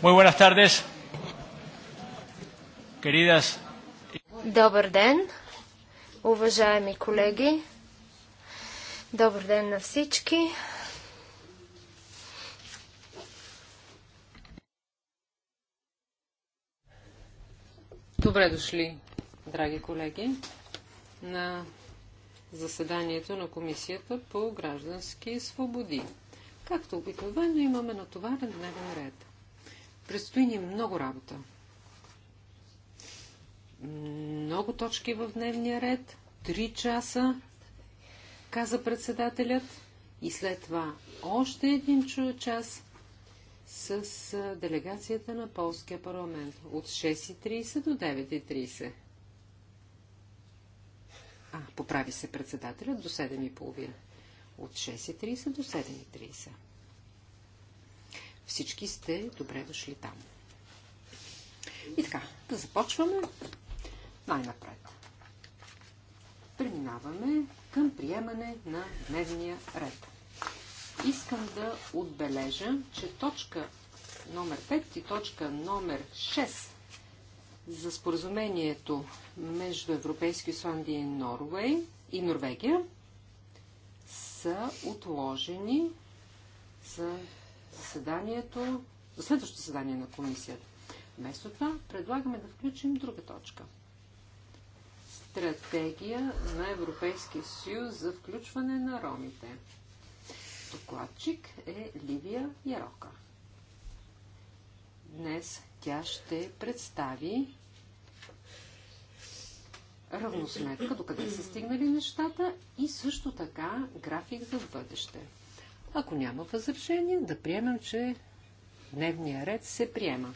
Muy buenas tardes. Queridas. Добър ден, уважаеми колеги. Добър ден на всички. Добре дошли, драги колеги, на заседанието на Комисията по граждански свободи. Както обикновено имаме натоварен дневен ред. Предстои ни много работа. Много точки в дневния ред. Три часа, каза председателят. И след това още един час с делегацията на Полския парламент от 6.30 до 9.30. А, поправи се председателят до 7.30. От 6.30 до 7.30. Всички сте добре дошли там. И така, да започваме най-напред. Преминаваме към приемане на дневния ред. Искам да отбележа, че точка номер 5 и точка номер 6 за споразумението между Европейски Исландия и Норвей и Норвегия са отложени за заседанието, за следващото заседание на комисията. Вместо това предлагаме да включим друга точка. Стратегия на Европейския съюз за включване на ромите. Докладчик е Ливия Ярока. Днес тя ще представи равносметка, докъде са стигнали нещата и също така график за бъдеще. Ако няма възражение, да приемем, че дневния ред се приема.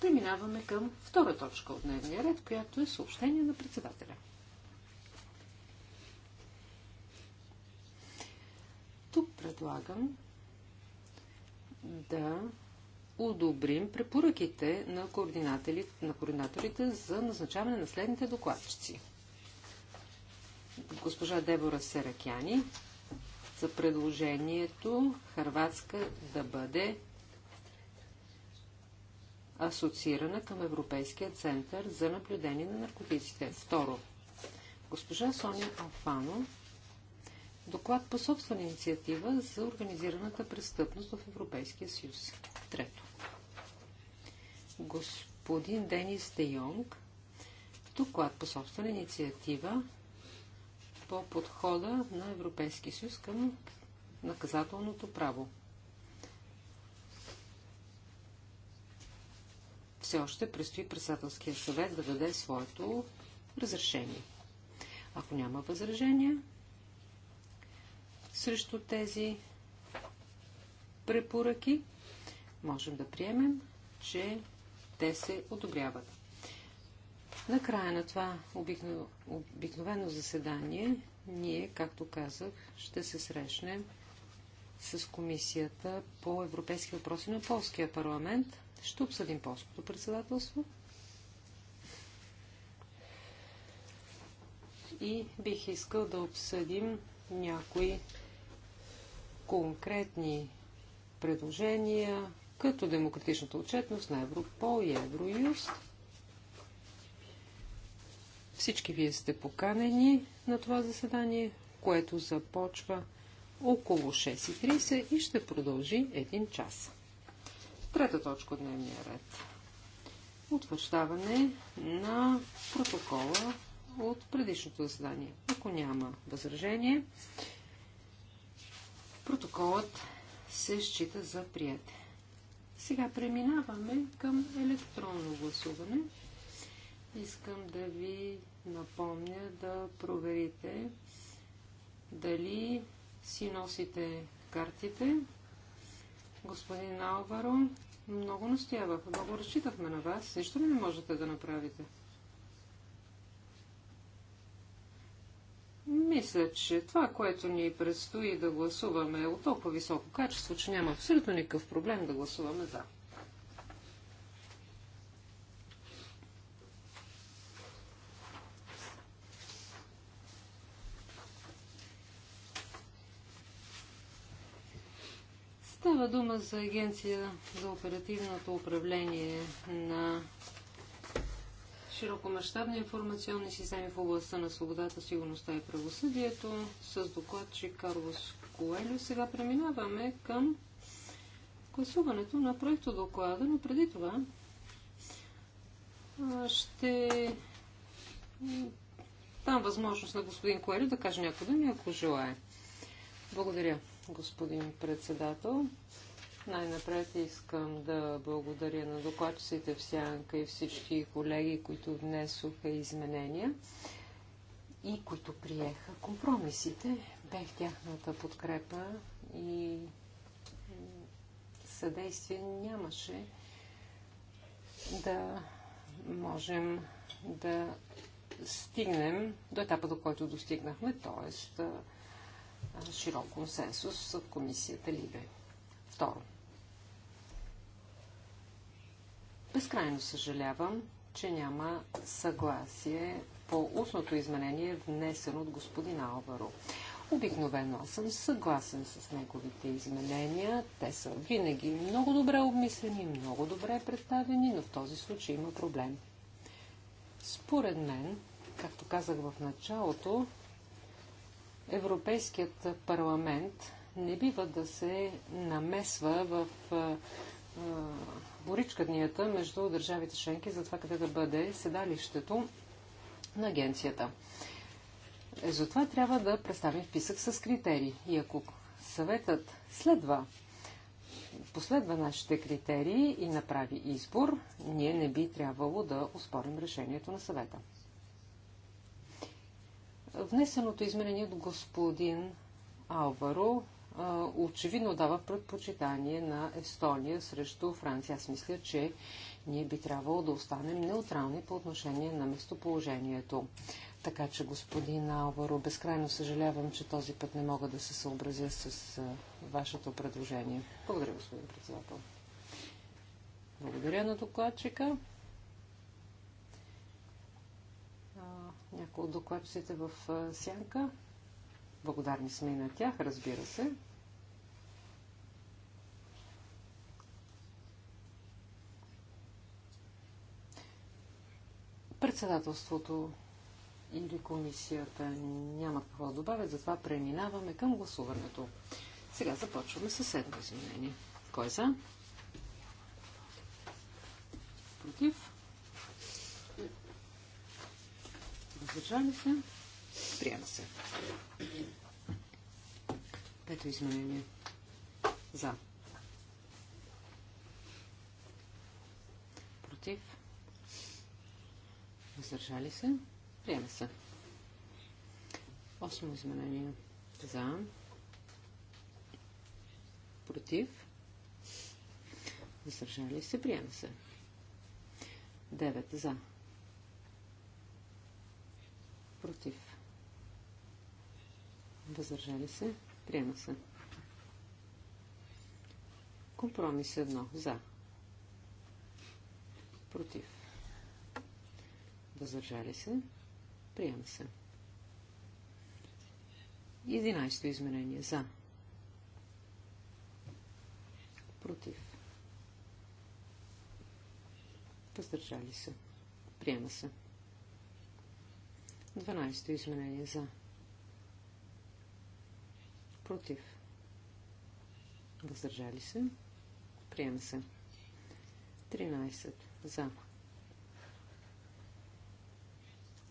Преминаваме към втора точка от дневния ред, която е съобщение на председателя. Тук предлагам да одобрим препоръките на координаторите, на координаторите за назначаване на следните докладчици. Госпожа Дебора Серакяни за предложението Харватска да бъде асоциирана към Европейския център за наблюдение на наркотиците. Второ, госпожа Соня Алфано, доклад по собствена инициатива за организираната престъпност в Европейския съюз. Трето, господин Денис Де Йонг, доклад по собствена инициатива по подхода на Европейския съюз към наказателното право. Все още предстои председателския съвет да даде своето разрешение. Ако няма възражения срещу тези препоръки, можем да приемем, че те се одобряват. Накрая на това обикновено, обикновено заседание, ние, както казах, ще се срещнем с Комисията по европейски въпроси на Полския парламент. Ще обсъдим полското председателство. И бих искал да обсъдим някои конкретни предложения, като демократичната отчетност на Европол и Евроюст. Всички вие сте поканени на това заседание, което започва около 6.30 и ще продължи един час. Трета точка от дневния ред. Утвърждаване на протокола от предишното заседание. Ако няма възражение, протоколът се счита за приятел. Сега преминаваме към електронно гласуване. Искам да ви напомня да проверите дали си носите картите. Господин Алваро, много настоявах, много разчитахме на вас. Нищо не можете да направите. Мисля, че това, което ни предстои да гласуваме е от толкова високо качество, че няма абсолютно никакъв проблем да гласуваме за. Да. Става дума за Агенция за оперативното управление на широкомащабни информационни системи в областта на свободата, сигурността и правосъдието с докладчик Карлос Коелю. Сега преминаваме към гласуването на проекто доклада, но преди това ще дам възможност на господин Коелю да каже някой думи, ако желая. Благодаря господин председател. Най-напред искам да благодаря на докладчиците в Сянка и всички колеги, които внесоха изменения и които приеха компромисите. Бех тяхната подкрепа и съдействие нямаше да можем да стигнем до етапа, до който достигнахме, т.е широк консенсус от комисията Либе. Второ. Безкрайно съжалявам, че няма съгласие по устното изменение, внесено от господин Алваро. Обикновено аз съм съгласен с неговите изменения. Те са винаги много добре обмислени, много добре представени, но в този случай има проблем. Според мен, както казах в началото, Европейският парламент не бива да се намесва в боричканията между държавите членки за това къде да бъде седалището на агенцията. Е, затова трябва да представим списък с критерии. И ако съветът следва, последва нашите критерии и направи избор, ние не би трябвало да успорим решението на съвета. Внесеното изменение от господин Алваро очевидно дава предпочитание на Естония срещу Франция. Аз мисля, че ние би трябвало да останем неутрални по отношение на местоположението. Така че, господин Алваро, безкрайно съжалявам, че този път не мога да се съобразя с вашето предложение. Благодаря, господин председател. Благодаря на докладчика. някои от докладчиците в сянка. Благодарни сме и на тях, разбира се. Председателството или комисията няма какво да добавят, затова преминаваме към гласуването. Сега започваме със седмо изменение. Кой е за? Против? Въздържали се. Приема се. Пето изменение. За. Против. Въздържали се. Приема се. Осмо изменение. За. Против. Въздържали се. Приема се. Девет. за. Против. Въздържали се. Приема се. Компромис едно. За. Против. Въздържали се. Приема се. Единайсто изменение. За. Против. Въздържали се. Приема се. 12 изменение за. Против. Въздържали се. Приема се. 13 за.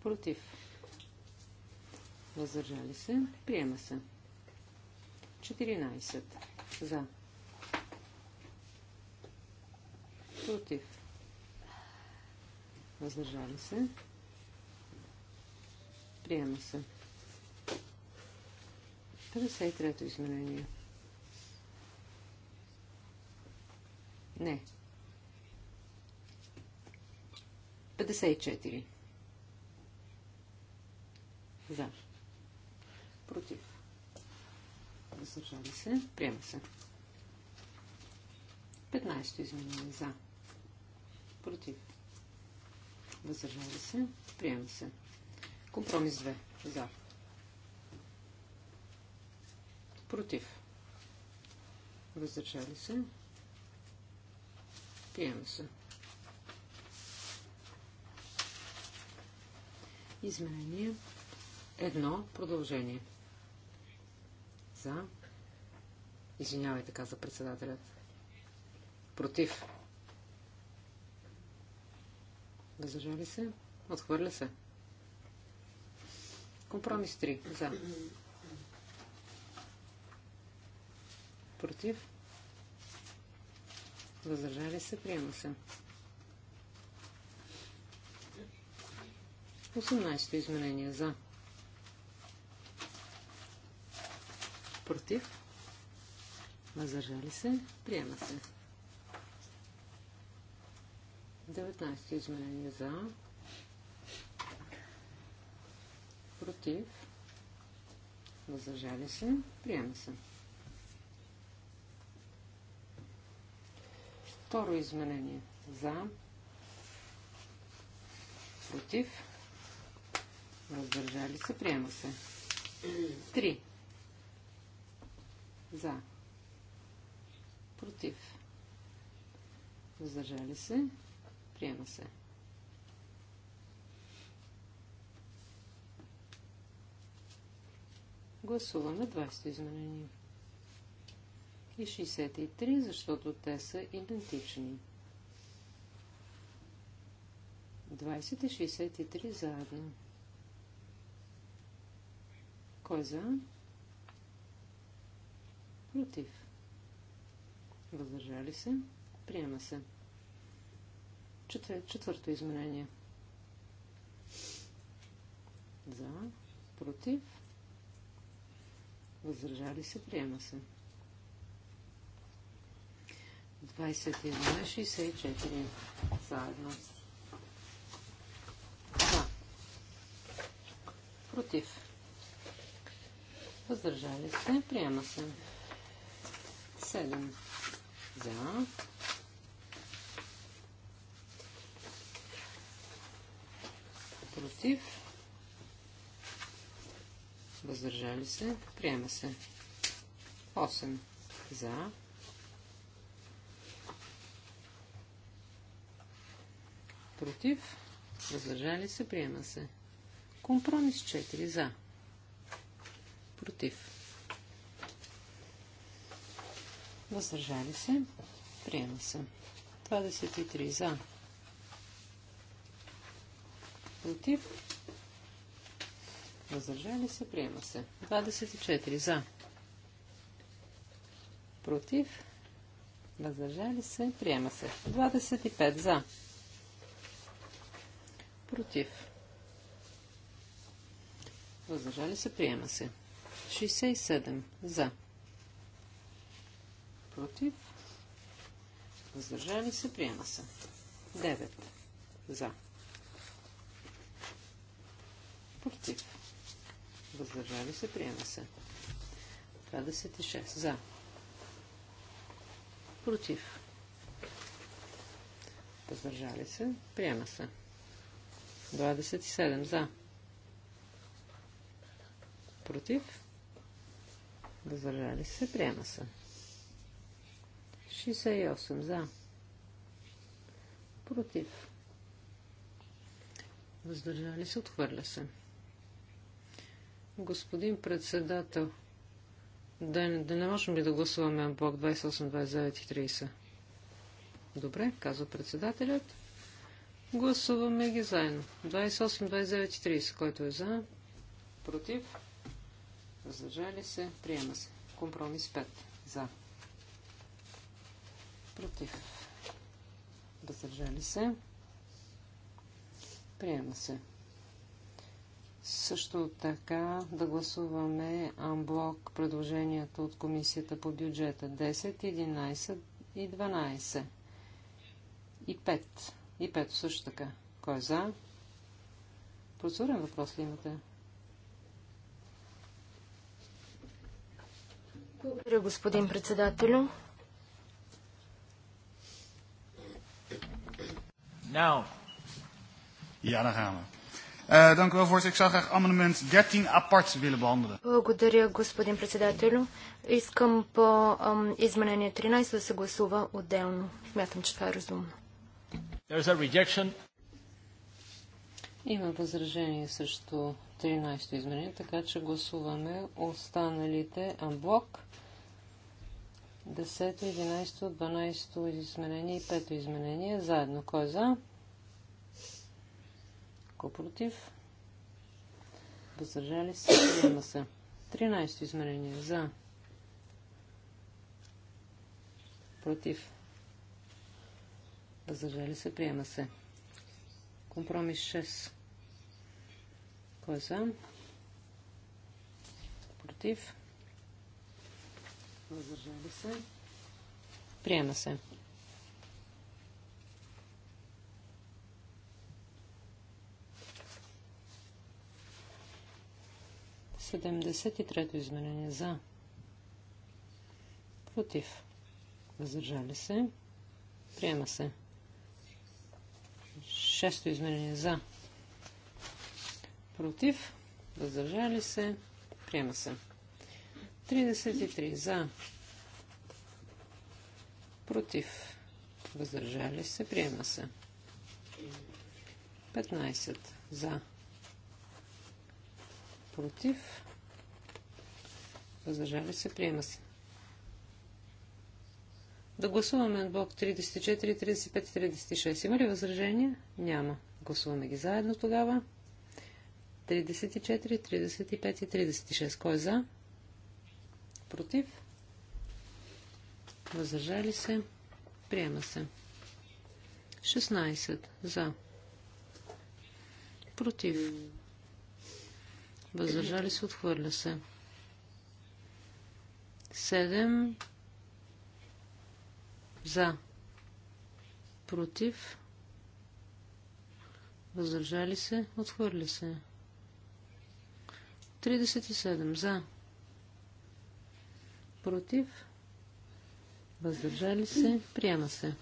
Против. Въздържали се. Приема се. 14 за. Против. Въздържали се. Приема се. 53-то изменение. Не. 54. За. Против. Въздържали се. Приема се. 15 изменение. За. Против. Въздържали се. Приема се. Компромис 2. За. Против. Въздържали се. Приема се. Изменение. Едно продължение. За. Извинявайте, каза председателят. Против. Въздържали се. Отхвърля се. Компромис 3. За. Против. Въздържали се. Приема се. 18-то изменение. За. Против. Въздържали се. Приема се. 19-то изменение. За. против, Възражали се, приема се. Второ изменение. За, против, въздържали се, приема се. Три. За, против, въздържали се, приема се. Гласуваме 20 изменение. И 63, защото те са идентични. 20 и 63 заедно. Кой за? Против. Въздържали се? Приема се. Четвър... Четвърто изменение. За. Против. Въздържали се. Приема се. 21.64 заедно. Да. Против. Въздържали се. Приема се. 7 за. Против въздържали се, приема се. 8 за, против, въздържали се, приема се. Компромис 4 за, против, въздържали се, приема се. 23 за, против, Въздържали се, приема се. 24 за. Против. Въздържали се, приема се. 25 за. Против. Въздържали се, приема се. 67 за. Против. Въздържали се, приема се. 9 за. Против въздържали се, приема се. 26 за, против, въздържали се, приема се. 27 за, против, въздържали се, приема се. 68 за, против, въздържали се, отхвърля се. Господин председател, да, да не можем ли да гласуваме блок 28, 29 и 30? Добре, казва председателят. Гласуваме ги заедно. 28, 29 и 30. Който е за, против, въздържали се, приема се. Компромис 5. За. Против. Въздържали се. Приема се. Също така да гласуваме анблок предложенията от Комисията по бюджета 10, 11 и 12. И 5. И 5 също така. Кой е за? Процедурен въпрос ли имате? Благодаря, господин председателю. Now. Яна Хама. Eh, dank u wel, voorzitter. Ik zou graag amendement 13 apart willen behandelen. Благодаря, господин председателю. Искам по изменение 13 да се гласува отделно. Смятам, че това е разумно. a rejection. Има възражение също 13-то изменение, така че гласуваме останалите анблок. 10-то, 11-то, 12-то изменение и 5-то изменение заедно. Кой е за? Кой е против? Въздържали се. Приема се. 13 измерение. За. Против. Въздържали се. Приема се. Компромис 6. Кой е за? Против. Въздържали се. Приема се. 73-то изменение за. Против. Въздържали се. Приема се. Шесто изменение за. Против. Въздържали се. Приема се. 33 за. Против. Въздържали се. Приема се. 15 за против, въздържали се, приема се. Да гласуваме блок 34, 35, 36. Има ли възражения? Няма. Гласуваме ги заедно тогава. 34, 35 и 36. Кой е за? Против? Въздържали се? Приема се. 16. За. Против. Въздържали се, отхвърля се. 7 за. Против. Въздържали се, отхвърля се. 37 за. Против. Въздържали се, приема се.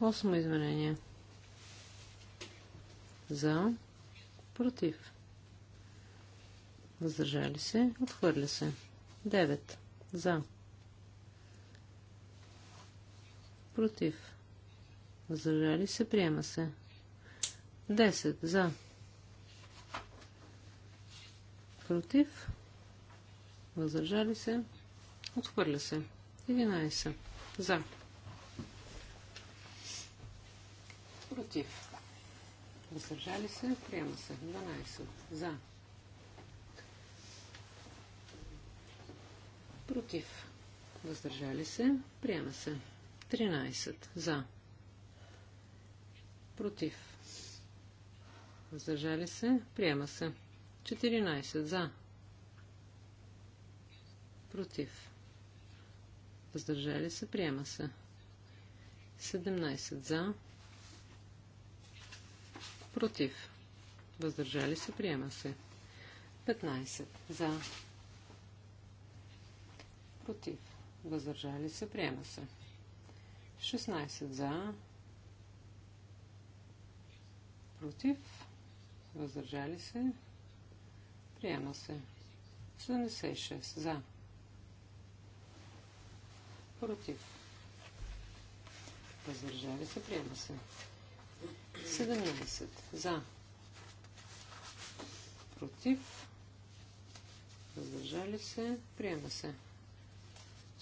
Осмо изменение. За. Против. Въздържали се. Отхвърля се. 9. За. Против. Въздържали се. Приема се. 10. За. Против. Въздържали се. Отхвърля се. 11. За. Против. Въздържали се. Приема се. 12. За. Против. Въздържали се. Приема се. 13. За. Против. Въздържали се. Приема се. 14. За. Против. Въздържали се. Приема се. 17. За. Против. Въздържали се. Приема се. 15. За. Против. Въздържали се. Приема се. 16. За. Против. Въздържали се. Приема се. 76. За. Против. Въздържали се. Приема се. 17 за. Против. Въздържали се. Приема се.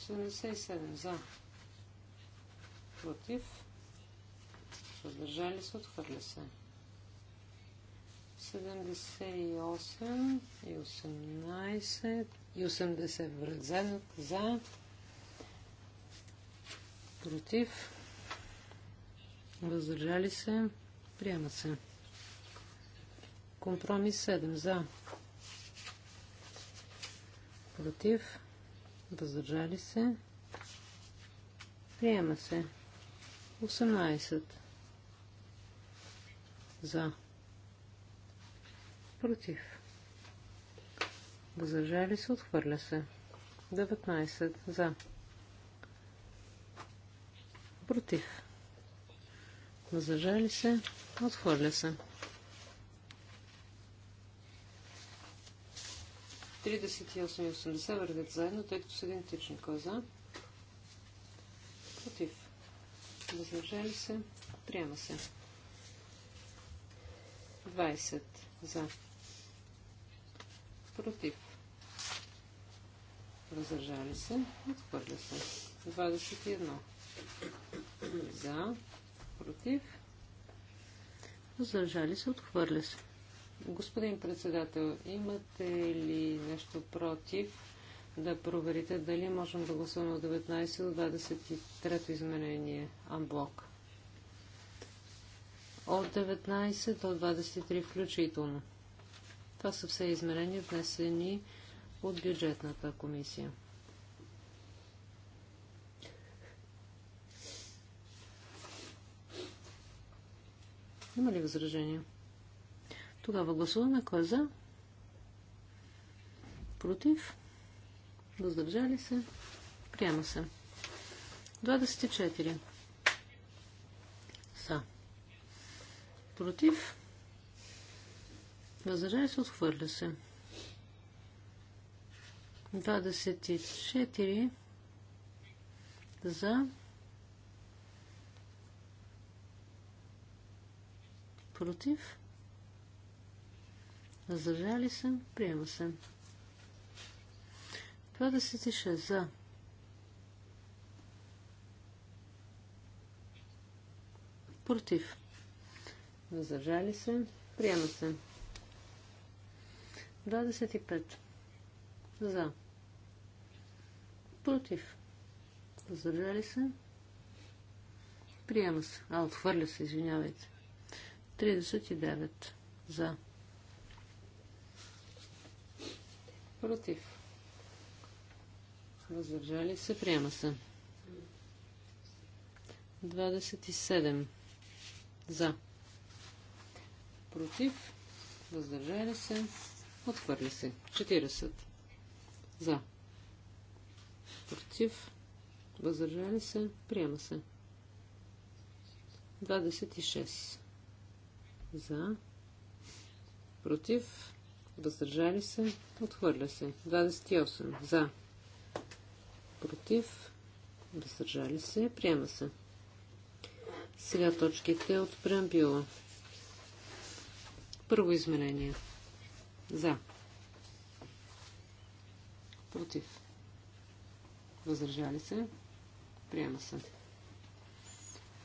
77 за. Против. Въздържали се. Отхвърля се. 78 и 18 и 80 връзен за. Против Въздържали се. Приема се. Компромис 7. За. Против. Въздържали се. Приема се. 18. За. Против. Въздържали се. Отхвърля се. 19. За. Против. Въздържали се. Отхвърля се. 38-80 вървят заедно, тъй като са идентични. коза. Е за? Против. Въздържали се. Приема се. 20 за. Против. Въздържали се. Отхвърля се. 21 за против, въздържали се, отхвърля се. Господин председател, имате ли нещо против да проверите дали можем да гласуваме от 19 до 23 изменение Амблок? От 19 до 23 включително. Това са все изменения внесени от бюджетната комисия. Има ли възражения? Тогава гласуваме кой е за. Против. Въздържали се. Приема се. 24. са. Против. Въздържали се. Отхвърля се. 24. За. против, въздържали се, приема се. 26 за. Против. Въздържали се. Приема се. 25. За. Против. Въздържали се. Приема се. А, отхвърля се, извинявайте. 39 за. Против. Въздържали се. Приема се. 27 за. Против. Въздържали се. Отхвърли се. 40 за. Против. Въздържали се. Приема се. 26 за, против, въздържали се, отхвърля се. 28 за, против, въздържали се, приема се. Сега точките от преамбюла. Първо изменение. За. Против. Въздържали се. Приема се.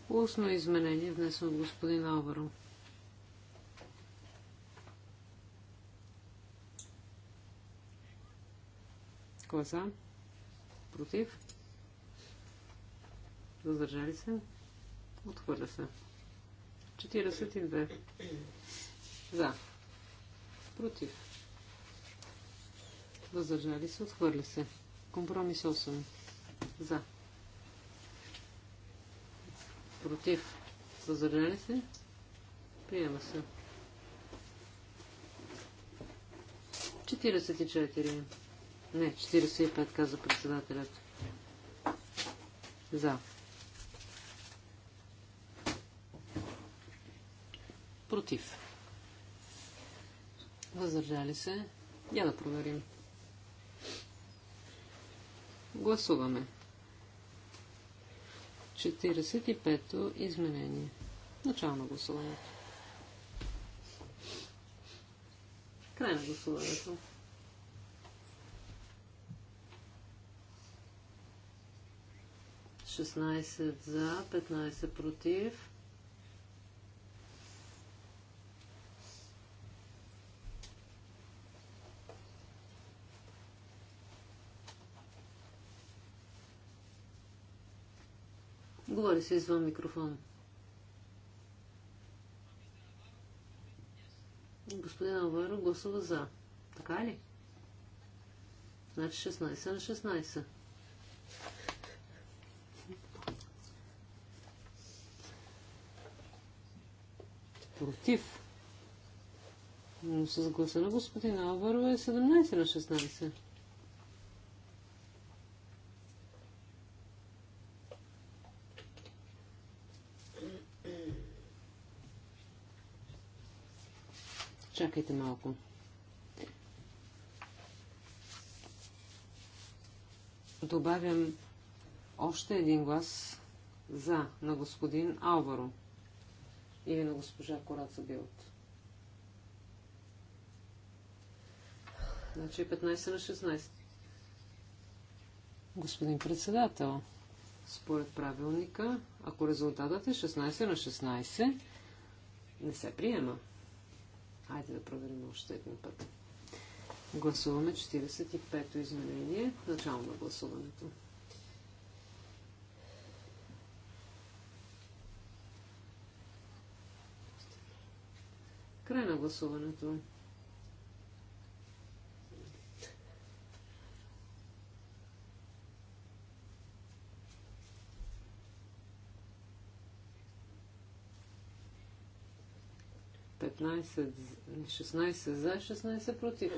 Устно изменение, внесено от господин Алваро. Кой е Против? Въздържали се? Отхвърля се. 42. За. Против. Въздържали се? Отхвърля се. Компромис 8. За. Против. Въздържали се? Приема се. 44. Не, 45, каза председателят. За. Против. Въздържали се. Я да проверим. Гласуваме. 45-то изменение. Начално гласуването. Край на гласуването. 16 за, 15 против. Говори се извън микрофон. Господин Алваро гласува за. Така ли? Значи 16 на 16. против. Но с гласа на господин Алваро е 17 на 16. Чакайте малко. Добавям още един глас за на господин Алваро или на госпожа Кораца Билт. Значи 15 на 16. Господин председател, според правилника, ако резултатът е 16 на 16, не се приема. Хайде да проверим още един път. Гласуваме 45-то изменение, начало на гласуването. Край на гласуването. Петнайсет, 16 за, 16 против.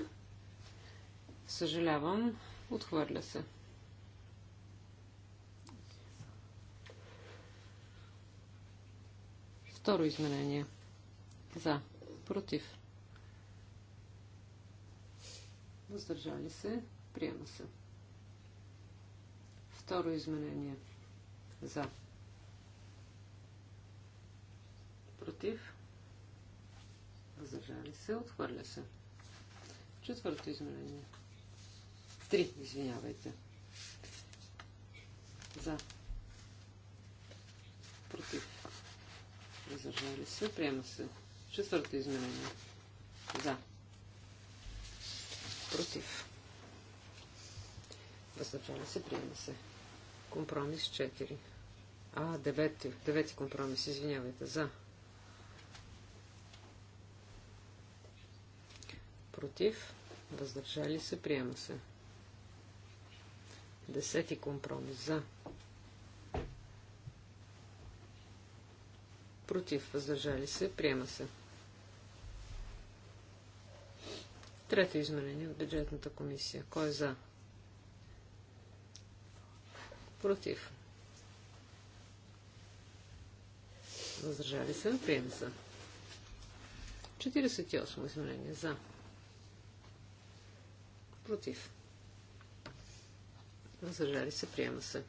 Съжалявам, отхвърля се. Второ изменение. За. Против. Въздържали се. Приема се. Второ изменение. За. Против. Въздържали се. Отхвърля се. Четвърто изменение. Три, извинявайте. За. Против. Въздържали се. Приема се. Четвърто изменение. За. Против. Въздържали се, приема се. Компромис 4. А, девети. Девети компромис, извинявайте. За. Против. Въздържали се, приема се. Десети компромис. За. Против. Въздържали се, приема се. Трето изменение от бюджетната комисия. Кой е за? Против. Въздържали се. Приема се. 48 изменение. За. Против. Въздържали се. Приема се.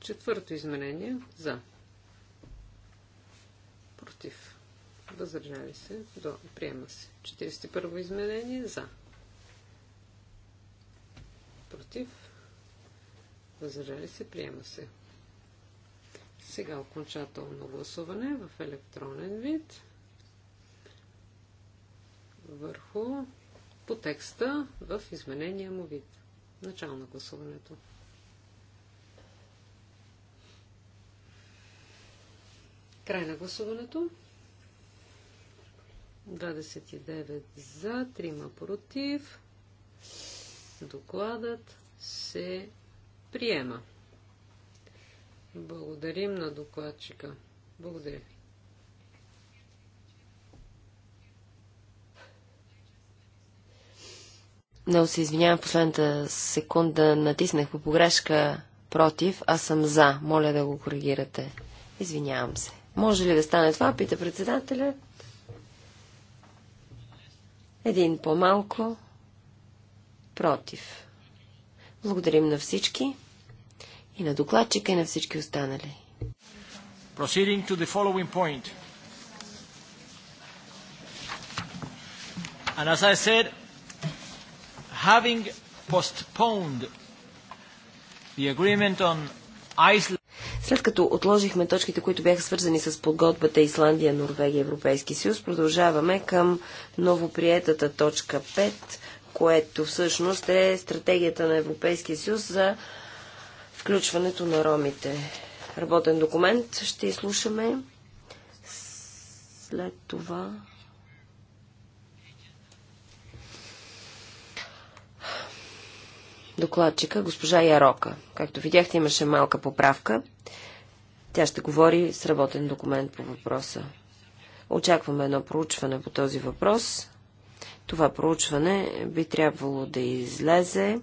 Четвърто изменение. За. Против. Въздържали се. До, приема се. 41-во изменение. За. Против. Въздържали се. Приема се. Сега окончателно гласуване в електронен вид. Върху по текста в изменения му вид. Начало на гласуването. Край на гласуването. 29 за, 3 против. Докладът се приема. Благодарим на докладчика. Благодаря. Много се извинявам, последната секунда натиснах по погрешка против, а съм за. Моля да го коригирате. Извинявам се. Може ли да стане това? Пита председателя. Един по-малко. Против. Благодарим на всички. И на докладчика, и на всички останали. Proceeding to the following point. And as I said, having postponed the agreement on Iceland, след като отложихме точките, които бяха свързани с подготвата Исландия, Норвегия, Европейски съюз, продължаваме към новоприетата точка 5, което всъщност е стратегията на Европейския съюз за включването на ромите. Работен документ ще изслушаме. След това докладчика госпожа Ярока. Както видяхте, имаше малка поправка. Тя ще говори с работен документ по въпроса. Очакваме едно проучване по този въпрос. Това проучване би трябвало да излезе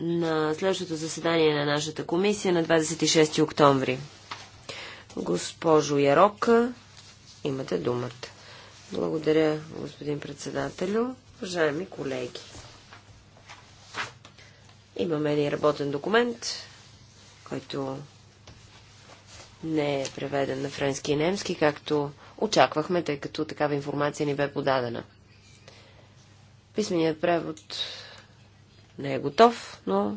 на следващото заседание на нашата комисия на 26 октомври. Госпожо Ярока, имате думата. Благодаря, господин председателю. Уважаеми колеги, имаме един работен документ, който не е преведен на френски и немски, както очаквахме, тъй като такава информация ни бе подадена. Писменият превод не е готов, но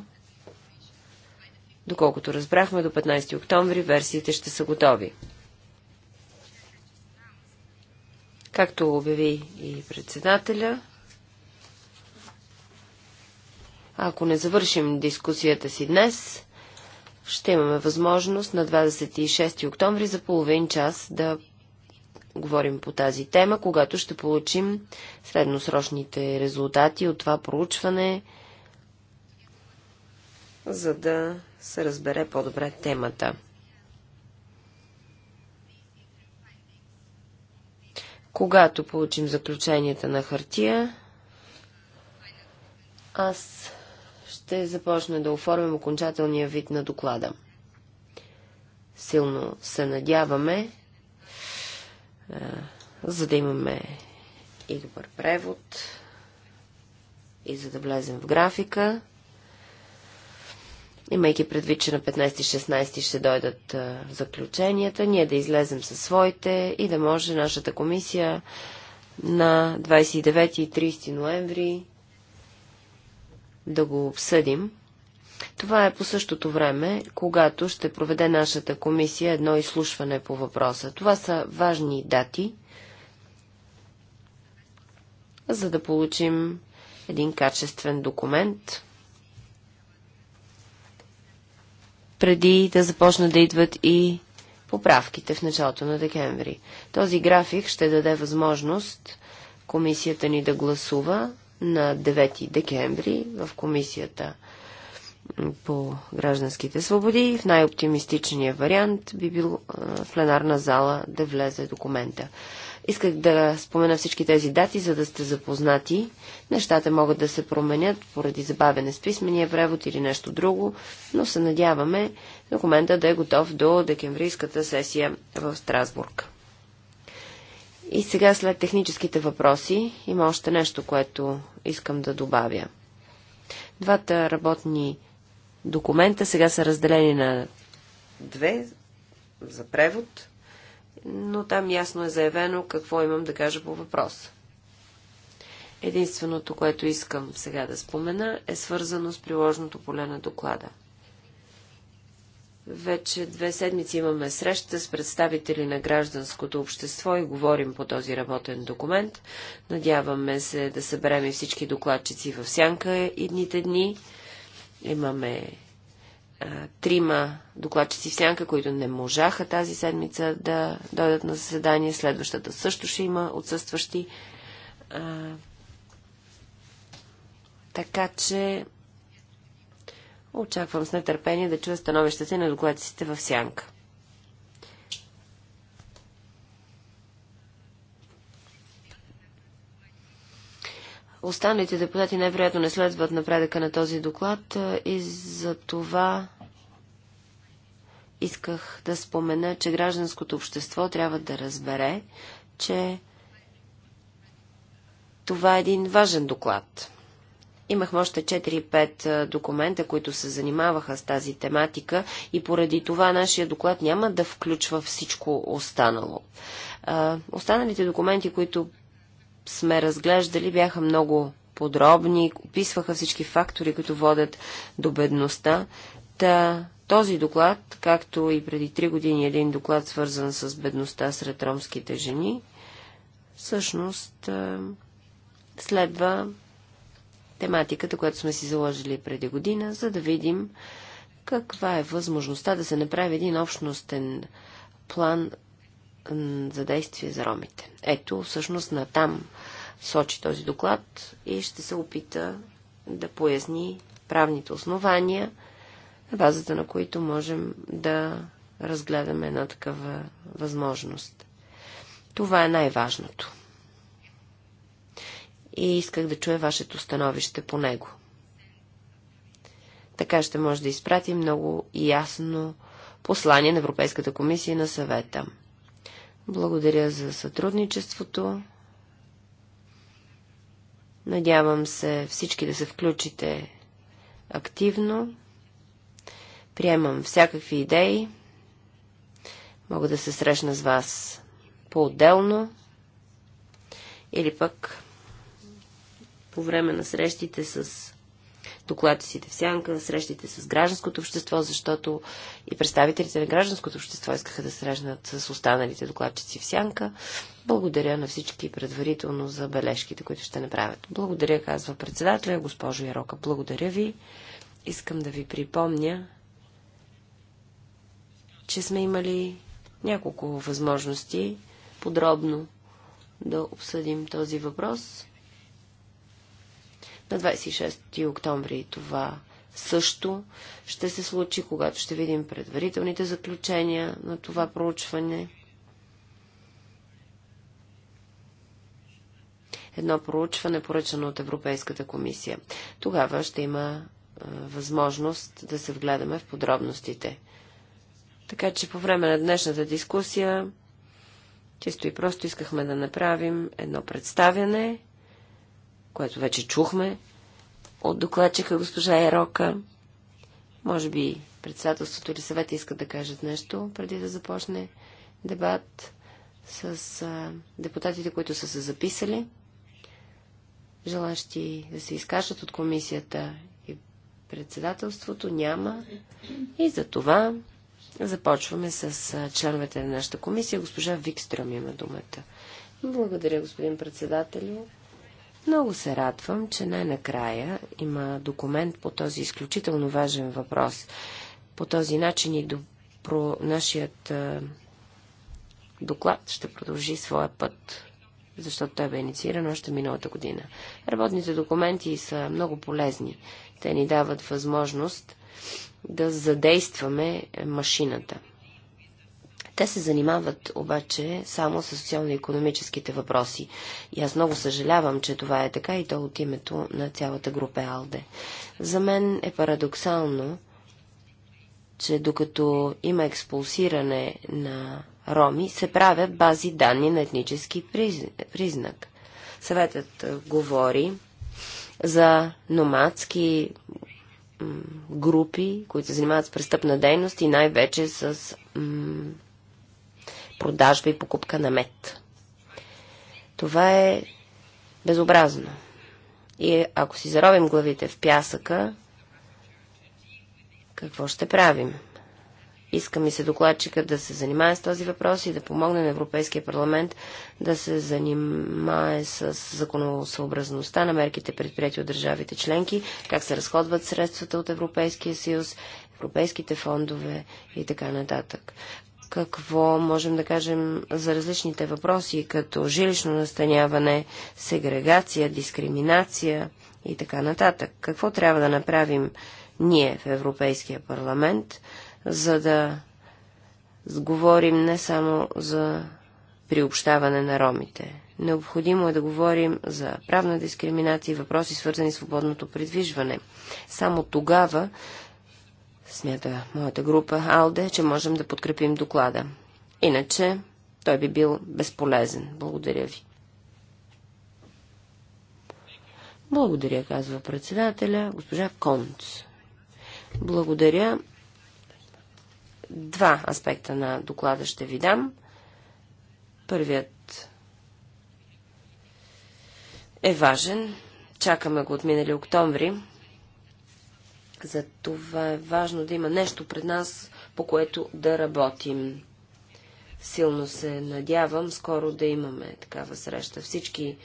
доколкото разбрахме, до 15 октомври версиите ще са готови. Както обяви и председателя, ако не завършим дискусията си днес, ще имаме възможност на 26 октомври за половин час да говорим по тази тема, когато ще получим средносрочните резултати от това проучване, за да се разбере по-добре темата. Когато получим заключенията на хартия, аз ще започна да оформям окончателния вид на доклада. Силно се надяваме, е, за да имаме и добър превод, и за да влезем в графика имайки предвид, че на 15-16 ще дойдат заключенията, ние да излезем със своите и да може нашата комисия на 29 и 30 ноември да го обсъдим. Това е по същото време, когато ще проведе нашата комисия едно изслушване по въпроса. Това са важни дати, за да получим един качествен документ, преди да започнат да идват и поправките в началото на декември. Този график ще даде възможност комисията ни да гласува на 9 декември в комисията по гражданските свободи. В най-оптимистичния вариант би бил в пленарна зала да влезе документа. Исках да спомена всички тези дати, за да сте запознати. Нещата могат да се променят поради забавене с писмения превод или нещо друго, но се надяваме документа да е готов до декемврийската сесия в Страсбург. И сега след техническите въпроси има още нещо, което искам да добавя. Двата работни документа сега са разделени на две за превод – но там ясно е заявено какво имам да кажа по въпроса. Единственото, което искам сега да спомена, е свързано с приложното поле на доклада. Вече две седмици имаме среща с представители на гражданското общество и говорим по този работен документ. Надяваме се да съберем и всички докладчици в сянка едните дни. Имаме е, трима докладчици в сянка, които не можаха тази седмица да дойдат на заседание. Следващата също ще има отсъстващи. А, е, така че очаквам с нетърпение да чуя становищата на докладците в сянка. Останалите депутати най-вероятно не следват напредъка на този доклад и за това исках да спомена, че гражданското общество трябва да разбере, че това е един важен доклад. Имахме още 4-5 документа, които се занимаваха с тази тематика и поради това нашия доклад няма да включва всичко останало. Останалите документи, които сме разглеждали, бяха много подробни, описваха всички фактори, които водят до бедността. Та, този доклад, както и преди три години един доклад, свързан с бедността сред ромските жени, всъщност е, следва тематиката, която сме си заложили преди година, за да видим каква е възможността да се направи един общностен план за действие за ромите. Ето, всъщност, на там сочи този доклад и ще се опита да поясни правните основания, на базата на които можем да разгледаме една такава възможност. Това е най-важното. И исках да чуя вашето становище по него. Така ще може да изпрати много ясно послание на Европейската комисия и на съвета – благодаря за сътрудничеството. Надявам се всички да се включите активно. Приемам всякакви идеи. Мога да се срещна с вас по-отделно или пък по време на срещите с докладчиците в сянка, срещите с гражданското общество, защото и представителите на гражданското общество искаха да срещнат с останалите докладчици в сянка. Благодаря на всички предварително за бележките, които ще направят. Благодаря, казва председателя, госпожо Ярока. Благодаря ви. Искам да ви припомня, че сме имали няколко възможности подробно да обсъдим този въпрос. На 26 октомври това също ще се случи, когато ще видим предварителните заключения на това проучване. Едно проучване, поръчано от Европейската комисия. Тогава ще има е, възможност да се вгледаме в подробностите. Така че по време на днешната дискусия чисто и просто искахме да направим едно представяне което вече чухме от докладчика госпожа Ерока. Може би председателството или съвета искат да кажат нещо преди да започне дебат с а, депутатите, които са се записали, желащи да се изкажат от комисията и председателството няма. И за това започваме с а, членовете на нашата комисия. Госпожа Викстрам има думата. Благодаря, господин председателю. Много се радвам, че най-накрая има документ по този изключително важен въпрос. По този начин и до, про нашият а, доклад ще продължи своя път, защото той бе иницииран още миналата година. Работните документи са много полезни. Те ни дават възможност да задействаме машината – те се занимават обаче само с социално-економическите въпроси. И аз много съжалявам, че това е така и то от името на цялата група АЛДЕ. За мен е парадоксално, че докато има експулсиране на роми, се правят бази данни на етнически признак. Съветът говори за номадски групи, които се занимават с престъпна дейност и най-вече с продажба и покупка на мед. Това е безобразно. И ако си заровим главите в пясъка, какво ще правим? Иска ми се докладчика да се занимае с този въпрос и да помогне на Европейския парламент да се занимае с законосъобразността на мерките предприяти от държавите членки, как се разходват средствата от Европейския съюз, европейските фондове и така нататък какво можем да кажем за различните въпроси, като жилищно настаняване, сегрегация, дискриминация и така нататък. Какво трябва да направим ние в Европейския парламент, за да говорим не само за приобщаване на ромите. Необходимо е да говорим за правна дискриминация и въпроси, свързани с свободното придвижване. Само тогава смята моята група Алде, че можем да подкрепим доклада. Иначе той би бил безполезен. Благодаря ви. Благодаря, казва председателя, госпожа Конц. Благодаря. Два аспекта на доклада ще ви дам. Първият е важен. Чакаме го от минали октомври. За това е важно да има нещо пред нас, по което да работим. Силно се надявам скоро да имаме такава среща. Всички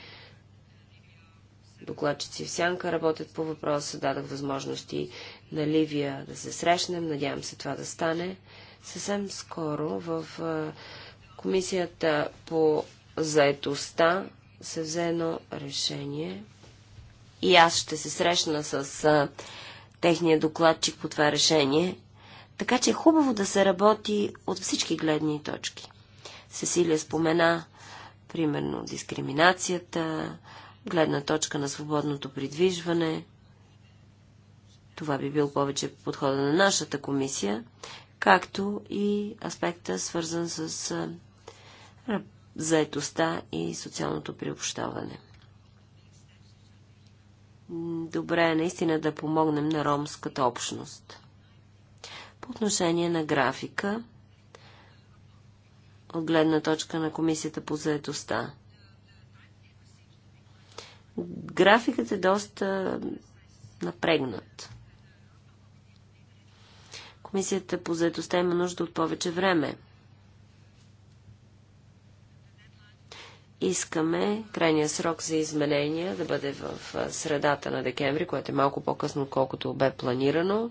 докладчици в Сянка работят по въпроса. Дадах възможности на Ливия да се срещнем. Надявам се това да стане. Съвсем скоро в комисията по заетостта се взе едно решение. И аз ще се срещна с техния докладчик по това решение. Така че е хубаво да се работи от всички гледни точки. Сесилия спомена, примерно, дискриминацията, гледна точка на свободното придвижване. Това би бил повече подхода на нашата комисия, както и аспекта свързан с заетостта и социалното приобщаване добре е наистина да помогнем на ромската общност. По отношение на графика, от гледна точка на Комисията по заедостта. Графикът е доста напрегнат. Комисията по заедостта има нужда от повече време – Искаме крайния срок за изменения да бъде в средата на декември, което е малко по-късно, отколкото бе планирано.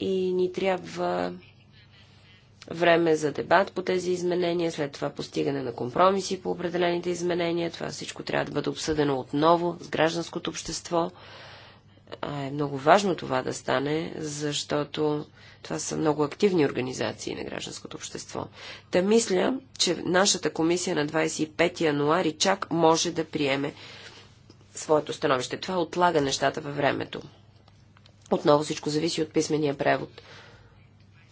И ни трябва време за дебат по тези изменения, след това постигане на компромиси по определените изменения. Това всичко трябва да бъде обсъдено отново с гражданското общество е много важно това да стане, защото това са много активни организации на гражданското общество. Та мисля, че нашата комисия на 25 януари чак може да приеме своето становище. Това отлага нещата във времето. Отново всичко зависи от писмения превод.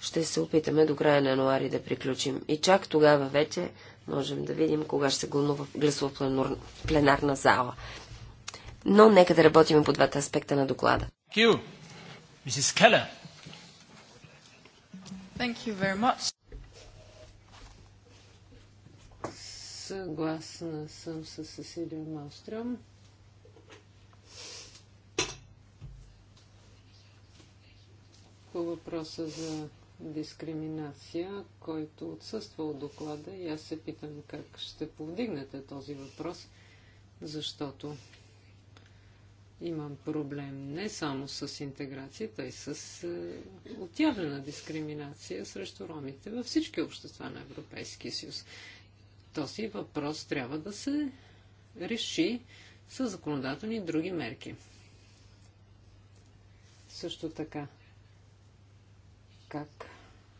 Ще се опитаме до края на януари да приключим. И чак тогава вече можем да видим кога ще се гласува в пленарна зала но нека да работим по двата аспекта на доклада. Съгласна съм с Сесилия Малстрем. По въпроса за дискриминация, който отсъства от доклада и аз се питам как ще повдигнете този въпрос, защото Имам проблем не само с интеграцията, и с е, отявлена дискриминация срещу ромите във всички общества на Европейския съюз. Този въпрос трябва да се реши с законодателни и други мерки. Също така, как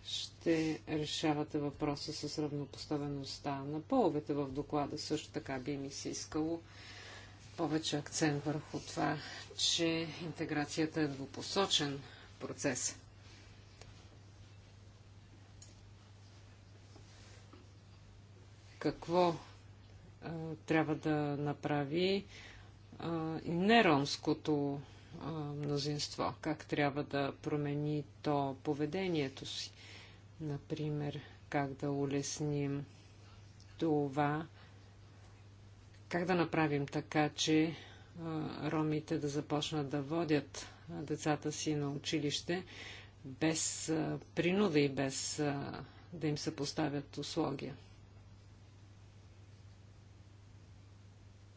ще решавате въпроса с равнопоставеността на половете в доклада? Също така би ми се искало повече акцент върху това, че интеграцията е двупосочен процес. Какво а, трябва да направи а, неромското а, мнозинство? Как трябва да промени то поведението си? Например, как да улесним това, как да направим така, че ромите да започнат да водят децата си на училище без принуда и без да им се поставят условия?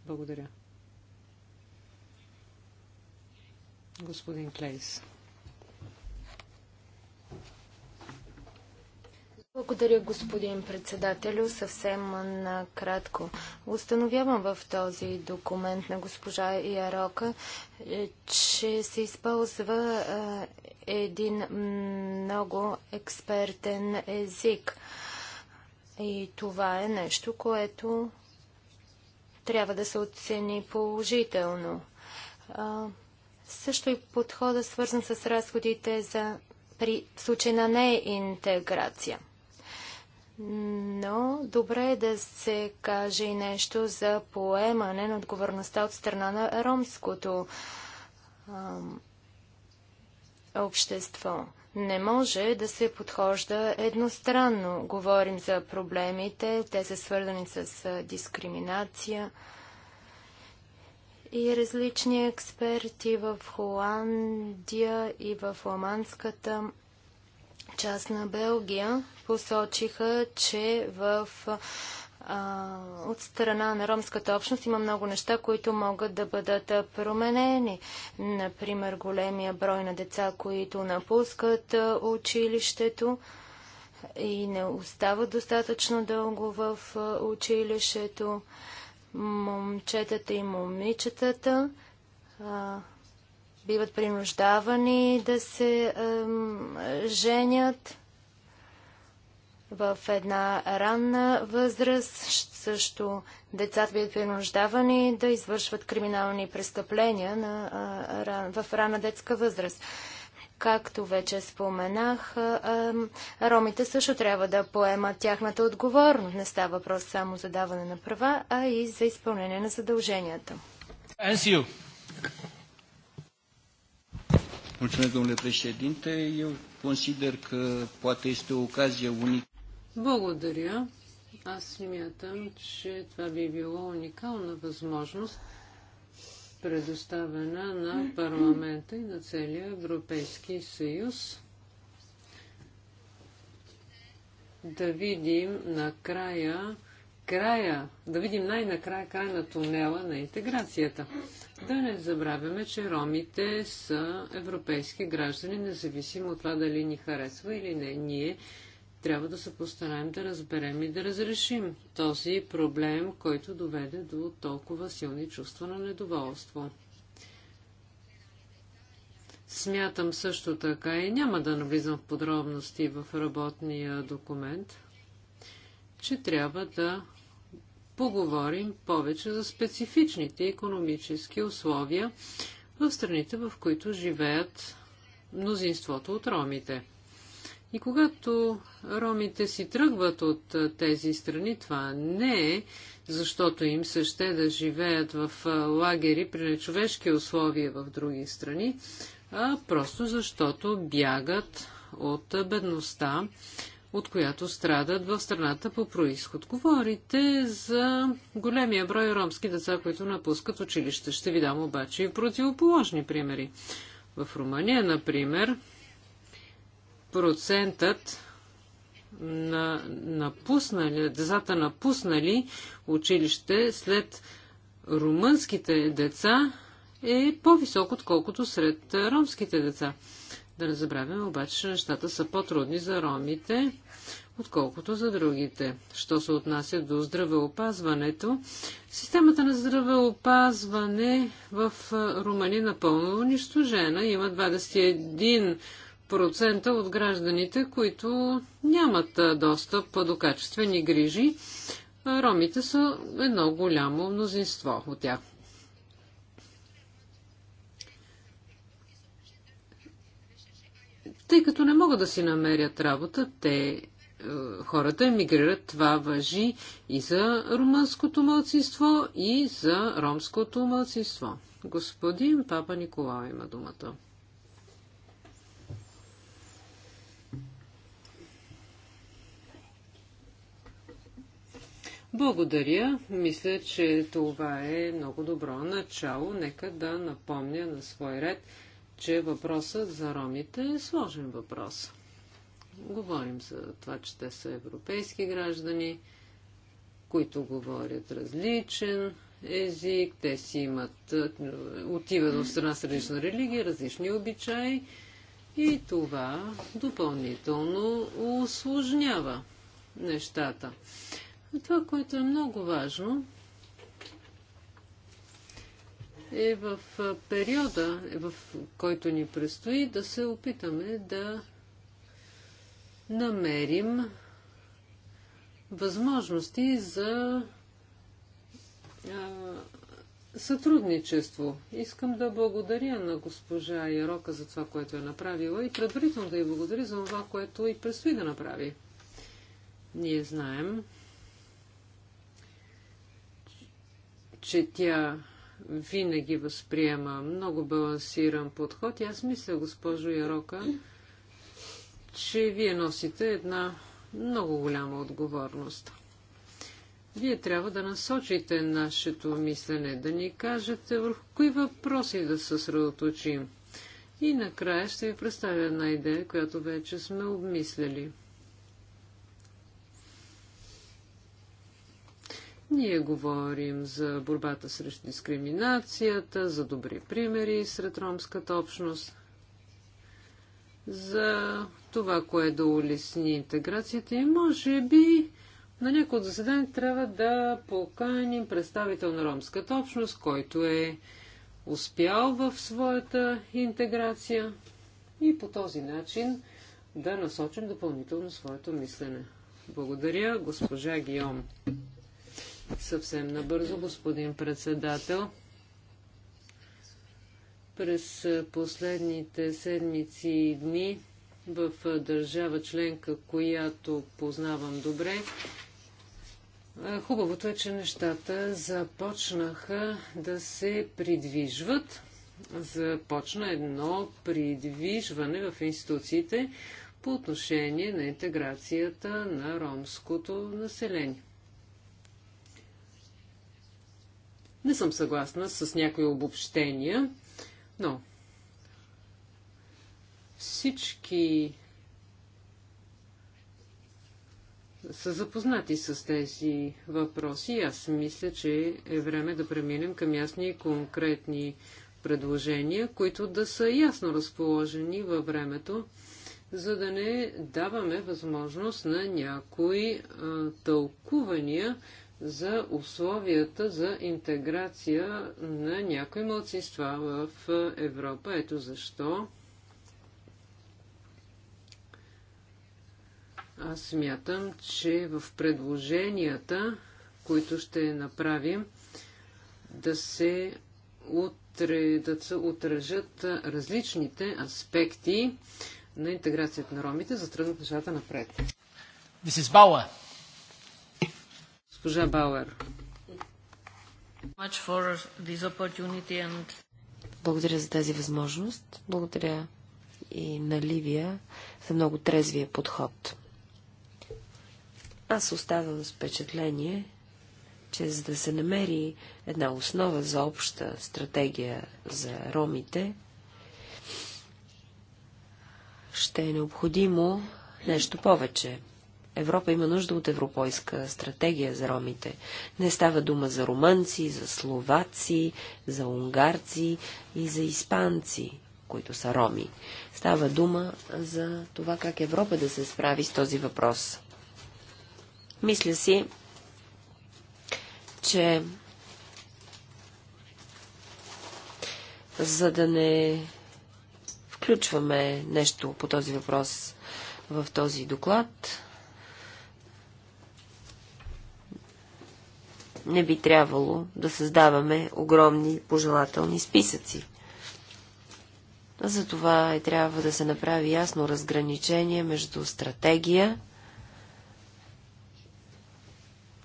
Благодаря. Господин Клейс. Благодаря, господин председателю. Съвсем накратко. Установявам в този документ на госпожа Ярока, е, че се използва е, един много експертен език. И това е нещо, което трябва да се оцени положително. също и подхода свързан с разходите за при случай на неинтеграция. Но добре е да се каже и нещо за поемане на отговорността от страна на ромското ам, общество. Не може да се подхожда едностранно. Говорим за проблемите, те са свързани с дискриминация. И различни експерти в Холандия и в Ламанската част на Белгия посочиха, че в а, от страна на ромската общност има много неща, които могат да бъдат променени. Например, големия брой на деца, които напускат училището и не остават достатъчно дълго в училището. Момчетата и момичетата а, биват принуждавани да се ем, женят в една ранна възраст. Също децата биват принуждавани да извършват криминални престъпления на, а, ран, в ранна детска възраст. Както вече споменах, ромите също трябва да поемат тяхната отговорност. Не става въпрос само за даване на права, а и за изпълнение на задълженията. Mulțumesc, domnule președinte. Eu consider că poate este o ocazie unică. Благодаря. Аз смятам, че това би било уникална възможност, предоставена на парламента и на целия Европейски съюз. Да видим накрая края, да видим най-накрая край на тунела на интеграцията. Да не забравяме, че ромите са европейски граждани, независимо от това дали ни харесва или не. Ние трябва да се постараем да разберем и да разрешим този проблем, който доведе до толкова силни чувства на недоволство. Смятам също така и няма да навлизам в подробности в работния документ, че трябва да поговорим повече за специфичните економически условия в страните, в които живеят мнозинството от ромите. И когато ромите си тръгват от тези страни, това не е защото им се ще да живеят в лагери при нечовешки условия в други страни, а просто защото бягат от бедността от която страдат в страната по происход. Говорите за големия брой ромски деца, които напускат училище. Ще ви дам обаче и противоположни примери. В Румъния, например, процентът на напуснали, децата напуснали училище след румънските деца е по-висок, отколкото сред ромските деца. Да не забравяме обаче, че нещата са по-трудни за ромите, отколкото за другите. Що се отнася до здравеопазването, системата на здравеопазване в Румъния е напълно унищожена. Има 21 процента от гражданите, които нямат достъп до качествени грижи. Ромите са едно голямо мнозинство от тях. тъй като не могат да си намерят работа, те е, хората емигрират. Това въжи и за румънското мълцинство, и за ромското мълцинство. Господин Папа Николай има думата. Благодаря. Мисля, че това е много добро начало. Нека да напомня на свой ред – че въпросът за ромите е сложен въпрос. Говорим за това, че те са европейски граждани, които говорят различен език, те си имат, е, отиват в страна с различна религия, различни обичаи и това допълнително осложнява нещата. Това, което е много важно, е в периода, е в който ни предстои да се опитаме да намерим възможности за сътрудничество. Искам да благодаря на госпожа Ярока за това, което е направила и предварително да й благодаря за това, което и предстои да направи. Ние знаем, че тя винаги възприема много балансиран подход. И аз мисля, госпожо Ярока, че вие носите една много голяма отговорност. Вие трябва да насочите нашето мислене, да ни кажете върху кои въпроси да съсредоточим. И накрая ще ви представя една идея, която вече сме обмисляли – Ние говорим за борбата срещу дискриминацията, за добри примери сред ромската общност, за това, кое да улесни интеграцията и може би на някои от заседания трябва да поканим представител на ромската общност, който е успял в своята интеграция и по този начин да насочим допълнително своето мислене. Благодаря, госпожа Гиом. Съвсем набързо, господин председател. През последните седмици и дни в държава членка, която познавам добре, Хубавото е, че нещата започнаха да се придвижват. Започна едно придвижване в институциите по отношение на интеграцията на ромското население. Не съм съгласна с някои обобщения, но всички са запознати с тези въпроси. Аз мисля, че е време да преминем към ясни и конкретни предложения, които да са ясно разположени във времето, за да не даваме възможност на някои а, тълкувания, за условията за интеграция на някои младсинства в Европа. Ето защо аз смятам, че в предложенията, които ще направим, да се, утре, да се отражат различните аспекти на интеграцията на ромите, за тръгнат нещата напред. This is Bauer. Госпожа Бауер. Благодаря за тази възможност. Благодаря и на Ливия за много трезвия подход. Аз оставам с впечатление, че за да се намери една основа за обща стратегия за ромите, ще е необходимо нещо повече. Европа има нужда от европейска стратегия за ромите. Не става дума за румънци, за словаци, за унгарци и за испанци, които са роми. Става дума за това как Европа да се справи с този въпрос. Мисля си, че за да не включваме нещо по този въпрос в този доклад, не би трябвало да създаваме огромни пожелателни списъци. Затова е трябва да се направи ясно разграничение между стратегия,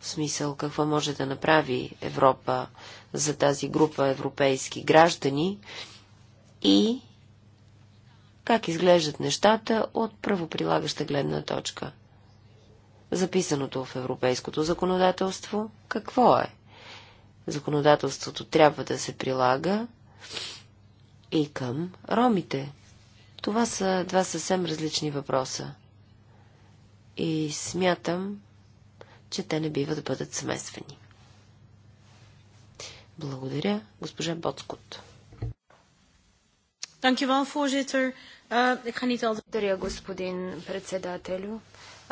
в смисъл какво може да направи Европа за тази група европейски граждани и как изглеждат нещата от правоприлагаща гледна точка записаното в европейското законодателство, какво е? Законодателството трябва да се прилага и към ромите. Това са два съвсем различни въпроса. И смятам, че те не бива да бъдат смесвани. Благодаря, госпожа Боцкот. Uh, Благодаря, господин председателю.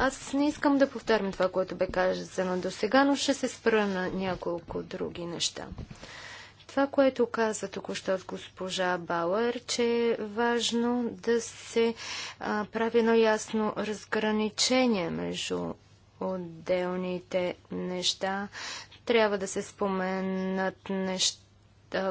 Аз не искам да повтарям това, което бе казано до сега, но ще се спра на няколко други неща. Това, което каза току-що от госпожа Бауер, че е важно да се а, прави едно ясно разграничение между отделните неща. Трябва да се споменат неща, а,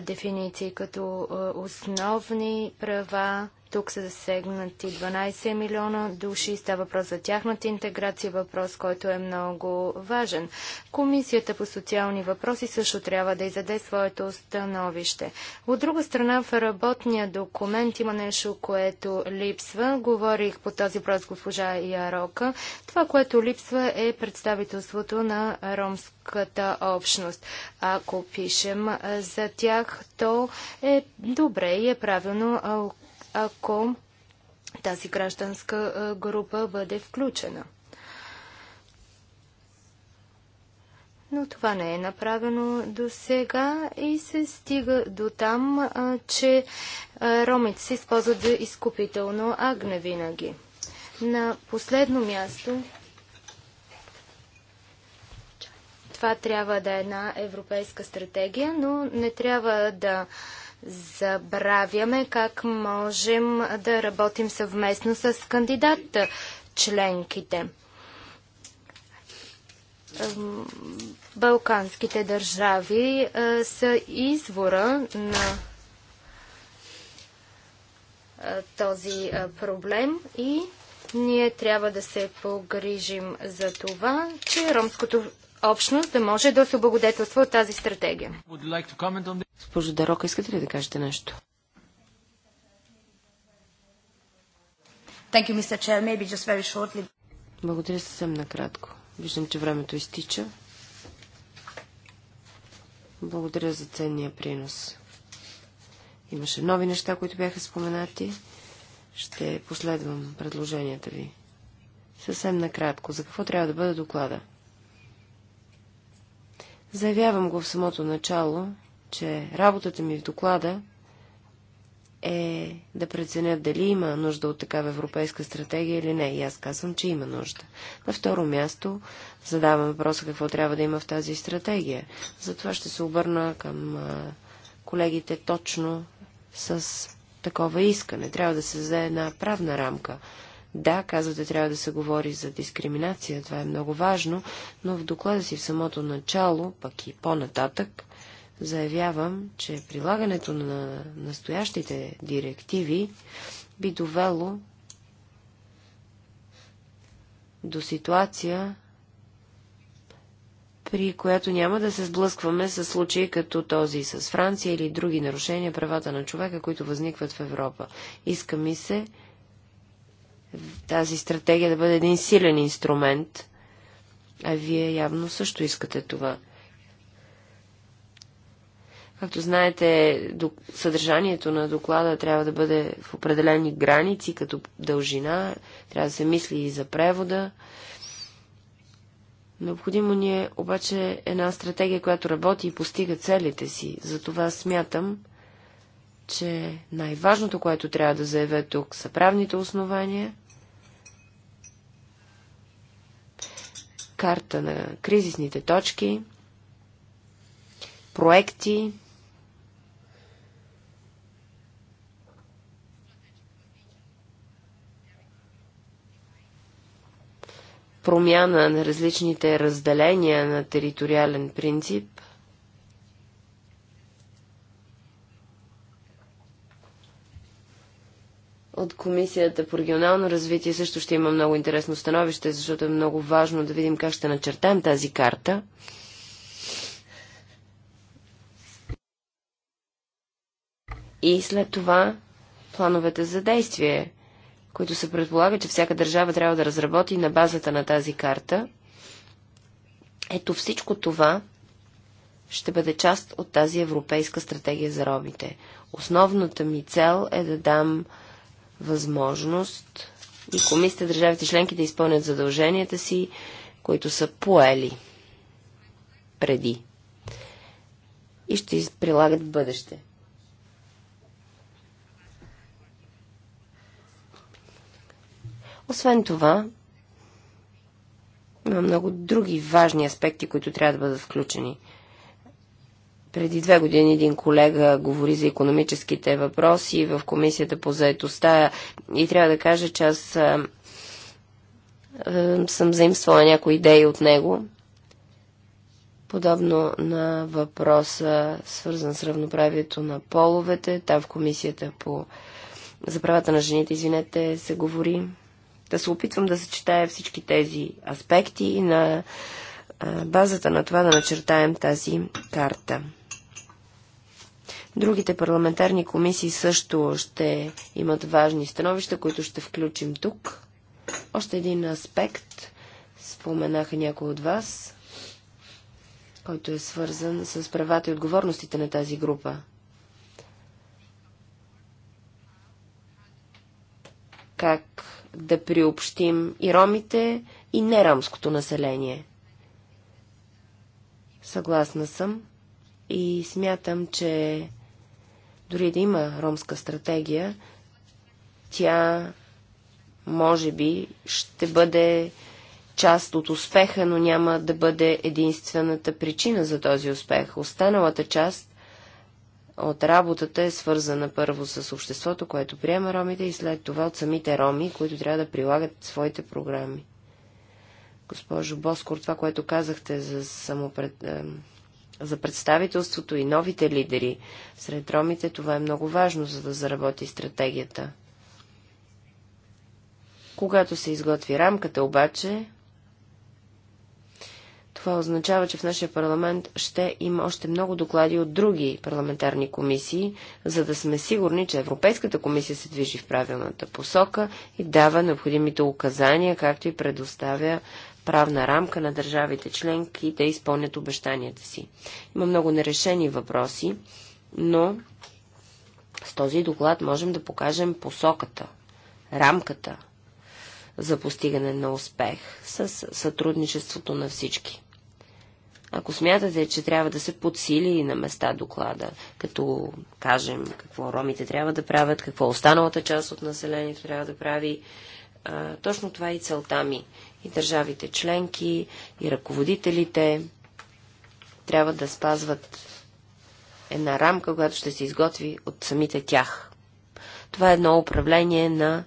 дефиниции като основни права, тук са засегнати 12 милиона души. Става въпрос за тяхната интеграция, въпрос, който е много важен. Комисията по социални въпроси също трябва да издаде своето становище. От друга страна, в работния документ има нещо, което липсва. Говорих по този въпрос госпожа Ярока. Това, което липсва е представителството на ромската общност. Ако пишем за тях, то е добре и е правилно ако тази гражданска група бъде включена. Но това не е направено до сега и се стига до там, че ромите се използват за изкупително агне винаги. На последно място това трябва да е една европейска стратегия, но не трябва да забравяме как можем да работим съвместно с кандидат членките. Балканските държави са извора на този проблем и ние трябва да се погрижим за това, че ромското общност да може да освободетелства от тази стратегия. Госпожо Дарока, искате ли да кажете нещо? You, Благодаря съвсем накратко. Виждам, че времето изтича. Благодаря за ценния принос. Имаше нови неща, които бяха споменати. Ще последвам предложенията ви. Съвсем накратко. За какво трябва да бъде доклада? Заявявам го в самото начало, че работата ми в доклада е да преценя дали има нужда от такава европейска стратегия или не. И аз казвам, че има нужда. На второ място задавам въпроса какво трябва да има в тази стратегия. Затова ще се обърна към колегите точно с такова искане. Трябва да се взе една правна рамка да, казвате, трябва да се говори за дискриминация, това е много важно, но в доклада си в самото начало, пък и по-нататък, заявявам, че прилагането на настоящите директиви би довело до ситуация, при която няма да се сблъскваме с случаи като този с Франция или други нарушения правата на човека, които възникват в Европа. Иска ми се тази стратегия да бъде един силен инструмент, а вие явно също искате това. Както знаете, съдържанието на доклада трябва да бъде в определени граници, като дължина, трябва да се мисли и за превода. Необходимо ни е обаче една стратегия, която работи и постига целите си. Затова смятам, че най-важното, което трябва да заявя тук, са правните основания, карта на кризисните точки, проекти, промяна на различните разделения на териториален принцип, от Комисията по регионално развитие също ще има много интересно становище, защото е много важно да видим как ще начертаем тази карта. И след това плановете за действие, които се предполага, че всяка държава трябва да разработи на базата на тази карта. Ето всичко това ще бъде част от тази европейска стратегия за ромите. Основната ми цел е да дам възможност и комисията държавите членки да изпълнят задълженията си, които са поели преди и ще прилагат в бъдеще. Освен това, има много други важни аспекти, които трябва да бъдат включени – преди две години един колега говори за економическите въпроси в Комисията по заедостта и трябва да кажа, че аз съм заимствала някои идеи от него. Подобно на въпроса, свързан с равноправието на половете, там в Комисията по за правата на жените, извинете, се говори. Да се опитвам да съчетая всички тези аспекти на базата на това да начертаем тази карта. Другите парламентарни комисии също ще имат важни становища, които ще включим тук. Още един аспект споменаха някои от вас, който е свързан с правата и отговорностите на тази група. Как да приобщим и ромите, и нерамското население. Съгласна съм и смятам, че дори да има ромска стратегия, тя може би ще бъде част от успеха, но няма да бъде единствената причина за този успех. Останалата част от работата е свързана първо с обществото, което приема ромите и след това от самите роми, които трябва да прилагат своите програми. Госпожо Боскор, това, което казахте за самопред за представителството и новите лидери. Сред ромите това е много важно, за да заработи стратегията. Когато се изготви рамката обаче, това означава, че в нашия парламент ще има още много доклади от други парламентарни комисии, за да сме сигурни, че Европейската комисия се движи в правилната посока и дава необходимите указания, както и предоставя правна рамка на държавите членки да изпълнят обещанията си. Има много нерешени въпроси, но с този доклад можем да покажем посоката, рамката за постигане на успех с сътрудничеството на всички. Ако смятате, че трябва да се подсили на места доклада, като кажем какво ромите трябва да правят, какво останалата част от населението трябва да прави, а, точно това е и целта ми. И държавите членки, и ръководителите трябва да спазват една рамка, която ще се изготви от самите тях. Това е едно управление на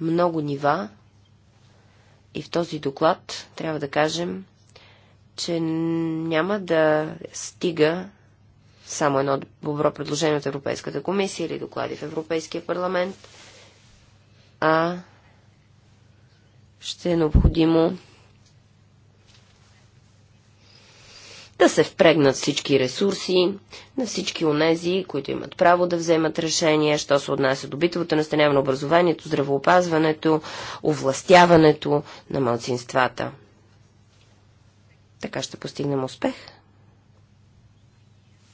много нива и в този доклад трябва да кажем, че няма да стига само едно добро предложение от Европейската комисия или доклади в Европейския парламент, а ще е необходимо да се впрегнат всички ресурси на всички онези, които имат право да вземат решения, що се отнася до битовото настаняване, образованието, здравеопазването, овластяването на малцинствата. Така ще постигнем успех.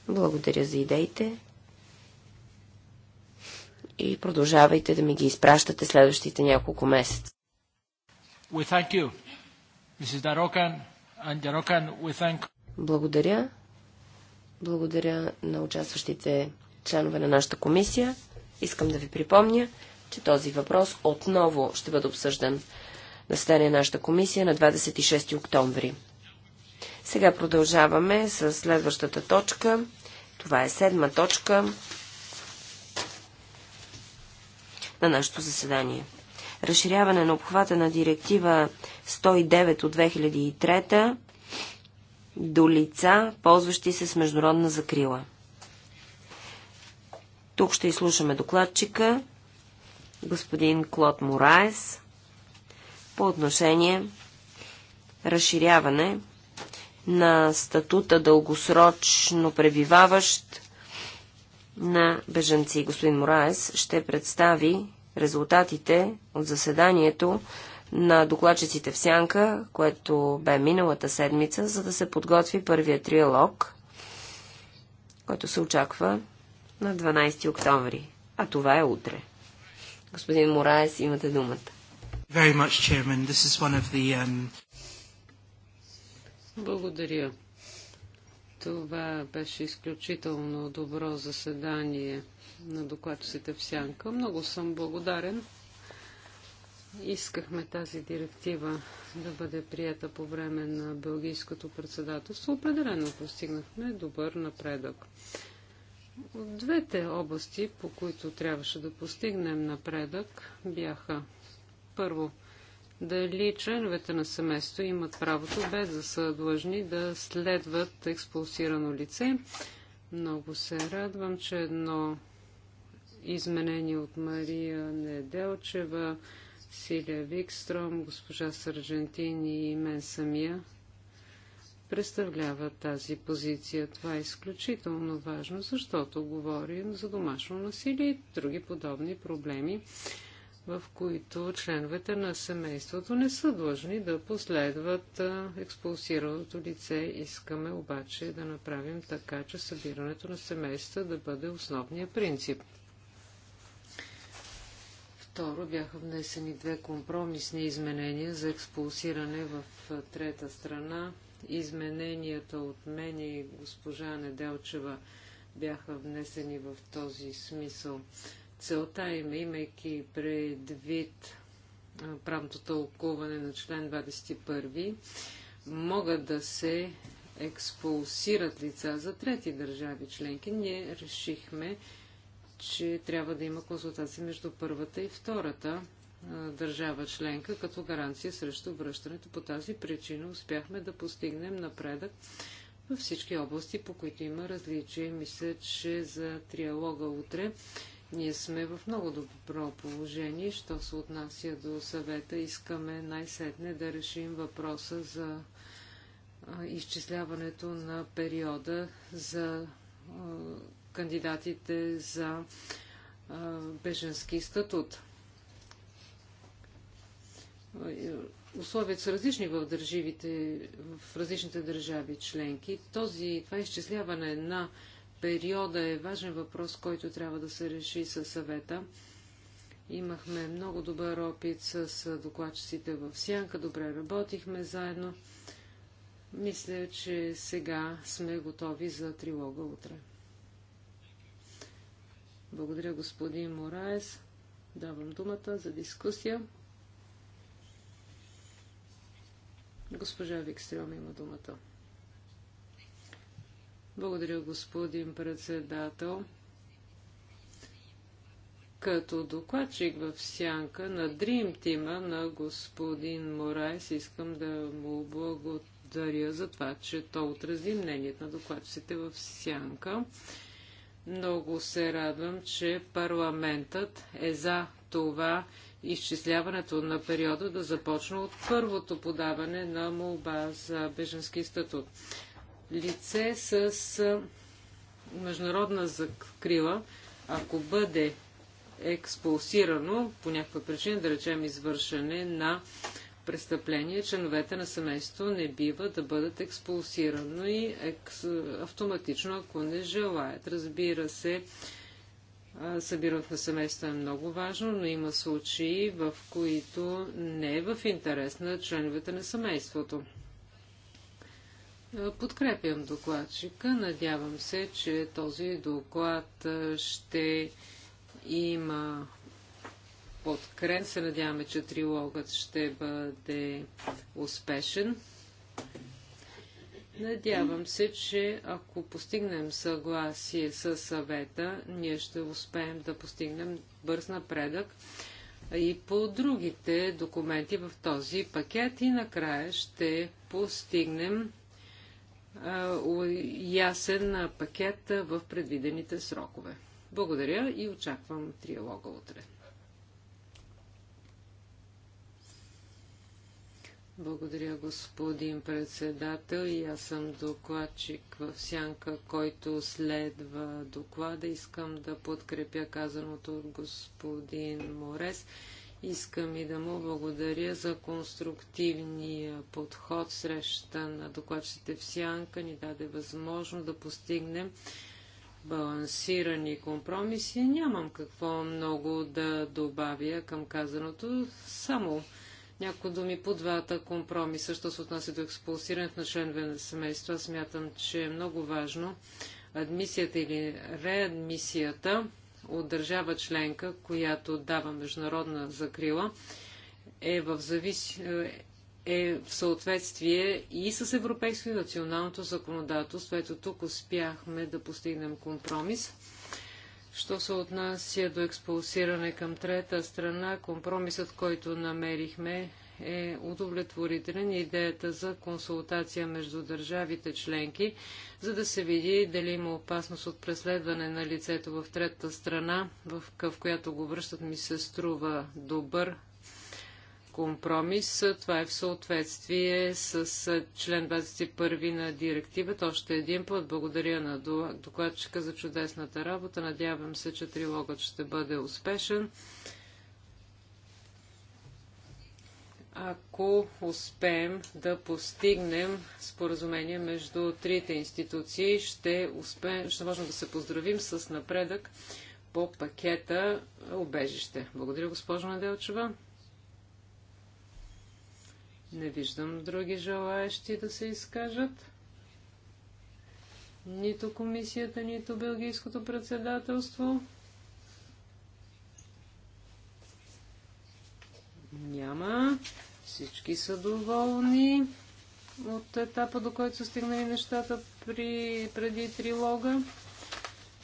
Благодаря за идеите. И продължавайте да ми ги изпращате следващите няколко месеца. We thank you. Mrs. Darokan and Darokan, we thank... Благодаря. Благодаря на участващите членове на нашата комисия. Искам да ви припомня, че този въпрос отново ще бъде обсъждан на стане нашата комисия на 26 октомври. Сега продължаваме с следващата точка. Това е седма точка на нашето заседание разширяване на обхвата на директива 109 от 2003 до лица, ползващи се с международна закрила. Тук ще изслушаме докладчика, господин Клод Мораес, по отношение разширяване на статута дългосрочно пребиваващ на бежанци. Господин Мораес ще представи резултатите от заседанието на докладчиците в Сянка, което бе миналата седмица, за да се подготви първия триалог, който се очаква на 12 октомври. А това е утре. Господин Мораес, имате думата. Much, the, um... Благодаря. Това беше изключително добро заседание на докладците в Сянка. Много съм благодарен. Искахме тази директива да бъде прията по време на Белгийското председателство. Определено постигнахме добър напредък. От двете области, по които трябваше да постигнем напредък, бяха първо дали членовете на семейство имат правото без да са длъжни да следват експулсирано лице. Много се радвам, че едно изменение от Мария Неделчева, Силия Викстром, госпожа Саржентини и мен самия представляват тази позиция. Това е изключително важно, защото говорим за домашно насилие и други подобни проблеми, в които членовете на семейството не са длъжни да последват експулсираното лице. Искаме обаче да направим така, че събирането на семейства да бъде основния принцип. Второ, бяха внесени две компромисни изменения за експулсиране в трета страна. Измененията от мен и госпожа Неделчева бяха внесени в този смисъл. Целта им, имайки предвид правното тълкуване на член 21, могат да се експулсират лица за трети държави членки. Ние решихме че трябва да има консултация между първата и втората държава членка като гаранция срещу връщането. По тази причина успяхме да постигнем напредък във всички области, по които има различия. Мисля, че за триалога утре ние сме в много добро положение. Що се отнася до съвета, искаме най-сетне да решим въпроса за изчисляването на периода за кандидатите за беженски статут. Условията са различни в, държавите, в различните държави членки. Този, това изчисляване на периода е важен въпрос, който трябва да се реши със съвета. Имахме много добър опит с докладчиците в Сянка, добре работихме заедно. Мисля, че сега сме готови за трилога утре. Благодаря, господин Мораес. Давам думата за дискусия. Госпожа Викстрем има думата. Благодаря, господин председател. Като докладчик в сянка на Dream Team на господин Морайс искам да му благодаря за това, че то отрази мнението на докладчиците в сянка. Много се радвам, че парламентът е за това изчисляването на периода да започне от първото подаване на молба за беженски статут. Лице с международна закрила, ако бъде експулсирано по някаква причина, да речем извършене на престъпление, членовете на семейство не бива да бъдат експулсирани екс... автоматично, ако не желаят. Разбира се, събирането на семейство е много важно, но има случаи, в които не е в интерес на членовете на семейството. Подкрепям докладчика. Надявам се, че този доклад ще има подкреп. Се надяваме, че трилогът ще бъде успешен. Надявам се, че ако постигнем съгласие с съвета, ние ще успеем да постигнем бърз напредък и по другите документи в този пакет и накрая ще постигнем ясен пакет в предвидените срокове. Благодаря и очаквам триалога утре. Благодаря, господин председател. И аз съм докладчик в Сянка, който следва доклада. Искам да подкрепя казаното от господин Морес. Искам и да му благодаря за конструктивния подход. Среща на докладчите в Сянка ни даде възможност да постигнем балансирани компромиси. Нямам какво много да добавя към казаното, само няколко думи по двата компромиса, що се отнася до експулсирането на членове на семейство. Аз смятам, че е много важно адмисията или реадмисията от държава членка, която дава международна закрила, е в, завис... е в съответствие и с европейско и националното законодателство. Ето тук успяхме да постигнем компромис Що се отнася до експулсиране към трета страна, компромисът, който намерихме, е удовлетворителен идеята за консултация между държавите членки, за да се види дали има опасност от преследване на лицето в трета страна, в, която го връщат ми се струва добър компромис. Това е в съответствие с член 21 на директивата. Още един път благодаря на докладчика за чудесната работа. Надявам се, че трилогът ще бъде успешен. Ако успеем да постигнем споразумение между трите институции, ще, успеем, ще можем да се поздравим с напредък по пакета обежище. Благодаря, госпожо Неделчева. Не виждам други желаящи да се изкажат. Нито комисията, нито Белгийското председателство. Няма. Всички са доволни от етапа, до който са стигнали нещата при, преди трилога.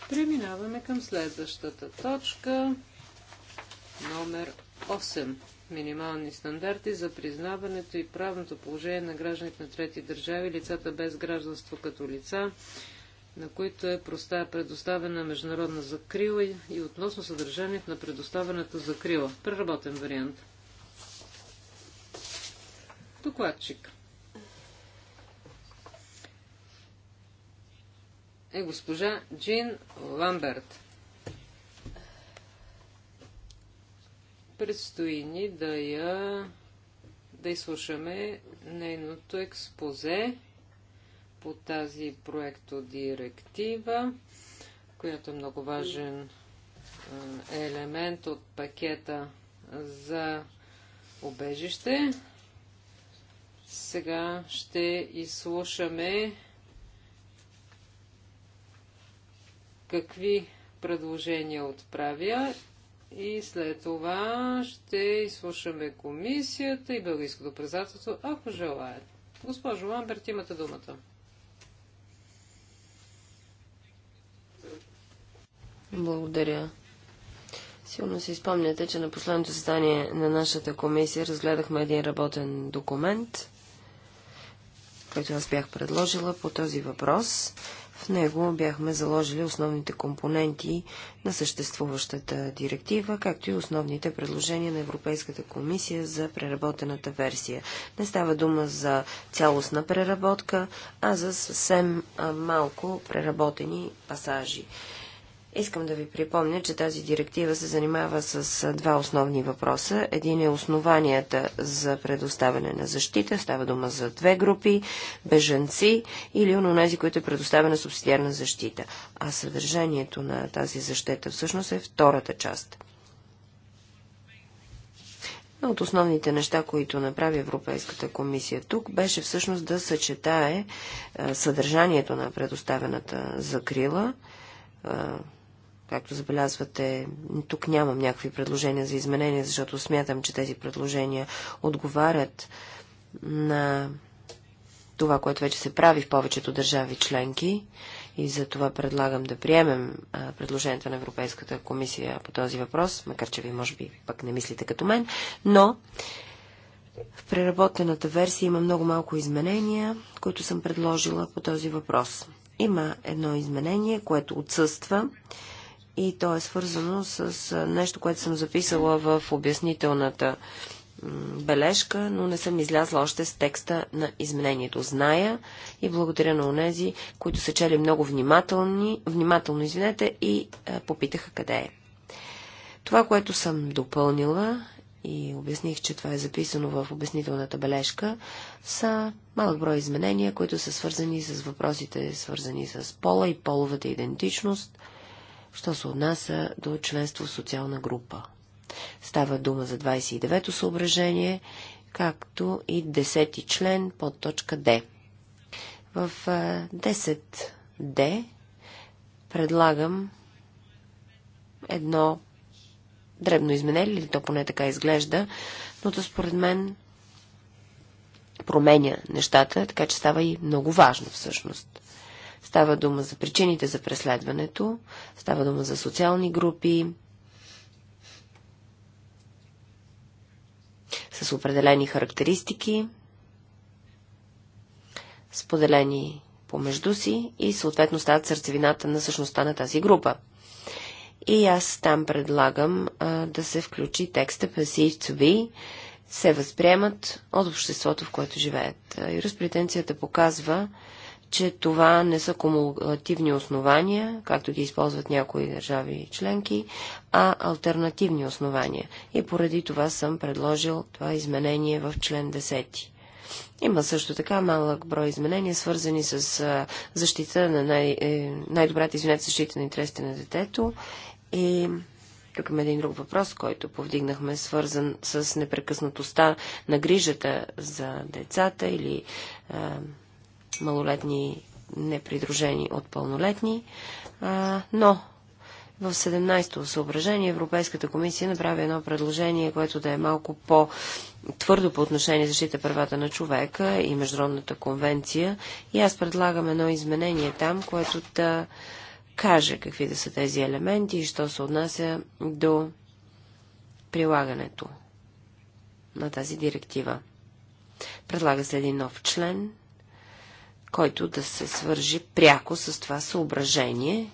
Преминаваме към следващата точка, номер 8 минимални стандарти за признаването и правното положение на гражданите на трети държави, лицата без гражданство като лица, на които е предоставена международна закрила и относно съдържанието на предоставената закрила. Преработен вариант. Докладчик. Е госпожа Джин Ламберт. Предстои ни да я да изслушаме нейното експозе по тази проектодиректива, която е много важен елемент от пакета за обежище. Сега ще изслушаме какви предложения отправя и след това ще изслушаме комисията и българското председателство, ако желаят. Госпожо Ламберт, имате думата. Благодаря. Силно си спомняте, че на последното състояние на нашата комисия разгледахме един работен документ, който аз бях предложила по този въпрос. В него бяхме заложили основните компоненти на съществуващата директива, както и основните предложения на Европейската комисия за преработената версия. Не става дума за цялостна преработка, а за съвсем малко преработени пасажи. Искам да ви припомня, че тази директива се занимава с два основни въпроса. Един е основанията за предоставяне на защита. Става дума за две групи – бежанци или онези, които е предоставена субсидиарна защита. А съдържанието на тази защита всъщност е втората част. Едно от основните неща, които направи Европейската комисия тук, беше всъщност да съчетае съдържанието на предоставената закрила – Както забелязвате, тук нямам някакви предложения за изменения, защото смятам, че тези предложения отговарят на това, което вече се прави в повечето държави членки и за това предлагам да приемем предложението на Европейската комисия по този въпрос, макар че ви може би пък не мислите като мен, но в преработената версия има много малко изменения, които съм предложила по този въпрос. Има едно изменение, което отсъства и то е свързано с нещо, което съм записала в обяснителната бележка, но не съм излязла още с текста на изменението. Зная и благодаря на онези, които са чели много внимателни, внимателно извинете, и попитаха къде е. Това, което съм допълнила и обясних, че това е записано в обяснителната бележка, са малък брой изменения, които са свързани с въпросите, свързани с пола и половата идентичност – що се отнася до членство в социална група. Става дума за 29-то съображение, както и 10-ти член под точка Д. В 10D предлагам едно дребно изменение, или то поне така изглежда, но то според мен променя нещата, така че става и много важно всъщност. Става дума за причините за преследването, става дума за социални групи, с определени характеристики, споделени помежду си и съответно стават сърцевината на същността на тази група. И аз там предлагам а, да се включи текста Passive to be, се възприемат от обществото, в което живеят. И показва, че това не са кумулативни основания, както ги използват някои държави членки, а альтернативни основания. И поради това съм предложил това изменение в член 10. Има също така малък брой изменения, свързани с защита на най- е, най-добрата извинете защита на интересите на детето. И тук има един друг въпрос, който повдигнахме, свързан с непрекъснатостта на грижата за децата или малолетни непридружени от пълнолетни, а, но в 17-то съображение Европейската комисия направи едно предложение, което да е малко по- твърдо по отношение защита правата на човека и Международната конвенция. И аз предлагам едно изменение там, което да каже какви да са тези елементи и що се отнася до прилагането на тази директива. Предлага се един нов член който да се свържи пряко с това съображение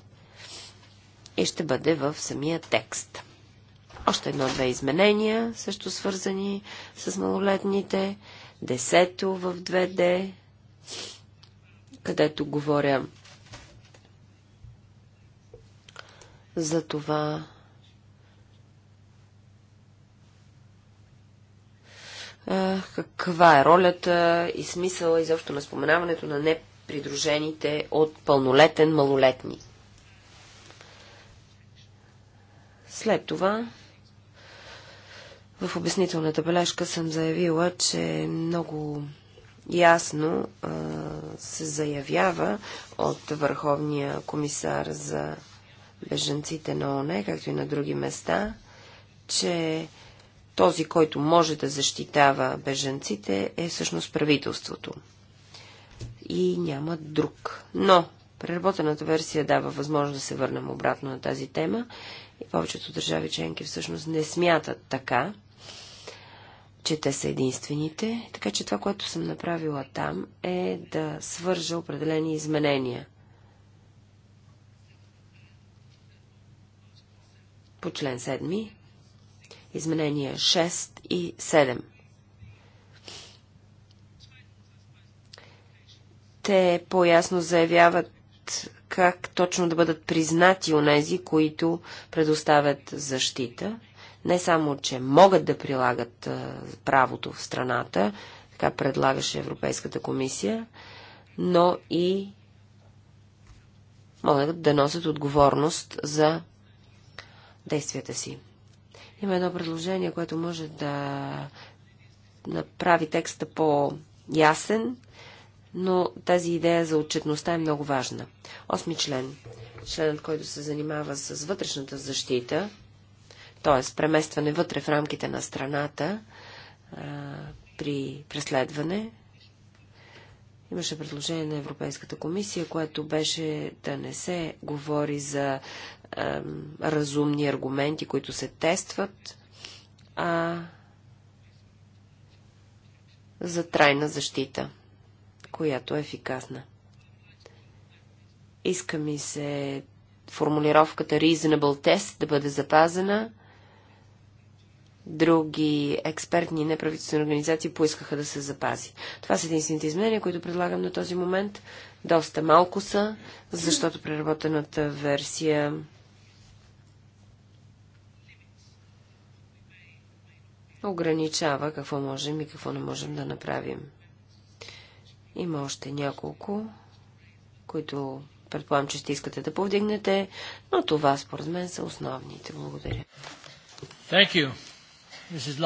и ще бъде в самия текст. Още едно-две изменения, също свързани с малолетните. Десето в 2D, където говоря за това каква е ролята и смисъла изобщо на споменаването на непридружените от пълнолетен малолетни. След това в обяснителната бележка съм заявила, че много ясно а, се заявява от Върховния комисар за беженците на ОНЕ, както и на други места, че този, който може да защитава бежанците, е всъщност правителството. И няма друг. Но преработената версия дава възможност да се върнем обратно на тази тема. И повечето държави членки всъщност не смятат така, че те са единствените. Така че това, което съм направила там, е да свържа определени изменения. По член 7 Изменения 6 и 7. Те по-ясно заявяват как точно да бъдат признати онези, които предоставят защита. Не само, че могат да прилагат правото в страната, така предлагаше Европейската комисия, но и могат да носят отговорност за действията си. Има едно предложение, което може да направи текста по-ясен, но тази идея за отчетността е много важна. Осми член. Членът, който се занимава с вътрешната защита, т.е. преместване вътре в рамките на страната при преследване, Имаше предложение на Европейската комисия, което беше да не се говори за е, разумни аргументи, които се тестват, а за трайна защита, която е ефикасна. Иска ми се формулировката reasonable test да бъде запазена други експертни неправителствени организации поискаха да се запази. Това са единствените изменения, които предлагам на този момент. Доста малко са, защото преработената версия ограничава какво можем и какво не можем да направим. Има още няколко, които предполагам, че ще искате да повдигнете, но това според мен са основните. Благодаря. Thank you. Mrs.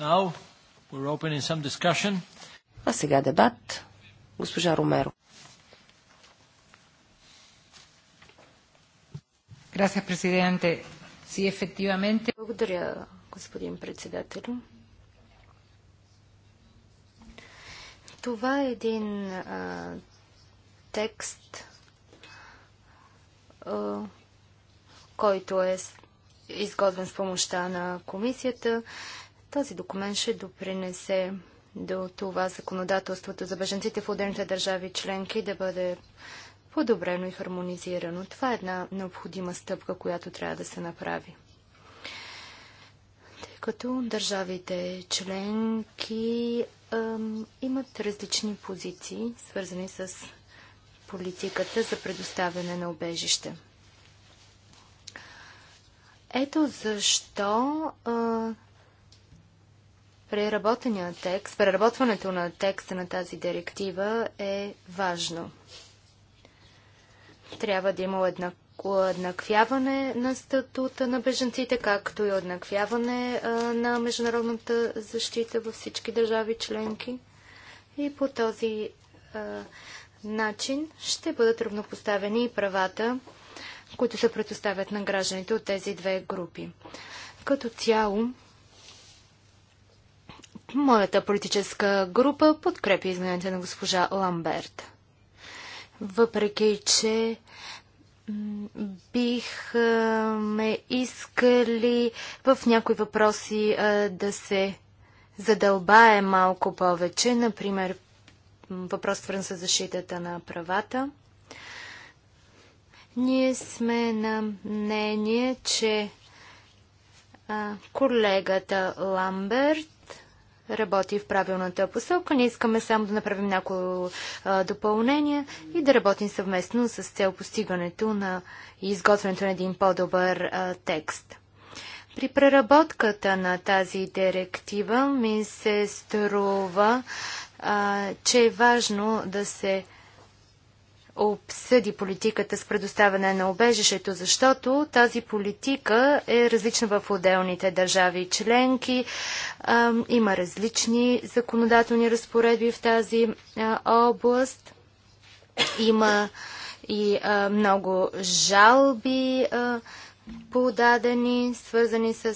Now we're opening some discussion. А сега дебат. Госпожа Ромеро. Gracias, presidente. Sí, efectivamente. Благодаря, господин председател. Това е един а, текст, а, който е изготвен с помощта на комисията. Този документ ще допринесе до това законодателството за беженците в отделните държави членки да бъде подобрено и хармонизирано. Това е една необходима стъпка, която трябва да се направи. Тъй като държавите членки ем, имат различни позиции, свързани с политиката за предоставяне на убежище. Ето защо а, преработения текст, преработването на текста на тази директива е важно. Трябва да има еднаквяване уеднаквяване на статута на беженците, както и уеднаквяване на международната защита във всички държави членки. И по този а, начин ще бъдат равнопоставени и правата които се предоставят на гражданите от тези две групи. Като цяло, моята политическа група подкрепи изменението на госпожа Ламберт. Въпреки, че бихме искали в някои въпроси да се задълбае малко повече, например въпрос свързан с защитата на правата. Ние сме на мнение, че а, колегата Ламберт работи в правилната посока. Ние искаме само да направим някои допълнения и да работим съвместно с цел постигането на изготвянето на един по-добър текст. При преработката на тази директива ми се струва, а, че е важно да се обсъди политиката с предоставяне на обежището, защото тази политика е различна в отделните държави и членки. има различни законодателни разпоредби в тази област. Има и много жалби подадени, свързани с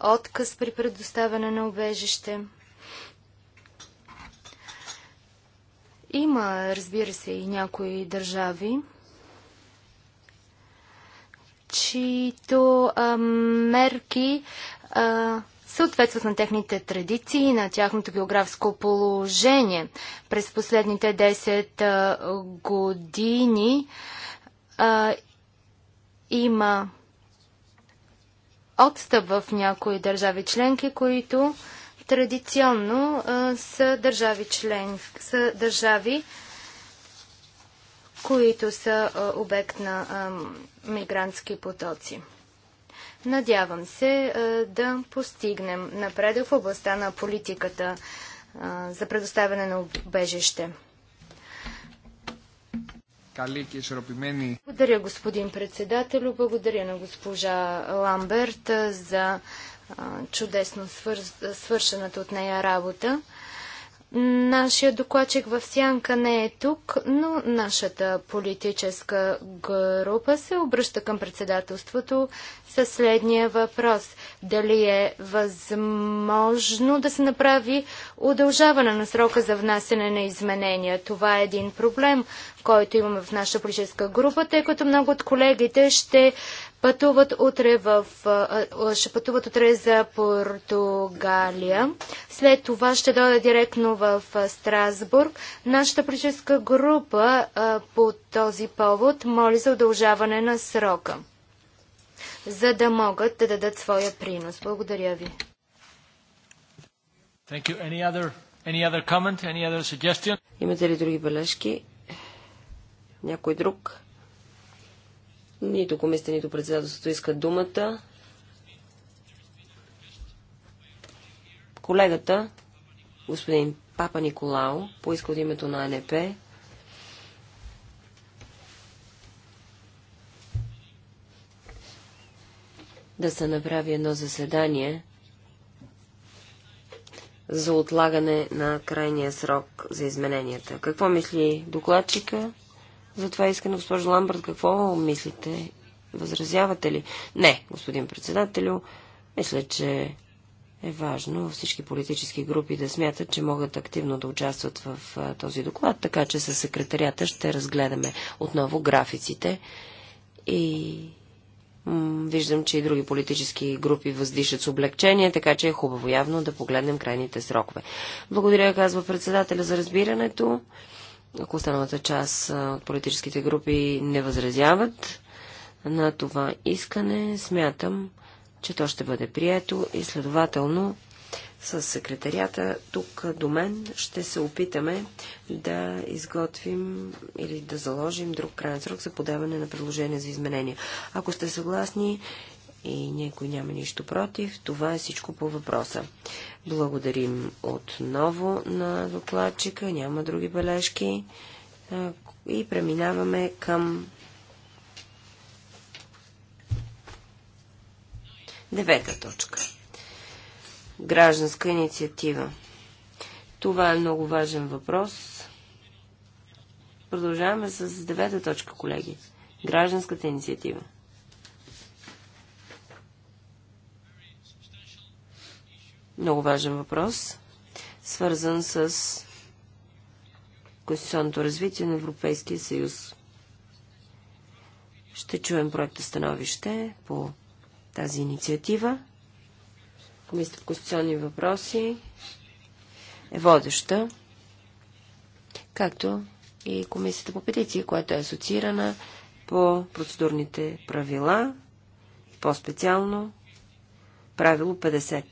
отказ при предоставяне на обежище. Има, разбира се, и някои държави, чието а, мерки а, съответстват на техните традиции, на тяхното географско положение. През последните 10 а, години а, има отстъп в някои държави членки, които традиционно а, са държави член, са държави, които са а, обект на а, мигрантски потоци. Надявам се да постигнем напредък в областта на политиката за предоставяне на убежище. Благодаря, господин председател, Благодаря на госпожа Ламберт за чудесно свър... свършената от нея работа. Нашия докладчик в Сянка не е тук, но нашата политическа група се обръща към председателството със следния въпрос. Дали е възможно да се направи удължаване на срока за внасене на изменения? Това е един проблем, който имаме в нашата политическа група, тъй като много от колегите ще пътуват утре, в, ще пътуват утре за Португалия. След това ще дойда директно в Страсбург. Нашата политическа група по този повод моли за удължаване на срока, за да могат да дадат своя принос. Благодаря ви. Thank you. Any other, any other comment, any other suggestion? Имате ли други бележки? Някой друг? Нито комисията, нито председателството искат думата. Колегата, господин Папа Николао, поиска от името на НП да се направи едно заседание за отлагане на крайния срок за измененията. Какво мисли докладчика? Затова искам, госпожо Ламбърт, какво мислите? Възразявате ли? Не, господин председателю, мисля, че е важно всички политически групи да смятат, че могат активно да участват в този доклад, така че със секретарията ще разгледаме отново графиците и виждам, че и други политически групи въздишат с облегчение, така че е хубаво явно да погледнем крайните срокове. Благодаря, казва председателя, за разбирането. Ако останалата част от политическите групи не възразяват на това искане, смятам, че то ще бъде прието и следователно с секретарията тук до мен ще се опитаме да изготвим или да заложим друг крайен срок за подаване на предложения за изменения. Ако сте съгласни, и някой няма нищо против. Това е всичко по въпроса. Благодарим отново на докладчика. Няма други бележки. И преминаваме към девета точка. Гражданска инициатива. Това е много важен въпрос. Продължаваме с девета точка, колеги. Гражданската инициатива. Много важен въпрос, свързан с конституционното развитие на Европейския съюз. Ще чуем проекта становище по тази инициатива. Комисията по конституционни въпроси е водеща, както и Комисията по петиции, която е асоциирана по процедурните правила, по-специално правило 50.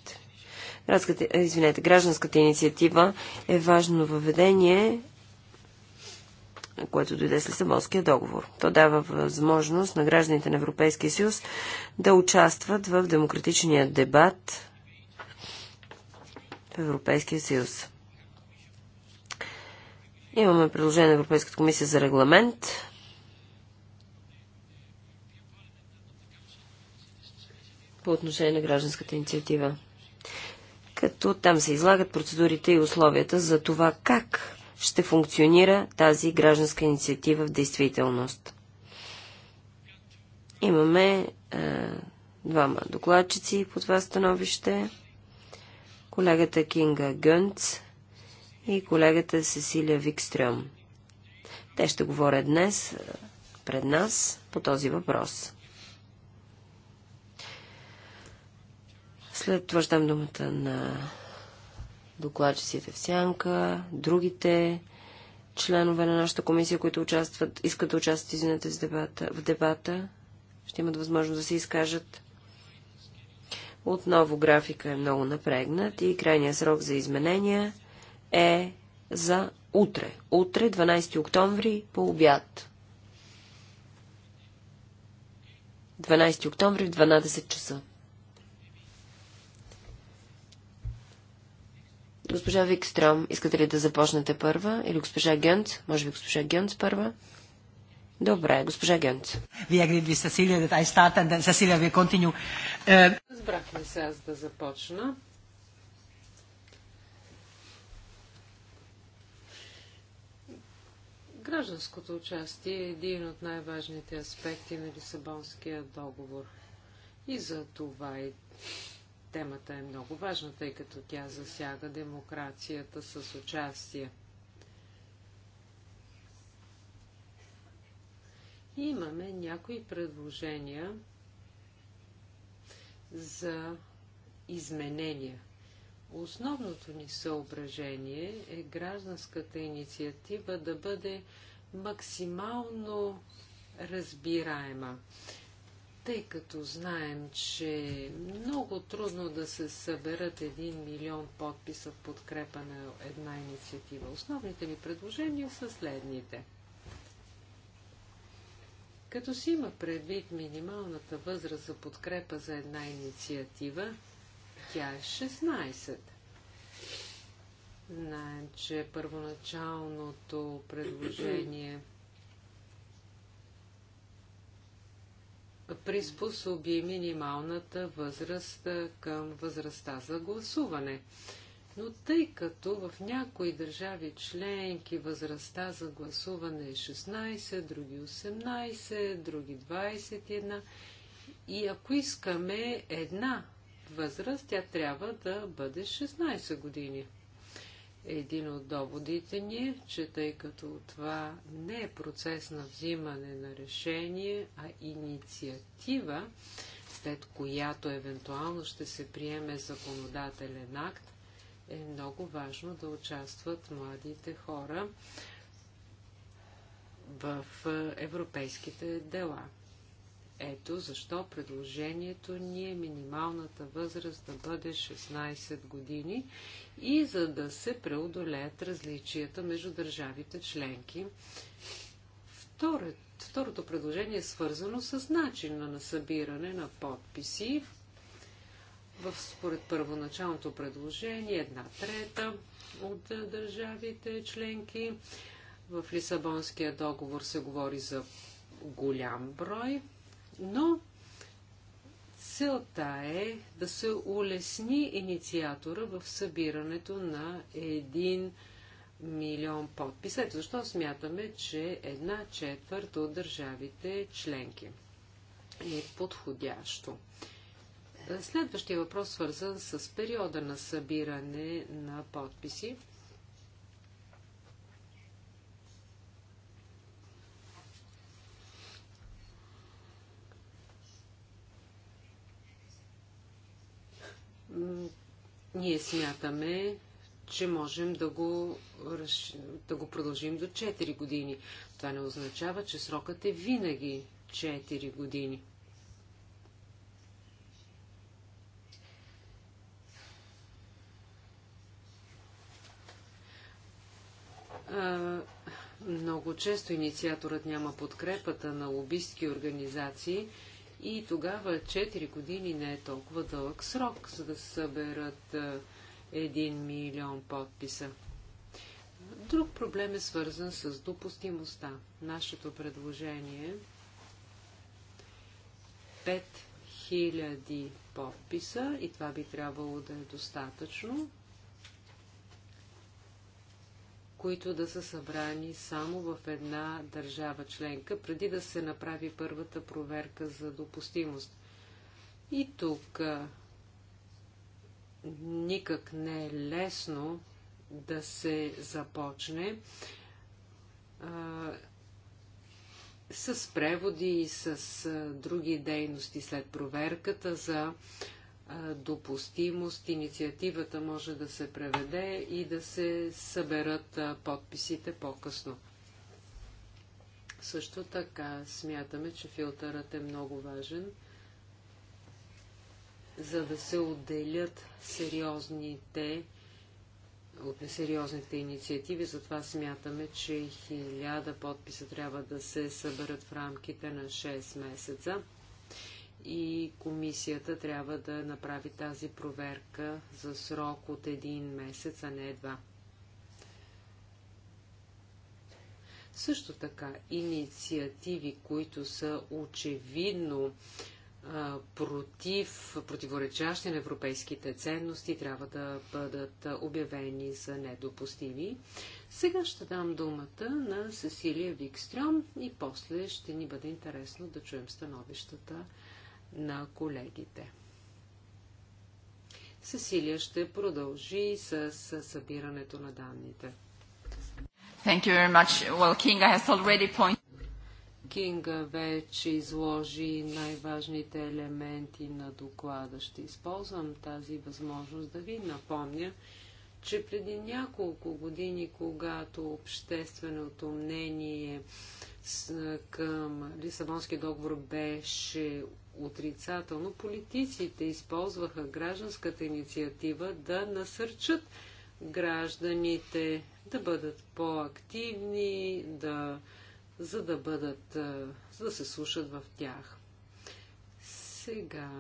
Градската, е, извинете, гражданската инициатива е важно въведение, което дойде с Лисабонския договор. То дава възможност на гражданите на Европейския съюз да участват в демократичния дебат в Европейския съюз. Имаме предложение на Европейската комисия за регламент, по отношение на гражданската инициатива като там се излагат процедурите и условията за това как ще функционира тази гражданска инициатива в действителност. Имаме е, двама докладчици по това становище. Колегата Кинга Гънц и колегата Сесилия Викстрем. Те ще говорят днес е, пред нас по този въпрос. След това думата на докладчиците в сянка, другите членове на нашата комисия, които участват, искат да участват извинете, в дебата, в дебата, ще имат възможност да се изкажат. Отново графика е много напрегнат и крайният срок за изменения е за утре. Утре, 12 октомври, по обяд. 12 октомври в 12 часа. Госпожа Викстром, искате ли да започнете първа? Или госпожа Гент? Може би госпожа Гент първа? Добре, госпожа Гент. Вие гледате ли Cecilia that I start and Сасилия, вие континю. Разбрахме се аз да започна. Гражданското участие е един от най-важните аспекти на Лисабонския договор. И за това и Темата е много важна, тъй като тя засяга демокрацията с участие. И имаме някои предложения за изменения. Основното ни съображение е гражданската инициатива да бъде максимално разбираема тъй като знаем, че е много трудно да се съберат 1 милион подписа в подкрепа на една инициатива. Основните ми предложения са следните. Като си има предвид минималната възраст за подкрепа за една инициатива, тя е 16. Знаем, че първоначалното предложение – приспособи минималната възраст към възрастта за гласуване. Но тъй като в някои държави членки възрастта за гласуване е 16, други 18, други 21, и ако искаме една възраст, тя трябва да бъде 16 години. Един от доводите ни е, че тъй като това не е процес на взимане на решение, а инициатива, след която евентуално ще се приеме законодателен акт, е много важно да участват младите хора в е, европейските дела. Ето защо предложението ни е минималната възраст да бъде 16 години и за да се преодолеят различията между държавите членки. Второто, второто предложение е свързано с начина на събиране на подписи. В, според първоначалното предложение една трета от държавите членки. В Лисабонския договор се говори за голям брой но целта е да се улесни инициатора в събирането на един милион подписа. Ето защо смятаме, че една четвърта от държавите членки е подходящо. Следващия въпрос свързан с периода на събиране на подписи. Ние смятаме, че можем да го, да го продължим до 4 години. Това не означава, че срокът е винаги 4 години. А, много често инициаторът няма подкрепата на лобистки организации, и тогава 4 години не е толкова дълъг срок, за да съберат 1 милион подписа. Друг проблем е свързан с допустимостта. Нашето предложение 5000 е подписа и това би трябвало да е достатъчно които да са събрани само в една държава членка, преди да се направи първата проверка за допустимост. И тук никак не е лесно да се започне а, с преводи и с а, други дейности след проверката за допустимост, инициативата може да се преведе и да се съберат подписите по-късно. Също така смятаме, че филтърът е много важен, за да се отделят сериозните от несериозните инициативи, затова смятаме, че хиляда подписа трябва да се съберат в рамките на 6 месеца и комисията трябва да направи тази проверка за срок от един месец, а не едва. Също така, инициативи, които са очевидно а, против, противоречащи на европейските ценности, трябва да бъдат обявени за недопустими. Сега ще дам думата на Сесилия Викстрем и после ще ни бъде интересно да чуем становищата на колегите. Сесилия ще продължи с събирането на данните. Thank you very much. Well, Kinga has already point... Кинга вече изложи най-важните елементи на доклада. Ще използвам тази възможност да ви напомня, че преди няколко години, когато общественото мнение към Лисабонския договор беше отрицателно, политиците използваха гражданската инициатива да насърчат гражданите да бъдат по-активни, да, за да бъдат, за да се слушат в тях. Сега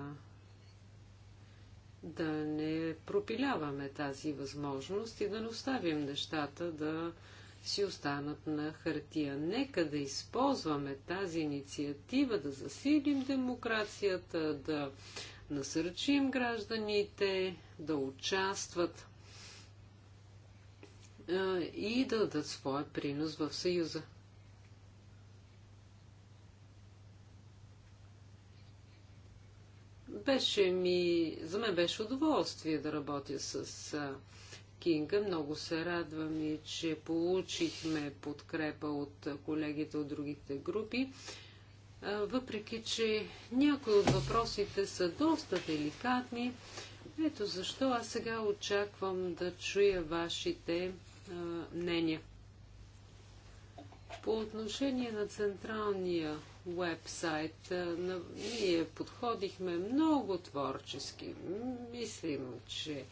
да не пропиляваме тази възможност и да не оставим нещата да си останат на хартия. Нека да използваме тази инициатива, да засилим демокрацията, да насърчим гражданите да участват и да дадат своя принос в Съюза. Беше ми, за мен беше удоволствие да работя с Кинга. Много се радвам и, че получихме подкрепа от колегите от другите групи. Въпреки, че някои от въпросите са доста деликатни, ето защо аз сега очаквам да чуя вашите а, мнения. По отношение на централния вебсайт, ние подходихме много творчески. Мислим, че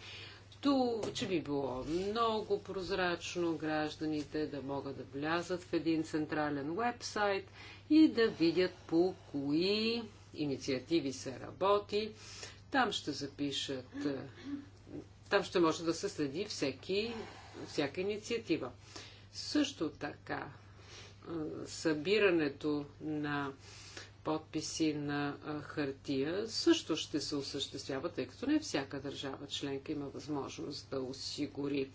то, че би било много прозрачно гражданите да могат да влязат в един централен вебсайт и да видят по кои инициативи се работи. Там ще запишат, е, там ще може да се следи всеки, всяка инициатива. Също така, е, събирането на подписи на хартия също ще се осъществява, тъй като не всяка държава членка има възможност да осигури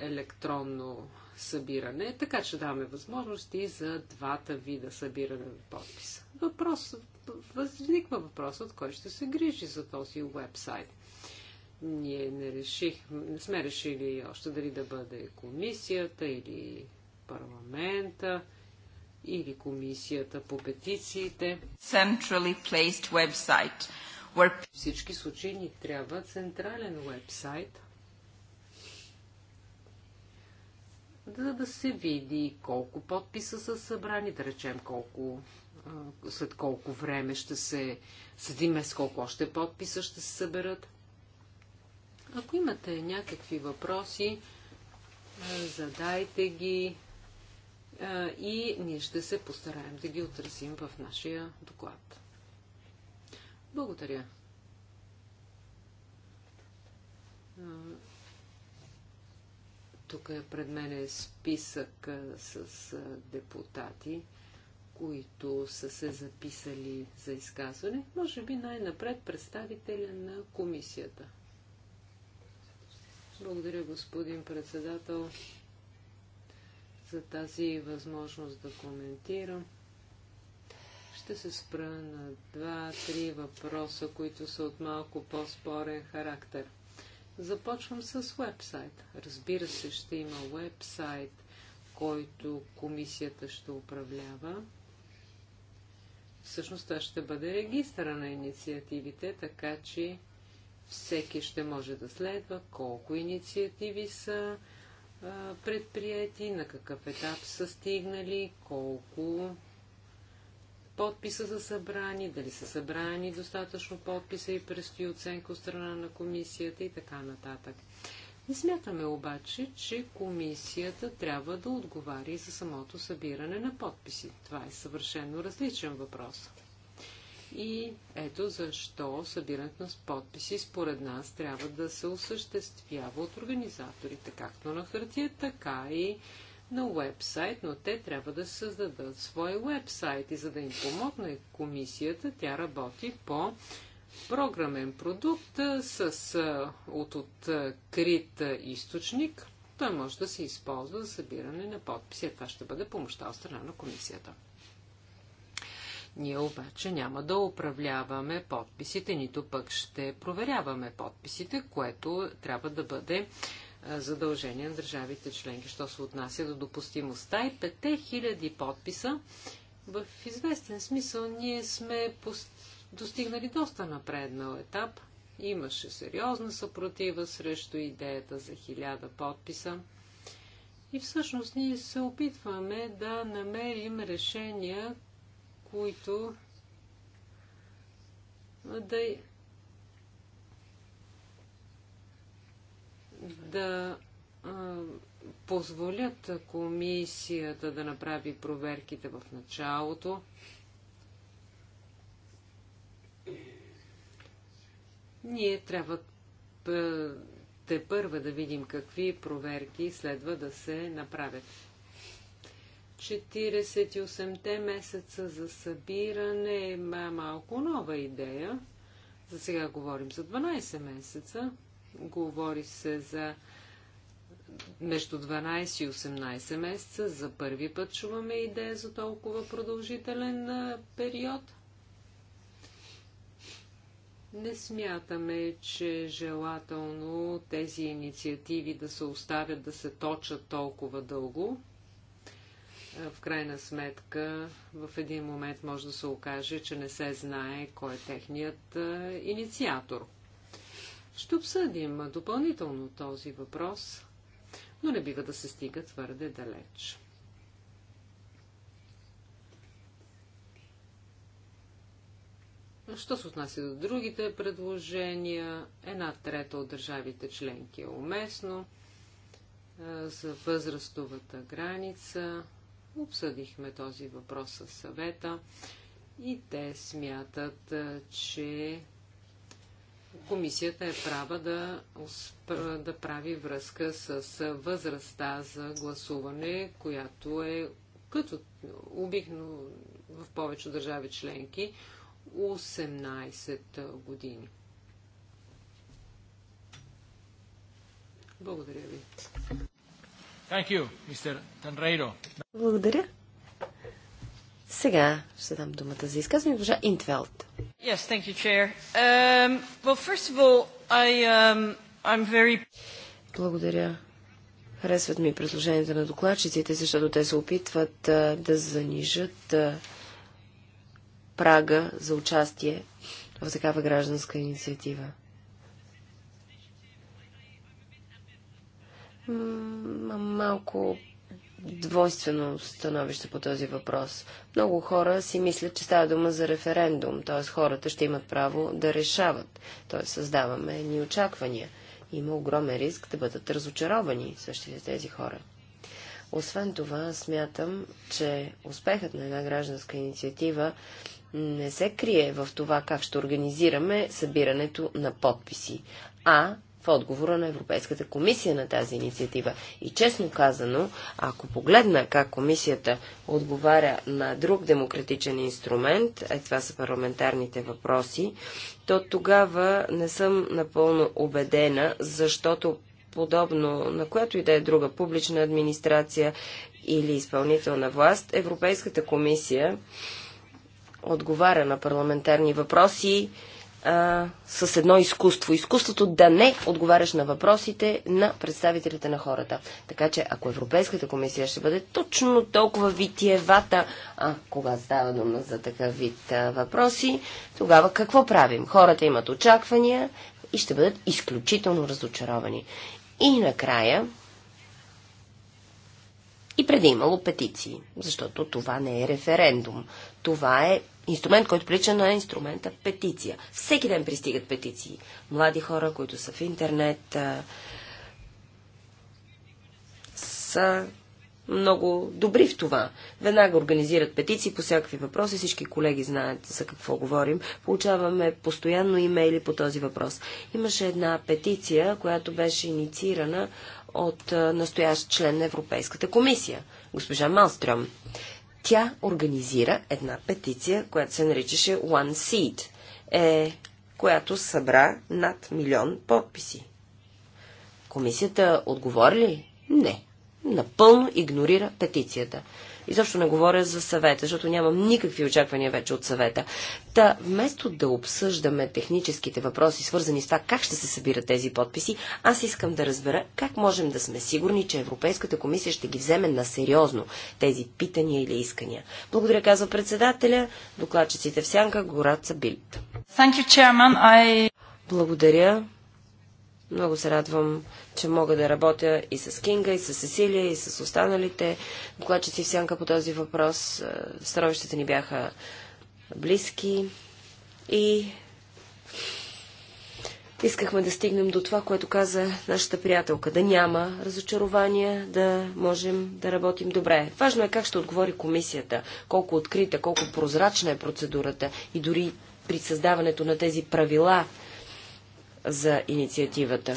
електронно събиране, така че даваме възможности за двата вида събиране на подписа. Въпрос, възниква въпросът, кой ще се грижи за този вебсайт. Ние не, реших, не сме решили още дали да бъде комисията или парламента или комисията по петициите. Centrally placed website. Where... Всички случаи ни трябва централен вебсайт, за да се види колко подписа са събрани, да речем колко, след колко време ще се, съдиме, с колко още подписа ще се съберат. Ако имате някакви въпроси, задайте ги и ние ще се постараем да ги отразим в нашия доклад. Благодаря. Тук е пред мен е списък с депутати, които са се записали за изказване. Може би най-напред представителя на комисията. Благодаря, господин председател за тази възможност да коментирам. Ще се спра на два-три въпроса, които са от малко по-спорен характер. Започвам с вебсайт. Разбира се, ще има вебсайт, който комисията ще управлява. Всъщност това ще бъде регистъра на инициативите, така че всеки ще може да следва колко инициативи са, предприяти, на какъв етап са стигнали, колко подписа са събрани, дали са събрани достатъчно подписа и предстои оценка от страна на комисията и така нататък. Не смятаме обаче, че комисията трябва да отговаря и за самото събиране на подписи. Това е съвършено различен въпрос. И ето защо събирането на подписи според нас трябва да се осъществява от организаторите, както на хартия, така и на уебсайт, но те трябва да създадат свой уебсайт и за да им помогне комисията, тя работи по програмен продукт с, от открит източник. Той може да се използва за събиране на подписи. Това ще бъде помощта от страна на комисията. Ние обаче няма да управляваме подписите, нито пък ще проверяваме подписите, което трябва да бъде е, задължение на държавите членки, що се отнася до допустимостта и 5000 подписа. В известен смисъл ние сме достигнали доста напреднал етап. Имаше сериозна съпротива срещу идеята за 1000 подписа. И всъщност ние се опитваме да намерим решения, които да, да а, позволят комисията да направи проверките в началото. Ние трябва те първа да видим какви проверки следва да се направят. 48-те месеца за събиране е малко нова идея. За сега говорим за 12 месеца. Говори се за между 12 и 18 месеца. За първи път чуваме идея за толкова продължителен период. Не смятаме, че желателно тези инициативи да се оставят да се точат толкова дълго в крайна сметка в един момент може да се окаже, че не се знае кой е техният инициатор. Ще обсъдим допълнително този въпрос, но не бива да се стига твърде далеч. Що се отнася до другите предложения, една трета от държавите членки е уместно за възрастовата граница. Обсъдихме този въпрос със съвета и те смятат, че комисията е права да, да прави връзка с възрастта за гласуване, която е като обикно в повече държави членки 18 години. Благодаря ви. Thank you, Благодаря. Сега ще дам думата за изказване госпожа Интвелт. Yes, thank you, Chair. Um, well, first of all, I, um, I'm very... Благодаря. Харесват ми предложенията на докладчиците, защото те се опитват а, да занижат а, прага за участие в такава гражданска инициатива. малко двойствено становище по този въпрос. Много хора си мислят, че става дума за референдум, т.е. хората ще имат право да решават. Т.е. създаваме ни очаквания. Има огромен риск да бъдат разочаровани същите тези хора. Освен това, смятам, че успехът на една гражданска инициатива не се крие в това как ще организираме събирането на подписи, а в отговора на Европейската комисия на тази инициатива. И честно казано, ако погледна как комисията отговаря на друг демократичен инструмент, е това са парламентарните въпроси, то тогава не съм напълно убедена, защото подобно на която и да е друга публична администрация или изпълнителна власт, Европейската комисия отговаря на парламентарни въпроси, а, с едно изкуство. Изкуството да не отговаряш на въпросите на представителите на хората. Така че, ако Европейската комисия ще бъде точно толкова витиевата, а кога става дума за такъв вид а, въпроси, тогава какво правим? Хората имат очаквания и ще бъдат изключително разочаровани. И накрая, и преди имало петиции, защото това не е референдум. Това е инструмент, който прилича на инструмента петиция. Всеки ден пристигат петиции. Млади хора, които са в интернет, са много добри в това. Веднага организират петиции по всякакви въпроси. Всички колеги знаят за какво говорим. Получаваме постоянно имейли по този въпрос. Имаше една петиция, която беше инициирана от настоящ член на Европейската комисия, госпожа Малстрем. Тя организира една петиция, която се наричаше One Seed, е, която събра над милион подписи. Комисията отговори ли? Не. Напълно игнорира петицията. Изобщо не говоря за съвета, защото нямам никакви очаквания вече от съвета. Та, вместо да обсъждаме техническите въпроси, свързани с това как ще се събират тези подписи, аз искам да разбера как можем да сме сигурни, че Европейската комисия ще ги вземе на сериозно тези питания или искания. Благодаря, казва председателя, докладчиците в сянка, Гораца Билт. Благодаря. Много се радвам, че мога да работя и с Кинга, и с Сесилия, и с останалите докладчици в сянка по този въпрос. Е, становищата ни бяха близки и искахме да стигнем до това, което каза нашата приятелка. Да няма разочарования, да можем да работим добре. Важно е как ще отговори комисията, колко открита, колко прозрачна е процедурата и дори при създаването на тези правила – за инициативата.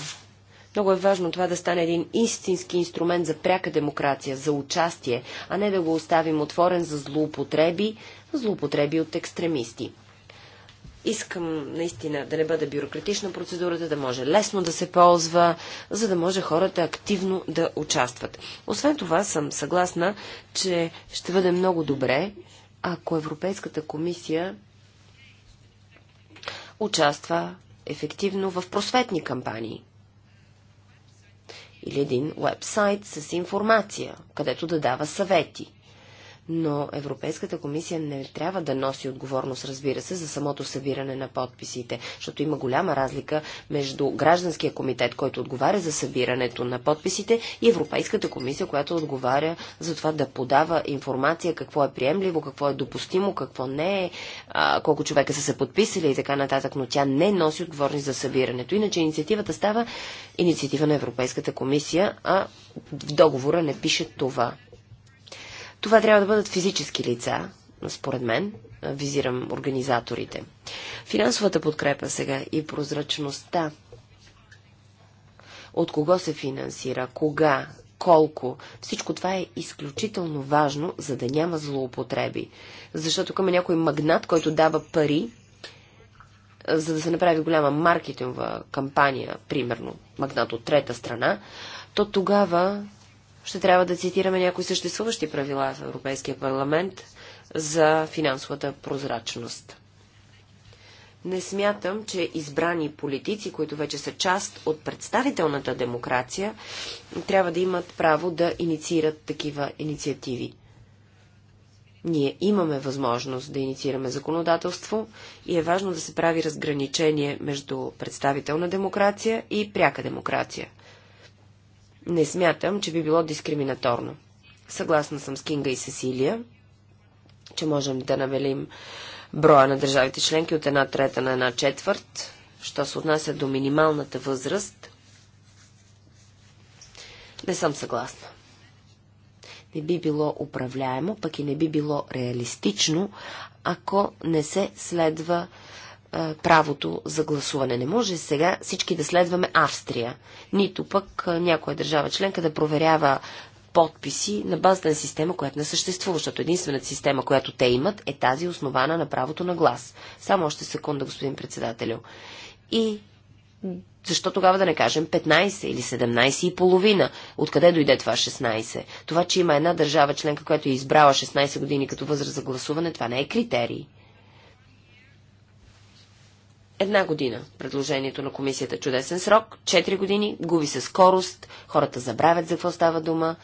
Много е важно това да стане един истински инструмент за пряка демокрация, за участие, а не да го оставим отворен за злоупотреби, злоупотреби от екстремисти. Искам наистина да не бъде бюрократична процедурата, да може лесно да се ползва, за да може хората активно да участват. Освен това съм съгласна, че ще бъде много добре, ако Европейската комисия участва ефективно в просветни кампании. Или един вебсайт с информация, където да дава съвети но Европейската комисия не трябва да носи отговорност, разбира се, за самото събиране на подписите, защото има голяма разлика между гражданския комитет, който отговаря за събирането на подписите, и Европейската комисия, която отговаря за това да подава информация какво е приемливо, какво е допустимо, какво не е, колко човека са се подписали и така нататък, но тя не носи отговорност за събирането. Иначе инициативата става инициатива на Европейската комисия, а в договора не пише това. Това трябва да бъдат физически лица, според мен, визирам организаторите. Финансовата подкрепа сега и прозрачността. От кого се финансира, кога, колко. Всичко това е изключително важно, за да няма злоупотреби. Защото към е някой магнат, който дава пари, за да се направи голяма маркетингова кампания, примерно магнат от трета страна, то тогава ще трябва да цитираме някои съществуващи правила в Европейския парламент за финансовата прозрачност. Не смятам, че избрани политици, които вече са част от представителната демокрация, трябва да имат право да инициират такива инициативи. Ние имаме възможност да инициираме законодателство и е важно да се прави разграничение между представителна демокрация и пряка демокрация не смятам, че би било дискриминаторно. Съгласна съм с Кинга и Сесилия, че можем да навелим броя на държавите членки от една трета на една четвърт, що се отнася до минималната възраст. Не съм съгласна. Не би било управляемо, пък и не би било реалистично, ако не се следва правото за гласуване. Не може сега всички да следваме Австрия, нито пък някоя държава членка да проверява подписи на базата на система, която не съществува, защото единствената система, която те имат, е тази основана на правото на глас. Само още секунда, господин председателю. И защо тогава да не кажем 15 или 17 и половина? Откъде дойде това 16? Това, че има една държава членка, която е избрала 16 години като възраст за гласуване, това не е критерий. Една година предложението на комисията е чудесен срок, 4 години, губи се скорост, хората забравят за какво става дума,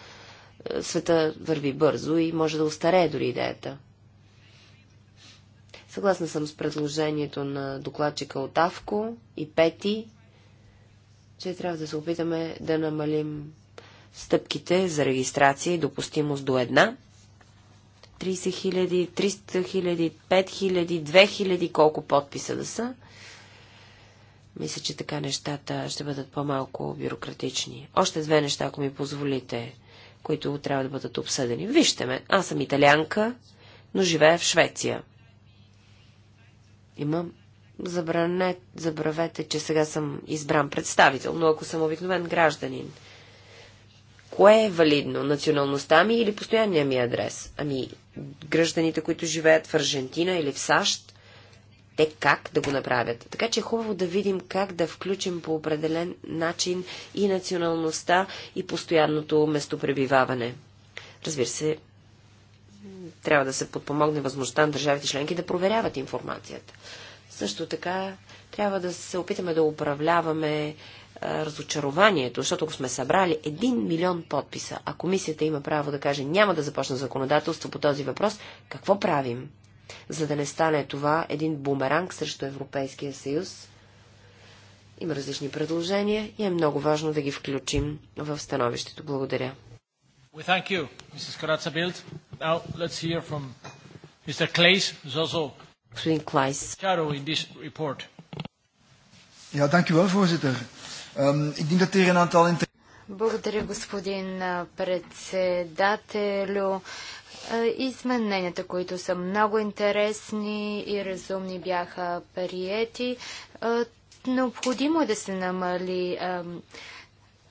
е, света върви бързо и може да устарее дори идеята. Съгласна съм с предложението на докладчика от Авко и Пети, че трябва да се опитаме да намалим стъпките за регистрация и допустимост до една. 30 000, 300 000, 5 000, 2 000, колко подписа да са – мисля, че така нещата ще бъдат по-малко бюрократични. Още две неща, ако ми позволите, които трябва да бъдат обсъдени. Вижте ме, аз съм италианка, но живея в Швеция. Имам забране, забравете, че сега съм избран представител, но ако съм обикновен гражданин, кое е валидно? Националността ми или постоянния ми адрес? Ами, гражданите, които живеят в Аржентина или в САЩ, те как да го направят. Така че е хубаво да видим как да включим по определен начин и националността, и постоянното местопребиваване. Разбира се, трябва да се подпомогне възможността на държавите членки да проверяват информацията. Също така трябва да се опитаме да управляваме разочарованието, защото ако сме събрали 1 милион подписа, а комисията има право да каже няма да започна законодателство по този въпрос, какво правим? за да не стане това един бумеранг срещу Европейския съюз. Има различни предложения и е много важно да ги включим в становището. Благодаря. You, Now, Господин Клайс. dank u wel, voorzitter. Um, ik denk dat er een aantal благодаря, господин председателю. Измененията, които са много интересни и разумни, бяха приети. Необходимо е да се намали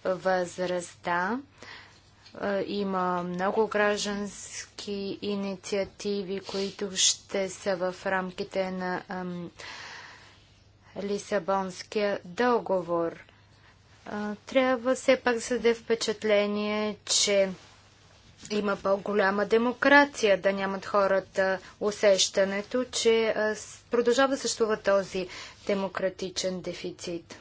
възрастта. Има много граждански инициативи, които ще са в рамките на Лисабонския договор трябва все пак да се даде впечатление, че има по-голяма демокрация, да нямат хората усещането, че продължава да съществува този демократичен дефицит.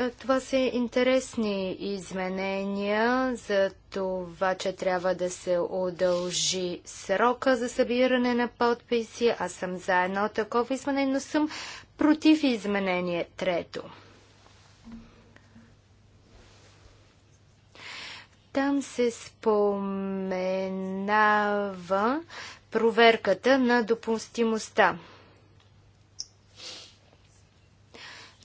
Е, това са интересни изменения за това, че трябва да се удължи срока за събиране на подписи. Аз съм за едно такова изменение, но съм против изменение трето. Там се споменава проверката на допустимостта.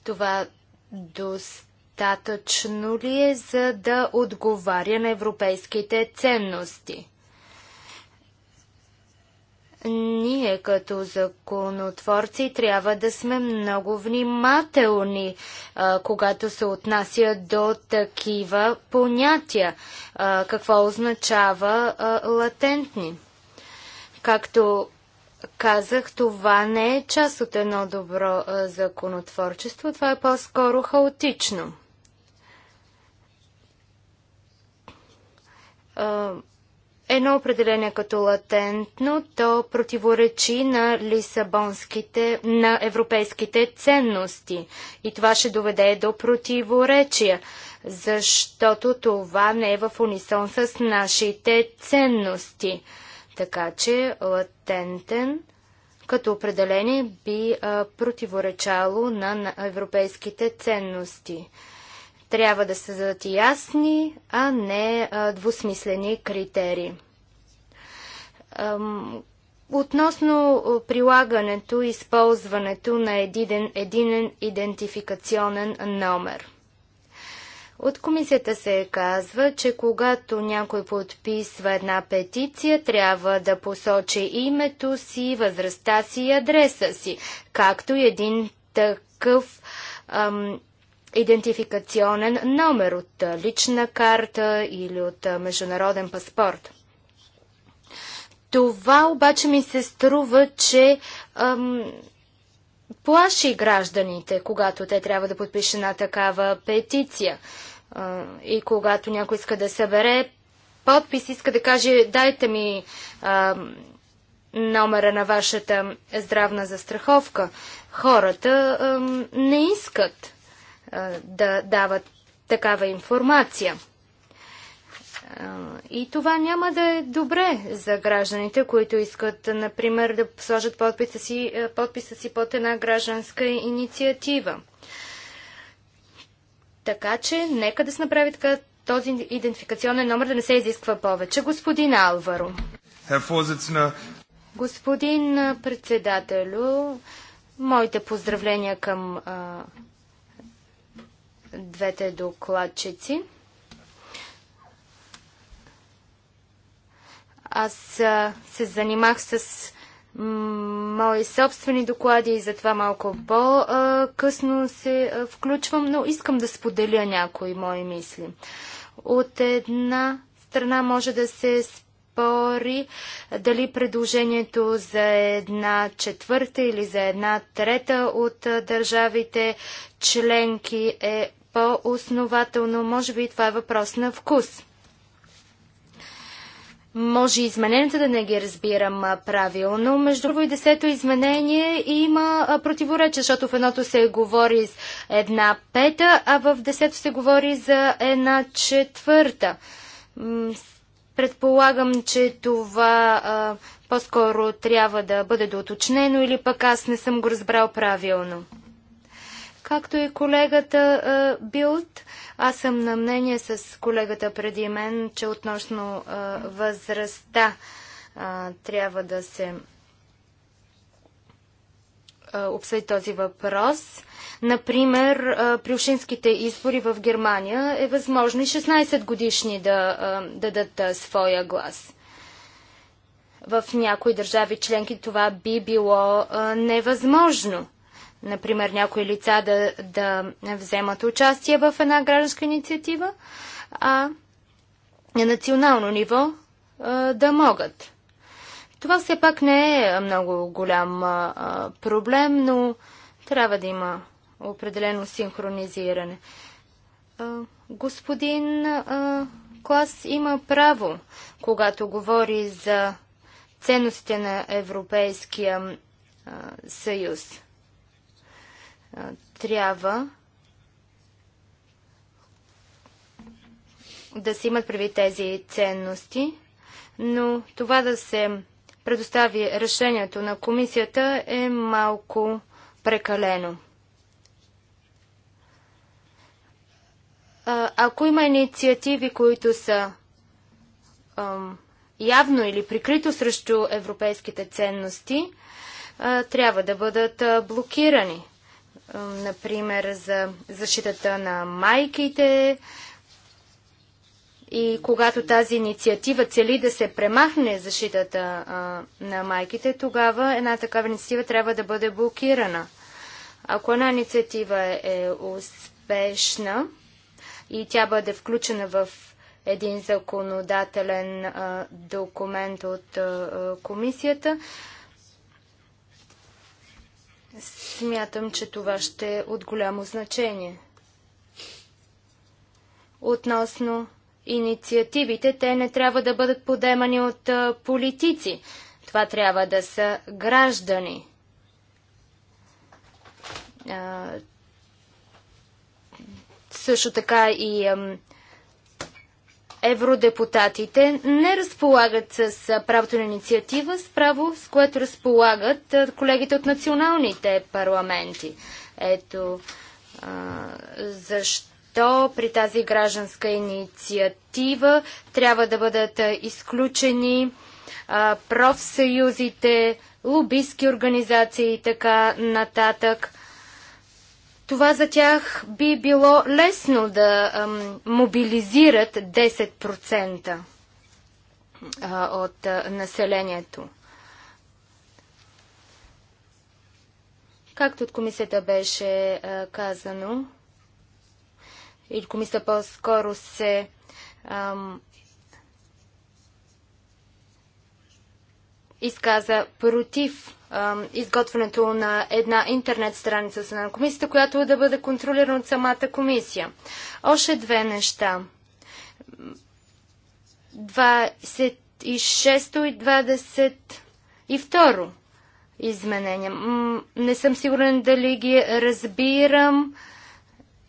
Това достатъчно ли е за да отговаря на европейските ценности? Ние като законотворци трябва да сме много внимателни, а, когато се отнася до такива понятия. А, какво означава а, латентни? Както казах, това не е част от едно добро законотворчество, това е по-скоро хаотично. едно определение като латентно, то противоречи на лисабонските, на европейските ценности. И това ще доведе до противоречия, защото това не е в унисон с нашите ценности. Така че латентен като определение би а, противоречало на, на европейските ценности. Трябва да се зададат ясни, а не а, двусмислени критерии. Ам, относно прилагането и използването на един, един идентификационен номер – от комисията се казва, че когато някой подписва една петиция, трябва да посочи името си, възрастта си и адреса си, както и един такъв ам, идентификационен номер от лична карта или от международен паспорт. Това обаче ми се струва, че ам, плаши гражданите, когато те трябва да подпишат една такава петиция. И когато някой иска да събере подпис, иска да каже, дайте ми номера на вашата здравна застраховка. Хората не искат да дават такава информация. И това няма да е добре за гражданите, които искат, например, да сложат подписа си, е, подписа си под една гражданска инициатива. Така че, нека да се направи така този идентификационен номер да не се изисква повече. Господин Алваро. Господин председателю, моите поздравления към а, двете докладчици. Аз а, се занимах с мои собствени доклади и затова малко по-късно се а, включвам, но искам да споделя някои мои мисли. От една страна може да се спори дали предложението за една четвърта или за една трета от а, държавите членки е по-основателно. Може би това е въпрос на вкус. Може измененията да не ги разбирам правилно. Между първо и десето изменение има противоречие, защото в едното се говори с една пета, а в десето се говори за една четвърта. Предполагам, че това по-скоро трябва да бъде доточнено, или пък аз не съм го разбрал правилно. Както и колегата Билт, аз съм на мнение с колегата преди мен, че относно а, възрастта а, трябва да се обсъди този въпрос. Например, при ушинските избори в Германия е възможно и 16 годишни да, да дадат своя глас. В някои държави членки това би било невъзможно например, някои лица да, да вземат участие в една гражданска инициатива, а на национално ниво а, да могат. Това все пак не е много голям а, проблем, но трябва да има определено синхронизиране. А, господин а, Клас има право, когато говори за ценностите на Европейския а, съюз трябва да се имат прави тези ценности, но това да се предостави решението на комисията е малко прекалено. Ако има инициативи, които са явно или прикрито срещу европейските ценности, трябва да бъдат блокирани например, за защитата на майките. И когато тази инициатива цели да се премахне защитата а, на майките, тогава една такава инициатива трябва да бъде блокирана. Ако една инициатива е, успешна и тя бъде включена в един законодателен а, документ от а, комисията, а, Смятам, че това ще е от голямо значение. Относно инициативите, те не трябва да бъдат подемани от а, политици. Това трябва да са граждани. А, също така и а, евродепутатите не разполагат с правото на инициатива, с право, с което разполагат колегите от националните парламенти. Ето защо при тази гражданска инициатива трябва да бъдат изключени профсъюзите, лобистки организации и така нататък – това за тях би било лесно да ам, мобилизират 10% от населението. Както от комисията беше казано, или комисията по-скоро се изказа против изготвянето на една интернет страница на комисията, която да бъде контролирана от самата комисия. Още две неща. 26 и 22 изменения. Не съм сигурен дали ги разбирам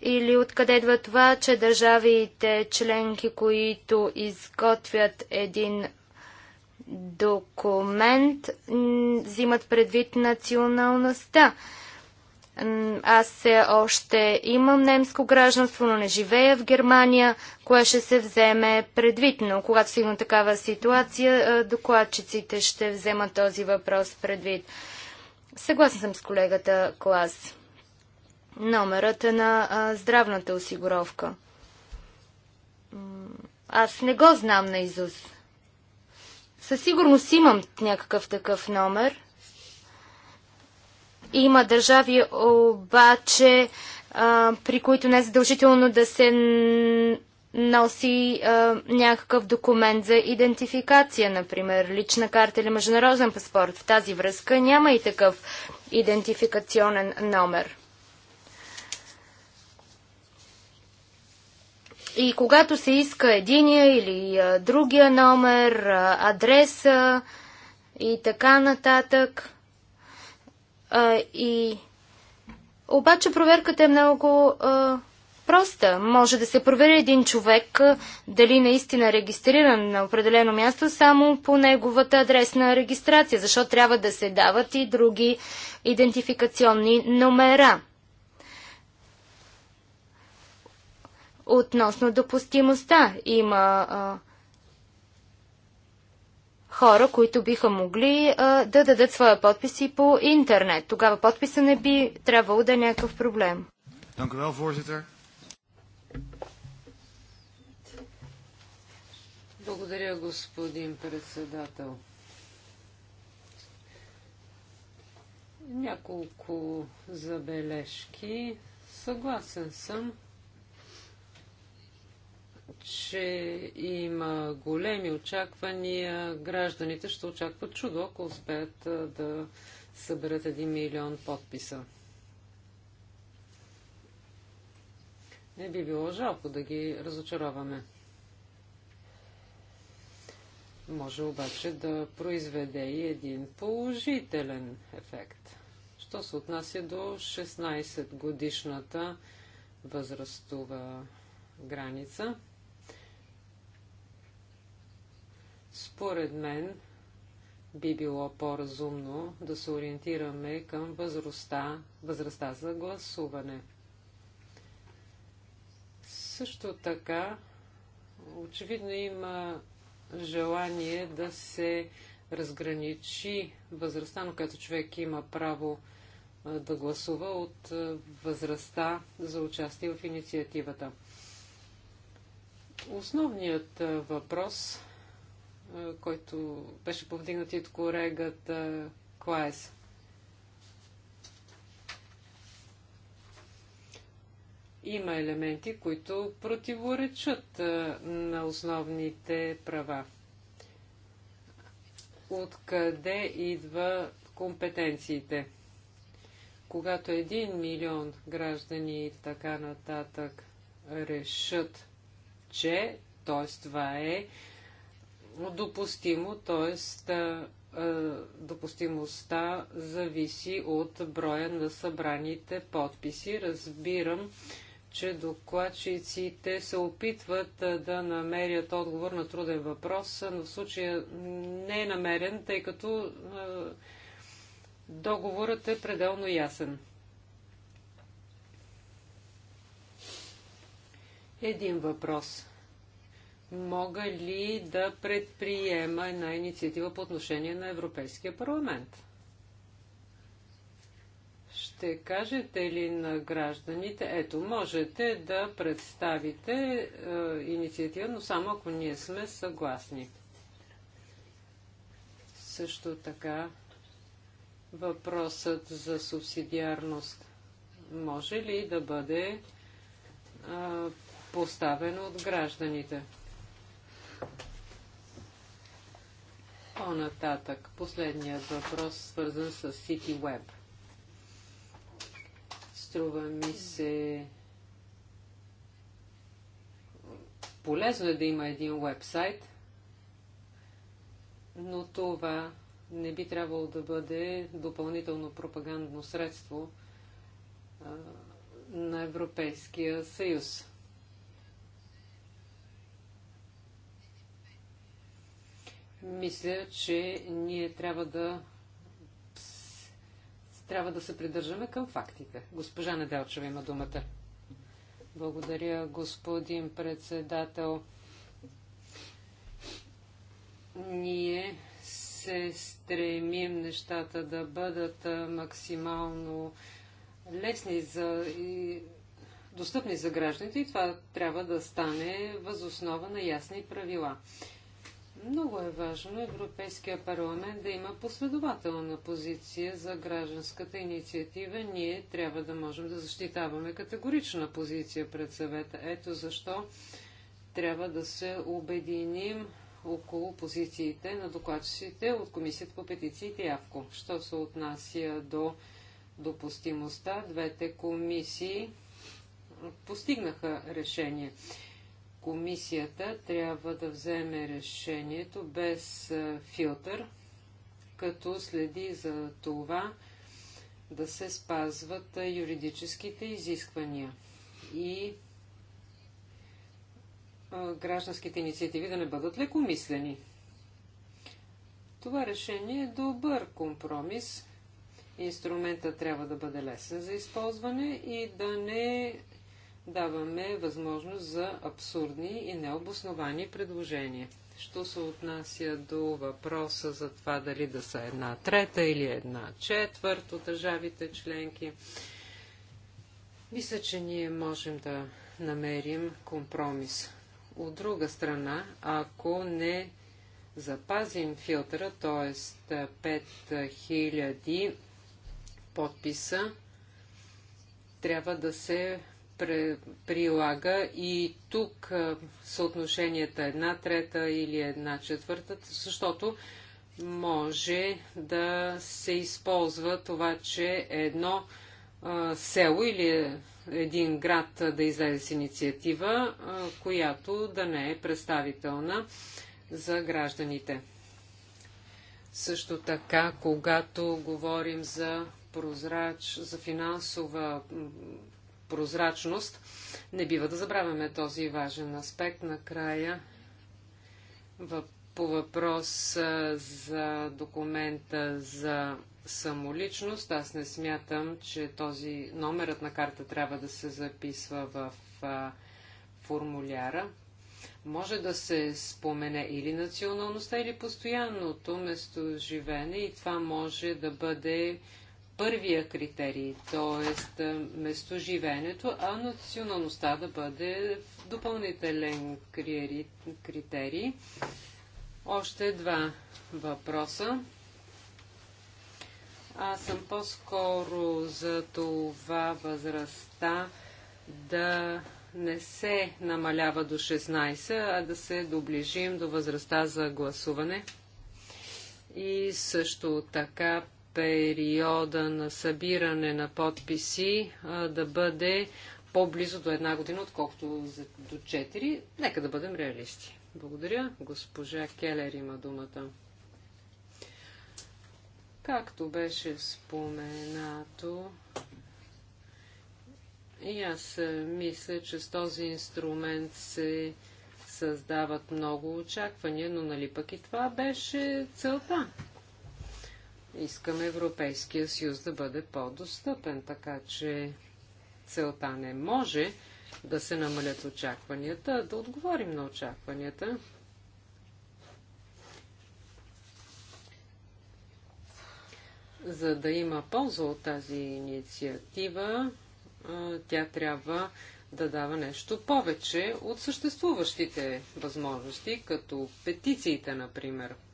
или откъде идва това, че държавите членки, които изготвят един документ взимат предвид националността. Аз още имам немско гражданство, но не живея в Германия, кое ще се вземе предвид. Но когато стигна такава ситуация, докладчиците ще вземат този въпрос предвид. Съгласна съм с колегата Клас. Номерът е на здравната осигуровка. Аз не го знам на Изус. Със сигурност имам някакъв такъв номер. Има държави обаче, а, при които не е задължително да се носи а, някакъв документ за идентификация, например лична карта или международен паспорт. В тази връзка няма и такъв идентификационен номер. И когато се иска единия или другия номер, адреса и така нататък. А, и... Обаче проверката е много а, проста. Може да се провери един човек а, дали наистина е регистриран на определено място само по неговата адресна регистрация, защото трябва да се дават и други идентификационни номера. Относно допустимостта има а, хора, които биха могли а, да дадат своя подпис и по интернет. Тогава подписа не би трябвало да е някакъв проблем. Благодаря, господин председател. Няколко забележки. Съгласен съм че има големи очаквания. Гражданите ще очакват чудо, ако успеят да съберат 1 милион подписа. Не би било жалко да ги разочароваме. Може обаче да произведе и един положителен ефект. Що се отнася до 16 годишната възрастова граница? Според мен би било по-разумно да се ориентираме към възрастта, възрастта за гласуване. Също така, очевидно има желание да се разграничи възрастта, на която човек има право да гласува от възрастта за участие в инициативата. Основният въпрос който беше повдигнат и от колегата Клаес. Има елементи, които противоречат на основните права. Откъде идва компетенциите? Когато един милион граждани и така нататък решат, че, т.е. това е допустимо, т.е. допустимостта зависи от броя на събраните подписи. Разбирам, че докладчиците се опитват да намерят отговор на труден въпрос, но в случая не е намерен, тъй като договорът е пределно ясен. Един въпрос – мога ли да предприема една инициатива по отношение на Европейския парламент? Ще кажете ли на гражданите, ето, можете да представите е, инициатива, но само ако ние сме съгласни. Също така, въпросът за субсидиарност може ли да бъде е, поставен от гражданите? По-нататък, последният въпрос, свързан с City Web. Струва ми се полезно е да има един вебсайт, но това не би трябвало да бъде допълнително пропагандно средство а, на Европейския съюз. Мисля, че ние трябва да трябва да се придържаме към фактите. Госпожа Неделчева има думата. Благодаря, господин председател. Ние се стремим нещата да бъдат максимално лесни за и достъпни за гражданите и това трябва да стане възоснова на ясни правила. Много е важно Европейския парламент да има последователна позиция за гражданската инициатива. Ние трябва да можем да защитаваме категорична позиция пред съвета. Ето защо трябва да се обединим около позициите на докладчиците от Комисията по петициите и АВКО. Що се отнася до допустимостта, двете комисии постигнаха решение комисията трябва да вземе решението без филтър, като следи за това да се спазват юридическите изисквания и гражданските инициативи да не бъдат лекомислени. Това решение е добър компромис. Инструментът трябва да бъде лесен за използване и да не даваме възможност за абсурдни и необосновани предложения. Що се отнася до въпроса за това дали да са една трета или една четвърт от държавите членки, мисля, че ние можем да намерим компромис. От друга страна, ако не запазим филтъра, т.е. 5000 подписа, трябва да се прилага и тук съотношенията една трета или една четвърта, защото може да се използва това, че едно село или един град да излезе с инициатива, която да не е представителна за гражданите. Също така, когато говорим за прозрач, за финансова прозрачност. Не бива да забравяме този важен аспект. Накрая по въпрос за документа за самоличност, аз не смятам, че този номерът на карта трябва да се записва в формуляра. Може да се спомене или националността, или постоянното местоживене и това може да бъде първия критерий, т.е. местоживеенето, а националността да бъде допълнителен критерий. Още два въпроса. Аз съм по-скоро за това възрастта да не се намалява до 16, а да се доближим до възрастта за гласуване. И също така периода на събиране на подписи да бъде по-близо до една година, отколкото до 4. Нека да бъдем реалисти. Благодаря. Госпожа Келер има думата. Както беше споменато, и аз мисля, че с този инструмент се създават много очаквания, но нали пък и това беше целта. Искаме Европейския съюз да бъде по-достъпен, така че целта не може да се намалят очакванията, да отговорим на очакванията. За да има полза от тази инициатива, тя трябва да дава нещо повече от съществуващите възможности, като петициите, например –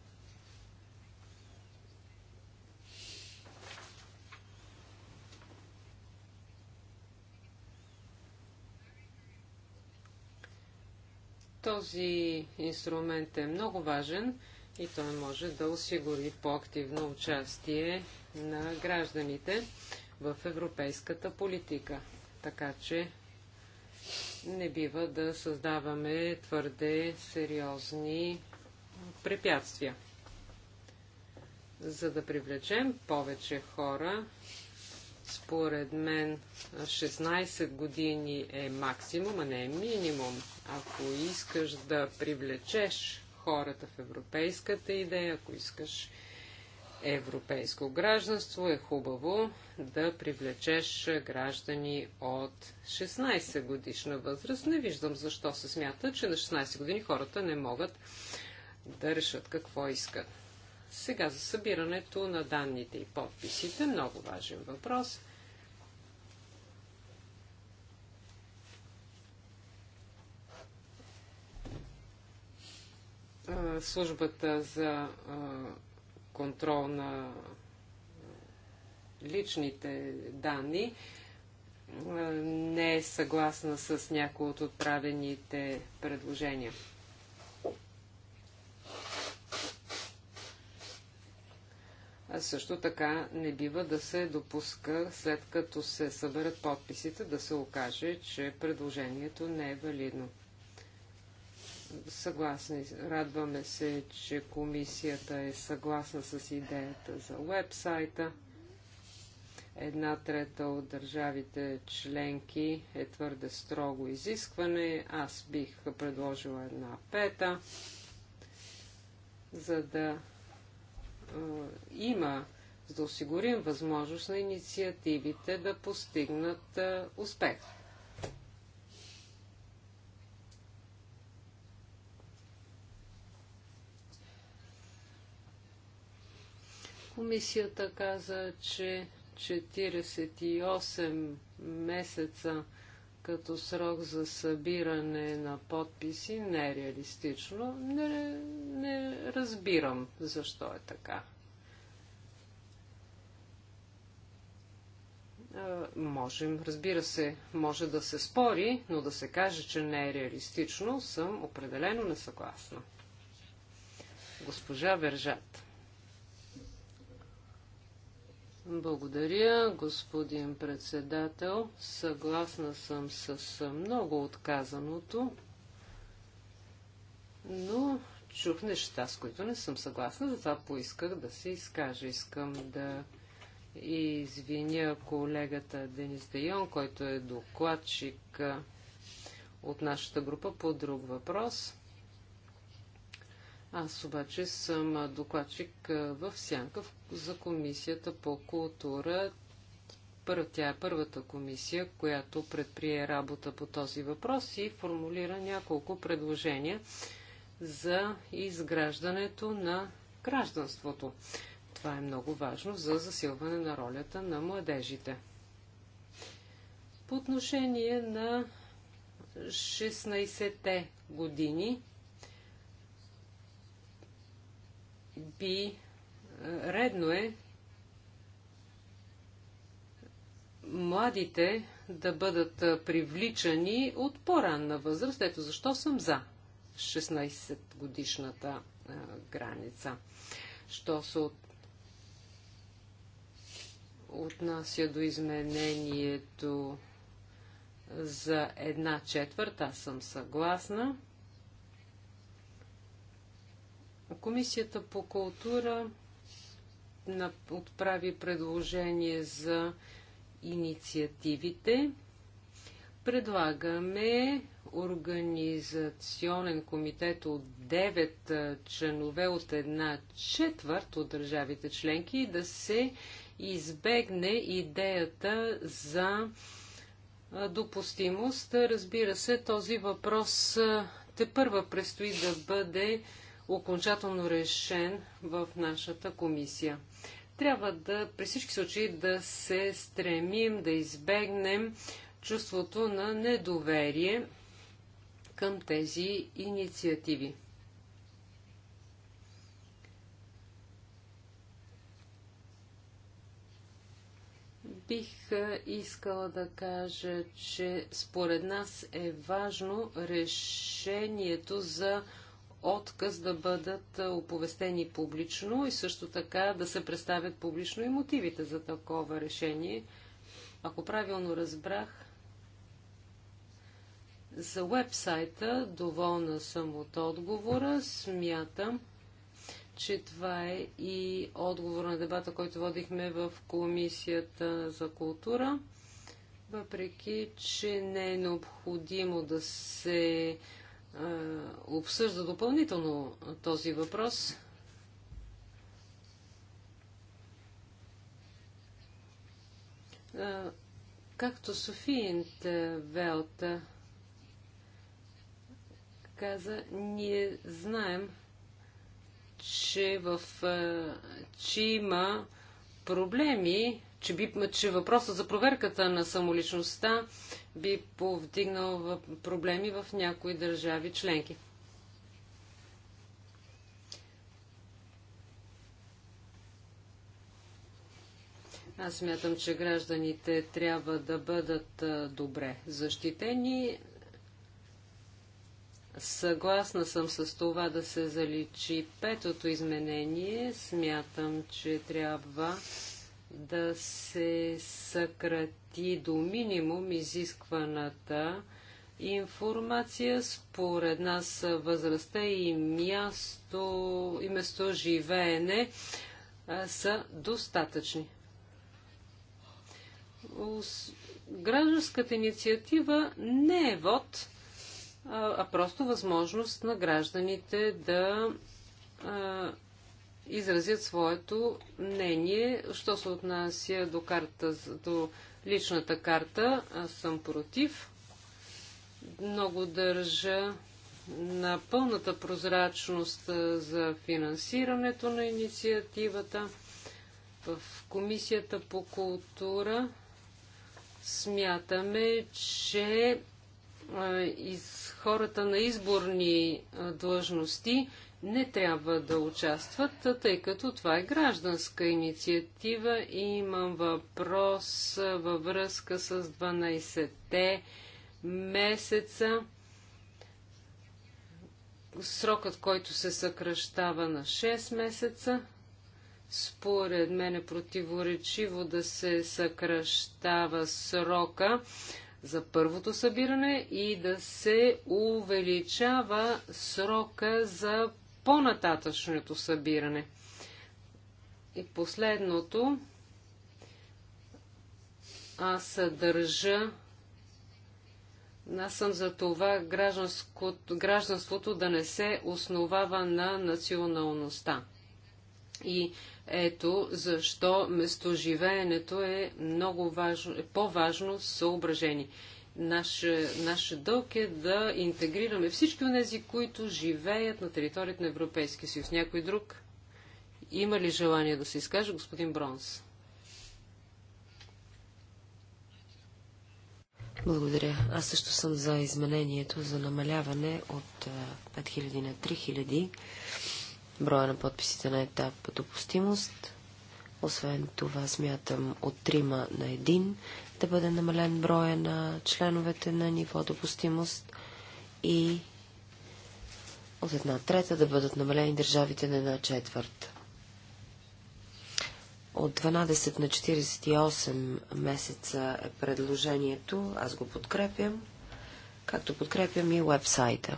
Този инструмент е много важен и той може да осигури по-активно участие на гражданите в европейската политика. Така че не бива да създаваме твърде сериозни препятствия. За да привлечем повече хора, според мен 16 години е максимум, а не е минимум. Ако искаш да привлечеш хората в европейската идея, ако искаш европейско гражданство, е хубаво да привлечеш граждани от 16 годишна възраст. Не виждам защо се смята, че на 16 години хората не могат да решат какво искат. Сега за събирането на данните и подписите, много важен въпрос. Службата за контрол на личните данни не е съгласна с някои от отправените предложения. Също така не бива да се допуска, след като се съберат подписите, да се окаже, че предложението не е валидно. Съгласни, радваме се, че комисията е съгласна с идеята за вебсайта. Една трета от държавите членки е твърде строго изискване. Аз бих предложила една пета, за да е, има, за да осигурим възможност на инициативите да постигнат е, успех. Комисията каза, че 48 месеца като срок за събиране на подписи не е реалистично. Не, не разбирам защо е така. можем, разбира се, може да се спори, но да се каже, че не е реалистично, съм определено несъгласна. Госпожа Вержат. Благодаря, господин председател. Съгласна съм с много отказаното, но чух неща, с които не съм съгласна, затова поисках да се изкажа. Искам да извиня колегата Денис Дейон, който е докладчик от нашата група по друг въпрос. Аз обаче съм докладчик в Сянка за комисията по култура. Първа, тя е първата комисия, която предприе работа по този въпрос и формулира няколко предложения за изграждането на гражданството. Това е много важно за засилване на ролята на младежите. По отношение на 16-те години, би е, редно е младите да бъдат е, привличани от по-ранна възраст. Ето защо съм за 16 годишната е, граница. Що се от... отнася до изменението за една четвърта, съм съгласна. Комисията по култура отправи предложение за инициативите. Предлагаме организационен комитет от 9 членове от една четвърт от държавите членки да се избегне идеята за допустимост. Разбира се, този въпрос те първа предстои да бъде окончателно решен в нашата комисия. Трябва да, при всички случаи, да се стремим да избегнем чувството на недоверие към тези инициативи. бих искала да кажа, че според нас е важно решението за отказ да бъдат оповестени публично и също така да се представят публично и мотивите за такова решение. Ако правилно разбрах, за вебсайта доволна съм от отговора. Смятам, че това е и отговор на дебата, който водихме в Комисията за култура. Въпреки, че не е необходимо да се е, обсъжда допълнително този въпрос. Е, както Софиин Велта каза, ние знаем, че, в, е, че има проблеми че, би, че въпросът за проверката на самоличността би повдигнал проблеми в някои държави членки. Аз смятам, че гражданите трябва да бъдат добре защитени. Съгласна съм с това да се заличи петото изменение. Смятам, че трябва да се съкрати до минимум изискваната информация според нас възрастта и място и место живеене са достатъчни. Гражданската инициатива не е вод, а, а просто възможност на гражданите да а, изразят своето мнение. Що се отнася до, карта, до личната карта, аз съм против. Много държа на пълната прозрачност за финансирането на инициативата. В Комисията по култура смятаме, че из хората на изборни длъжности не трябва да участват, тъй като това е гражданска инициатива и имам въпрос във връзка с 12-те месеца. Срокът, който се съкръщава на 6 месеца, според мен е противоречиво да се съкръщава срока за първото събиране и да се увеличава срока за по-нататъчното събиране. И последното, аз съдържа аз съм за това гражданството да не се основава на националността. И ето защо местоживеенето е много важно, е по-важно съображение. Наш, наш дълг е да интегрираме всички от тези, които живеят на територията на Европейския съюз. Някой друг? Има ли желание да се изкаже? Господин Бронс. Благодаря. Аз също съм за изменението за намаляване от 5000 е, на 3000 броя на подписите на етап по допустимост. Освен това, смятам от трима на един да бъде намален броя на членовете на ниво допустимост и от една трета да бъдат намалени държавите на една четвърт. От 12 на 48 месеца е предложението, аз го подкрепям, както подкрепям и вебсайта.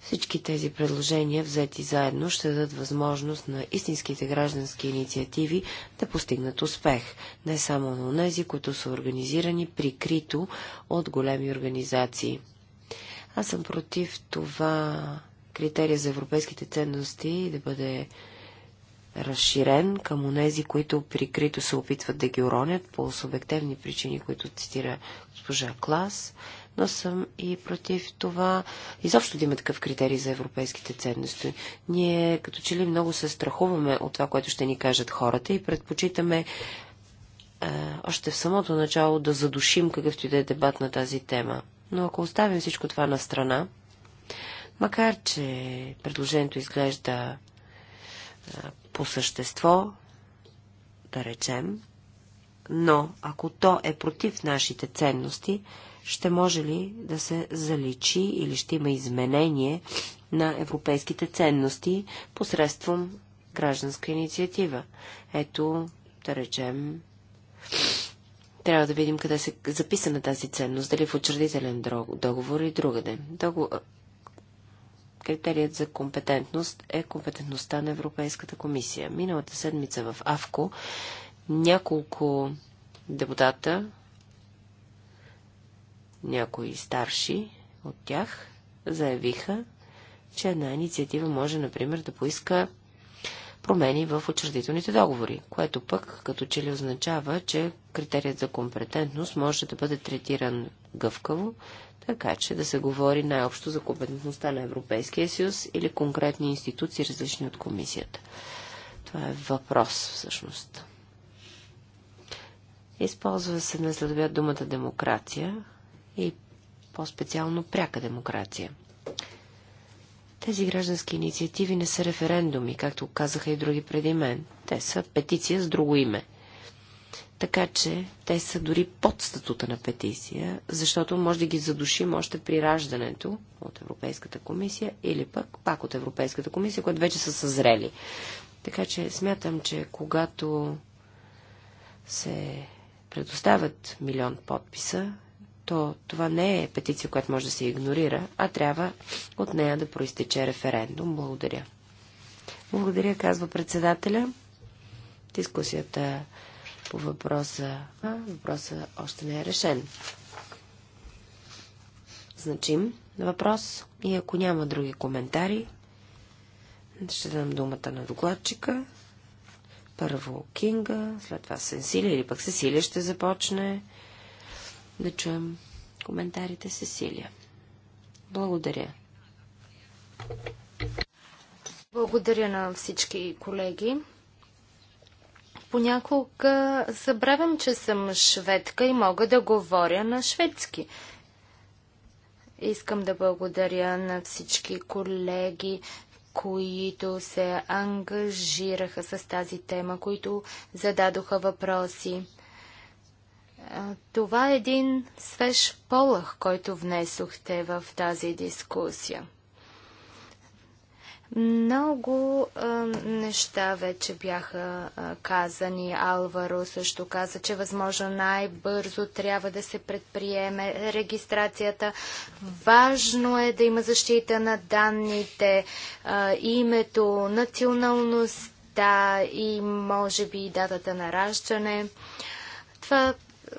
Всички тези предложения, взети заедно, ще дадат възможност на истинските граждански инициативи да постигнат успех, не само на тези, които са организирани прикрито от големи организации. Аз съм против това критерия за европейските ценности да бъде разширен към онези, които прикрито се опитват да ги уронят по субективни причини, които цитира госпожа Клас но съм и против това изобщо да има такъв критерий за европейските ценности. Ние като че ли много се страхуваме от това, което ще ни кажат хората и предпочитаме е, още в самото начало да задушим какъвто и да е дебат на тази тема. Но ако оставим всичко това на страна, макар че предложението изглежда е, по същество, да речем, но ако то е против нашите ценности, ще може ли да се заличи или ще има изменение на европейските ценности посредством гражданска инициатива. Ето, да речем, трябва да видим къде се записана тази ценност, дали в учредителен договор и другаде. Договор... Критерият за компетентност е компетентността на Европейската комисия. Миналата седмица в АВКО няколко депутата някои старши от тях заявиха, че една инициатива може, например, да поиска промени в учредителните договори, което пък като че ли означава, че критерият за компетентност може да бъде третиран гъвкаво, така че да се говори най-общо за компетентността на Европейския съюз или конкретни институции, различни от комисията. Това е въпрос всъщност. Използва се на следобед думата демокрация, и по-специално пряка демокрация. Тези граждански инициативи не са референдуми, както казаха и други преди мен. Те са петиция с друго име. Така че те са дори под статута на петиция, защото може да ги задушим още при раждането от Европейската комисия или пък пак от Европейската комисия, които вече са съзрели. Така че смятам, че когато се предоставят милион подписа, то това не е петиция, която може да се игнорира, а трябва от нея да проистече референдум. Благодаря. Благодаря, казва председателя. Дискусията по въпроса... А, въпроса още не е решен. Значим въпрос и ако няма други коментари, ще дам думата на докладчика. Първо Кинга, след това Сенсилия или пък Сесилия ще започне да чуем коментарите с силия. Благодаря. Благодаря на всички колеги. Понякога забравям, че съм шведка и мога да говоря на шведски. Искам да благодаря на всички колеги, които се ангажираха с тази тема, които зададоха въпроси. Това е един свеж полъх, който внесохте в тази дискусия. Много а, неща вече бяха а, казани. Алваро също каза, че възможно най-бързо трябва да се предприеме регистрацията. Важно е да има защита на данните, а, името, националността и може би датата на раждане. Това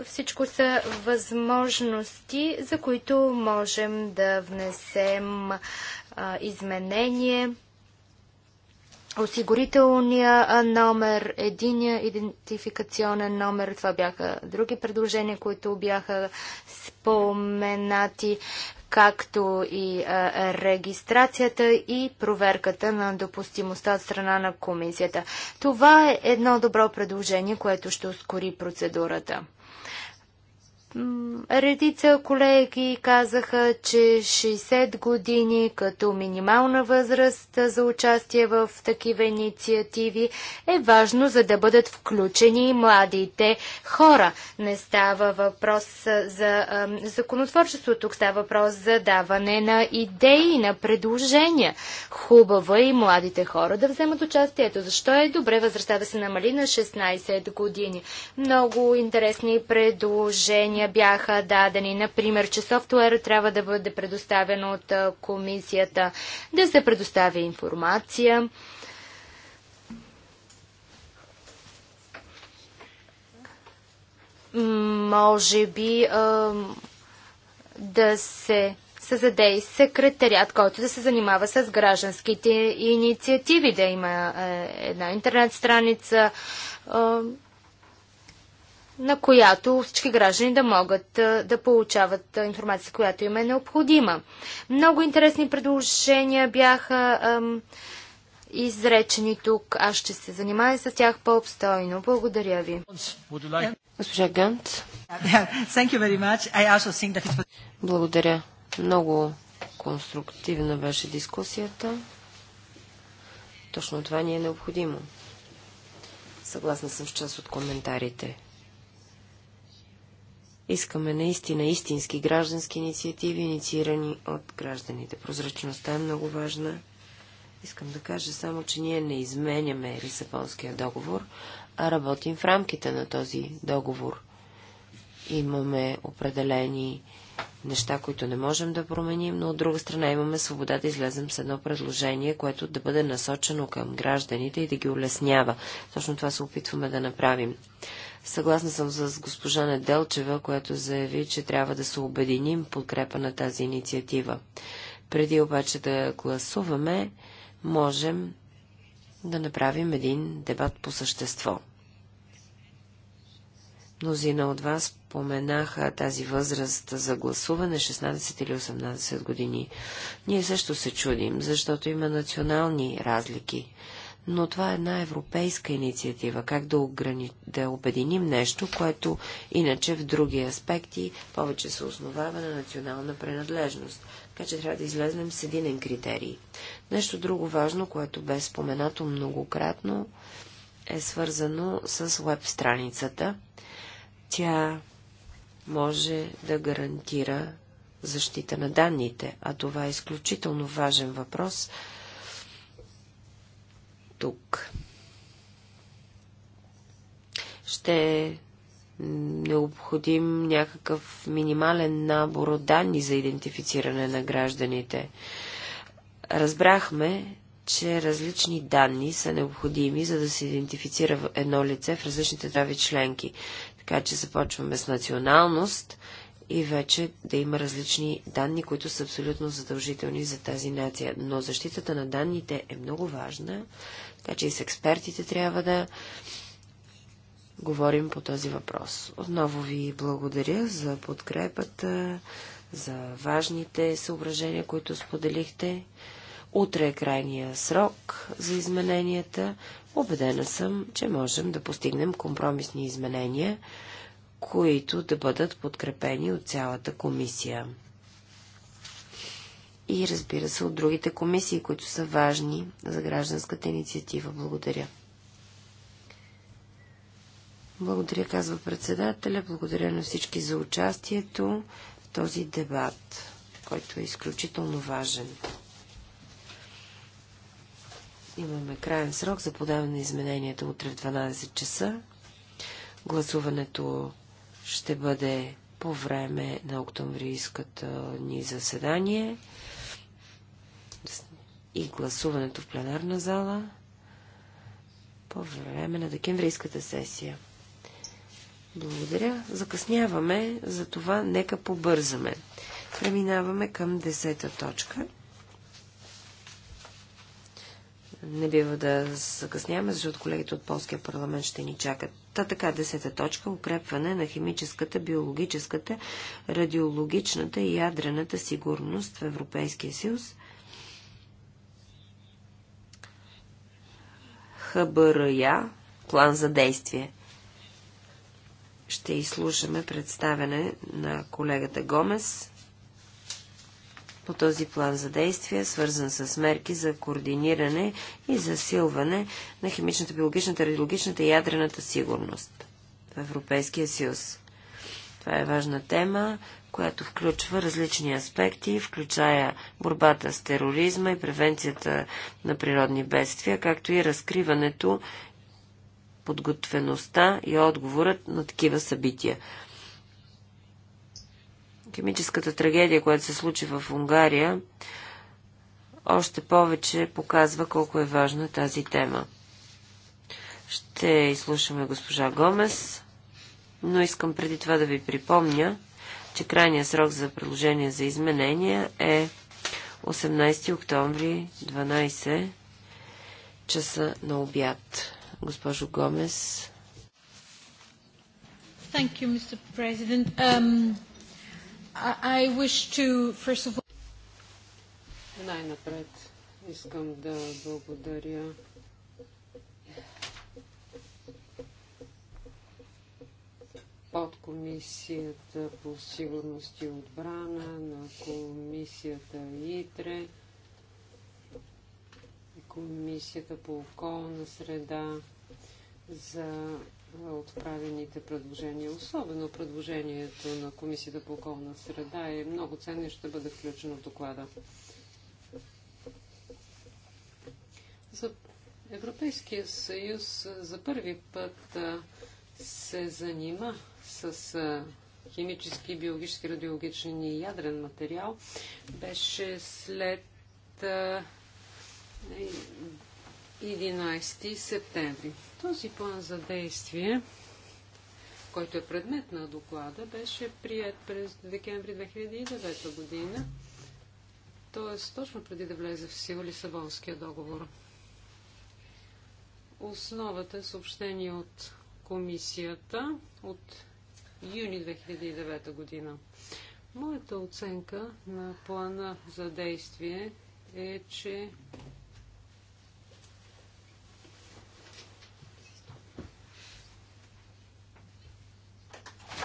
всичко са възможности, за които можем да внесем а, изменение. Осигурителния номер, единия идентификационен номер, това бяха други предложения, които бяха споменати, както и а, регистрацията и проверката на допустимостта от страна на комисията. Това е едно добро предложение, което ще ускори процедурата. Редица колеги казаха, че 60 години като минимална възраст за участие в такива инициативи е важно, за да бъдат включени и младите хора. Не става въпрос за законотворчество, тук става въпрос за даване на идеи, на предложения. Хубаво е и младите хора да вземат участие. Ето защо е добре възрастта да се намали на 16 години. Много интересни предложения бяха дадени. Например, че софтуерът трябва да бъде предоставен от комисията, да се предоставя информация. Може би да се създаде и секретарят, който да се занимава с гражданските инициативи, да има една интернет страница, на която всички граждани да могат да получават информация, която им е необходима. Много интересни предложения бяха ам, изречени тук. Аз ще се занимая с тях по-обстойно. Благодаря ви. Госпожа Гант. Благодаря. Много конструктивна беше дискусията. Точно това ни е необходимо. Съгласна съм с част от коментарите. Искаме наистина истински граждански инициативи, инициирани от гражданите. Прозрачността е много важна. Искам да кажа само, че ние не изменяме Лисабонския договор, а работим в рамките на този договор. Имаме определени неща, които не можем да променим, но от друга страна имаме свобода да излезем с едно предложение, което да бъде насочено към гражданите и да ги улеснява. Точно това се опитваме да направим. Съгласна съм с госпожа Неделчева, която заяви, че трябва да се обединим в подкрепа на тази инициатива. Преди обаче да гласуваме, можем да направим един дебат по същество. Мнозина от вас споменаха тази възраст за гласуване 16 или 18 години. Ние също се чудим, защото има национални разлики но това е една европейска инициатива. Как да, ограни... да обединим нещо, което иначе в други аспекти повече се основава на национална принадлежност. Така че трябва да излезнем с единен критерий. Нещо друго важно, което бе споменато многократно, е свързано с веб страницата. Тя може да гарантира защита на данните, а това е изключително важен въпрос тук. Ще е необходим някакъв минимален набор от данни за идентифициране на гражданите. Разбрахме, че различни данни са необходими, за да се идентифицира едно лице в различните трави членки. Така че започваме с националност и вече да има различни данни, които са абсолютно задължителни за тази нация. Но защитата на данните е много важна така че и с експертите трябва да говорим по този въпрос. Отново ви благодаря за подкрепата, за важните съображения, които споделихте. Утре е крайния срок за измененията. Обедена съм, че можем да постигнем компромисни изменения, които да бъдат подкрепени от цялата комисия и разбира се от другите комисии, които са важни за гражданската инициатива. Благодаря. Благодаря, казва председателя. Благодаря на всички за участието в този дебат, който е изключително важен. Имаме крайен срок за подаване на измененията утре в 12 часа. Гласуването ще бъде по време на октомврийската ни заседание и гласуването в пленарна зала по време на декемврийската сесия. Благодаря. Закъсняваме, затова нека побързаме. Преминаваме към десета точка. Не бива да закъсняваме, защото колегите от Полския парламент ще ни чакат. Та така, десета точка – укрепване на химическата, биологическата, радиологичната и ядрената сигурност в Европейския съюз ХБРЯ, план за действие. Ще изслушаме представене на колегата Гомес по този план за действие, свързан с мерки за координиране и засилване на химичната, биологичната, радиологичната и ядрената сигурност в Европейския съюз. Това е важна тема, която включва различни аспекти, включая борбата с тероризма и превенцията на природни бедствия, както и разкриването, подготвеността и отговорът на такива събития. Химическата трагедия, която се случи в Унгария, още повече показва колко е важна тази тема. Ще изслушаме госпожа Гомес, но искам преди това да ви припомня, че крайният срок за предложение за изменения е 18 октомври 12 часа на обяд. Госпожо Гомес. Thank you, Mr. President. Um, I, wish to, first of all... Най-напред искам да благодаря от Комисията по сигурност и отбрана, на Комисията ИТРЕ, Комисията по околна среда за отправените предложения. Особено предложението на Комисията по околна среда е много ценно и ще бъде включено в доклада. За Европейския съюз за първи път се занима с химически, биологически, радиологичен и ядрен материал беше след 11 септември. Този план за действие, който е предмет на доклада, беше прият през декември 2009 година, т.е. точно преди да влезе в сила Лисабонския договор. Основата е съобщение от комисията от юни 2009 година. Моята оценка на плана за действие е, че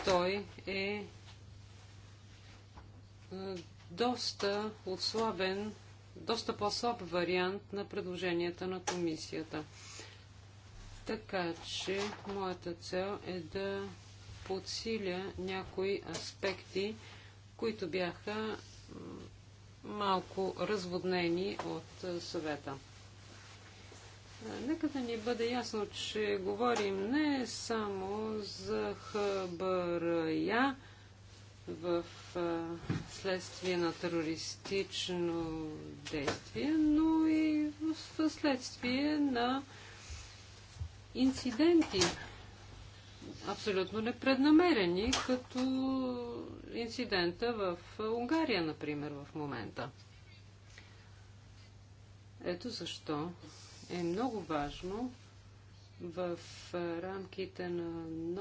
той е, е доста отслабен, доста по-слаб вариант на предложенията на комисията. Така че моята цел е да подсиля някои аспекти, които бяха малко разводнени от съвета. Нека да ни бъде ясно, че говорим не само за хабарая в следствие на терористично действие, но и в следствие на инциденти, абсолютно непреднамерени, като инцидента в Унгария, например, в момента. Ето защо е много важно в рамките на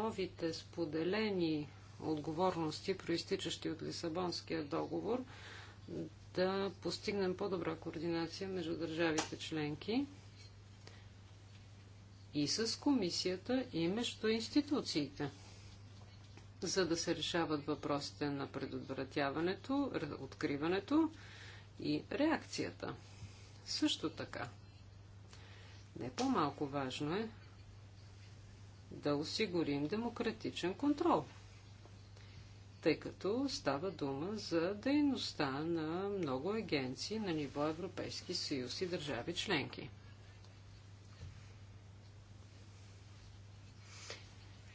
новите споделени отговорности, проистичащи от Лисабонския договор, да постигнем по-добра координация между държавите членки и с комисията, и между институциите, за да се решават въпросите на предотвратяването, откриването и реакцията. Също така, не по-малко важно е да осигурим демократичен контрол, тъй като става дума за дейността на много агенции на ниво Европейски съюз и държави членки.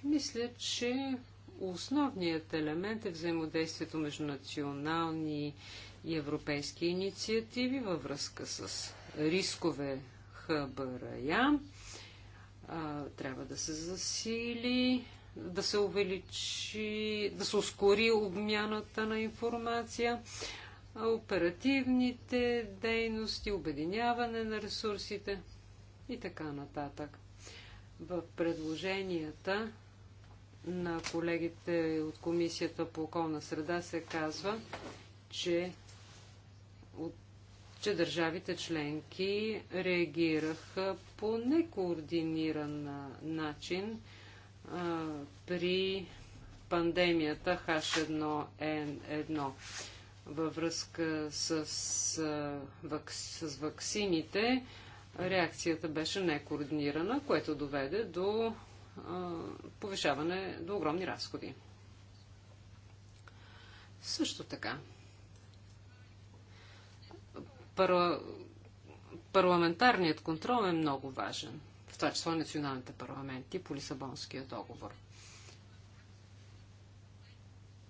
Мисля, че основният елемент е взаимодействието между национални и европейски инициативи във връзка с рискове ХБРЯ. Трябва да се засили, да се увеличи, да се ускори обмяната на информация, оперативните дейности, обединяване на ресурсите и така нататък. В предложенията на колегите от Комисията по околна среда се казва, че, от, че държавите членки реагираха по некоординиран начин а, при пандемията H1N1 във връзка с, с, с ваксините. Реакцията беше некоординирана, което доведе до повишаване до огромни разходи. Също така, пар... парламентарният контрол е много важен, в това число националните парламенти по Лисабонския договор.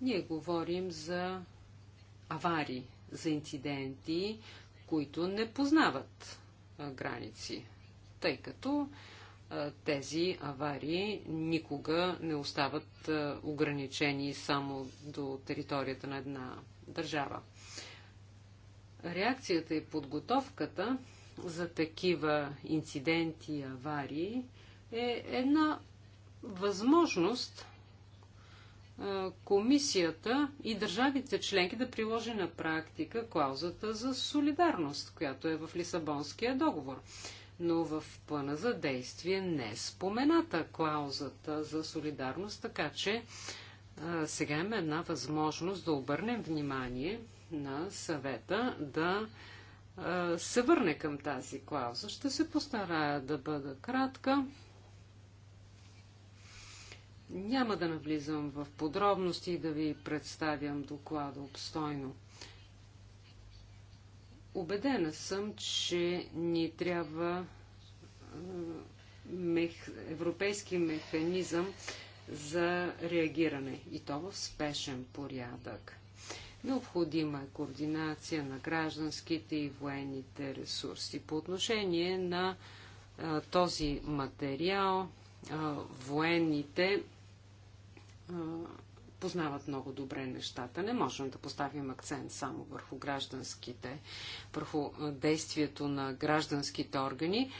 Ние говорим за аварии, за инциденти, които не познават граници, тъй като тези аварии никога не остават ограничени само до територията на една държава. Реакцията и подготовката за такива инциденти и аварии е една възможност комисията и държавите членки да приложи на практика клаузата за солидарност, която е в Лисабонския договор но в плана за действие не е спомената клаузата за солидарност, така че а, сега има една възможност да обърнем внимание на съвета да а, се върне към тази клауза. Ще се постарая да бъда кратка. Няма да навлизам в подробности и да ви представям доклада обстойно. Обедена съм, че ни трябва мех... европейски механизъм за реагиране и то в спешен порядък. Необходима е координация на гражданските и военните ресурси. По отношение на а, този материал, а, военните а, познават много добре нещата. Не можем да поставим акцент само върху гражданските, върху действието на гражданските органи,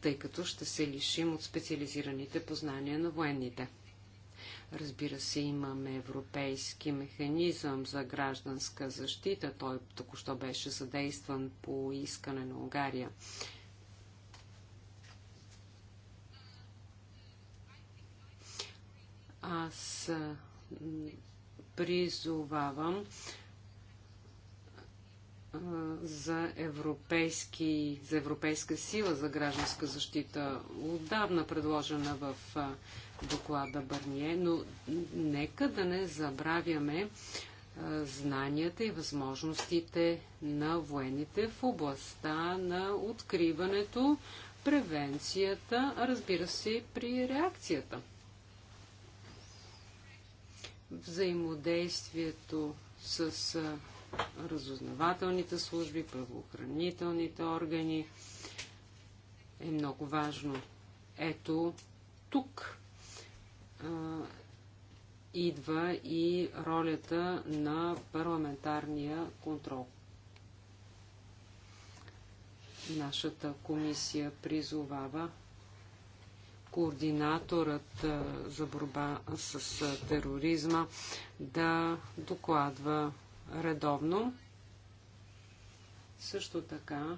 тъй като ще се лишим от специализираните познания на военните. Разбира се, имаме европейски механизъм за гражданска защита. Той току-що беше задействан по искане на Унгария. Аз призовавам за, европейски, за европейска сила за гражданска защита, отдавна предложена в доклада Бърние, но нека да не забравяме знанията и възможностите на военните в областта на откриването, превенцията, разбира се, при реакцията взаимодействието с разузнавателните служби, правоохранителните органи е много важно. Ето тук а, идва и ролята на парламентарния контрол. Нашата комисия призовава координаторът за борба с тероризма да докладва редовно. Също така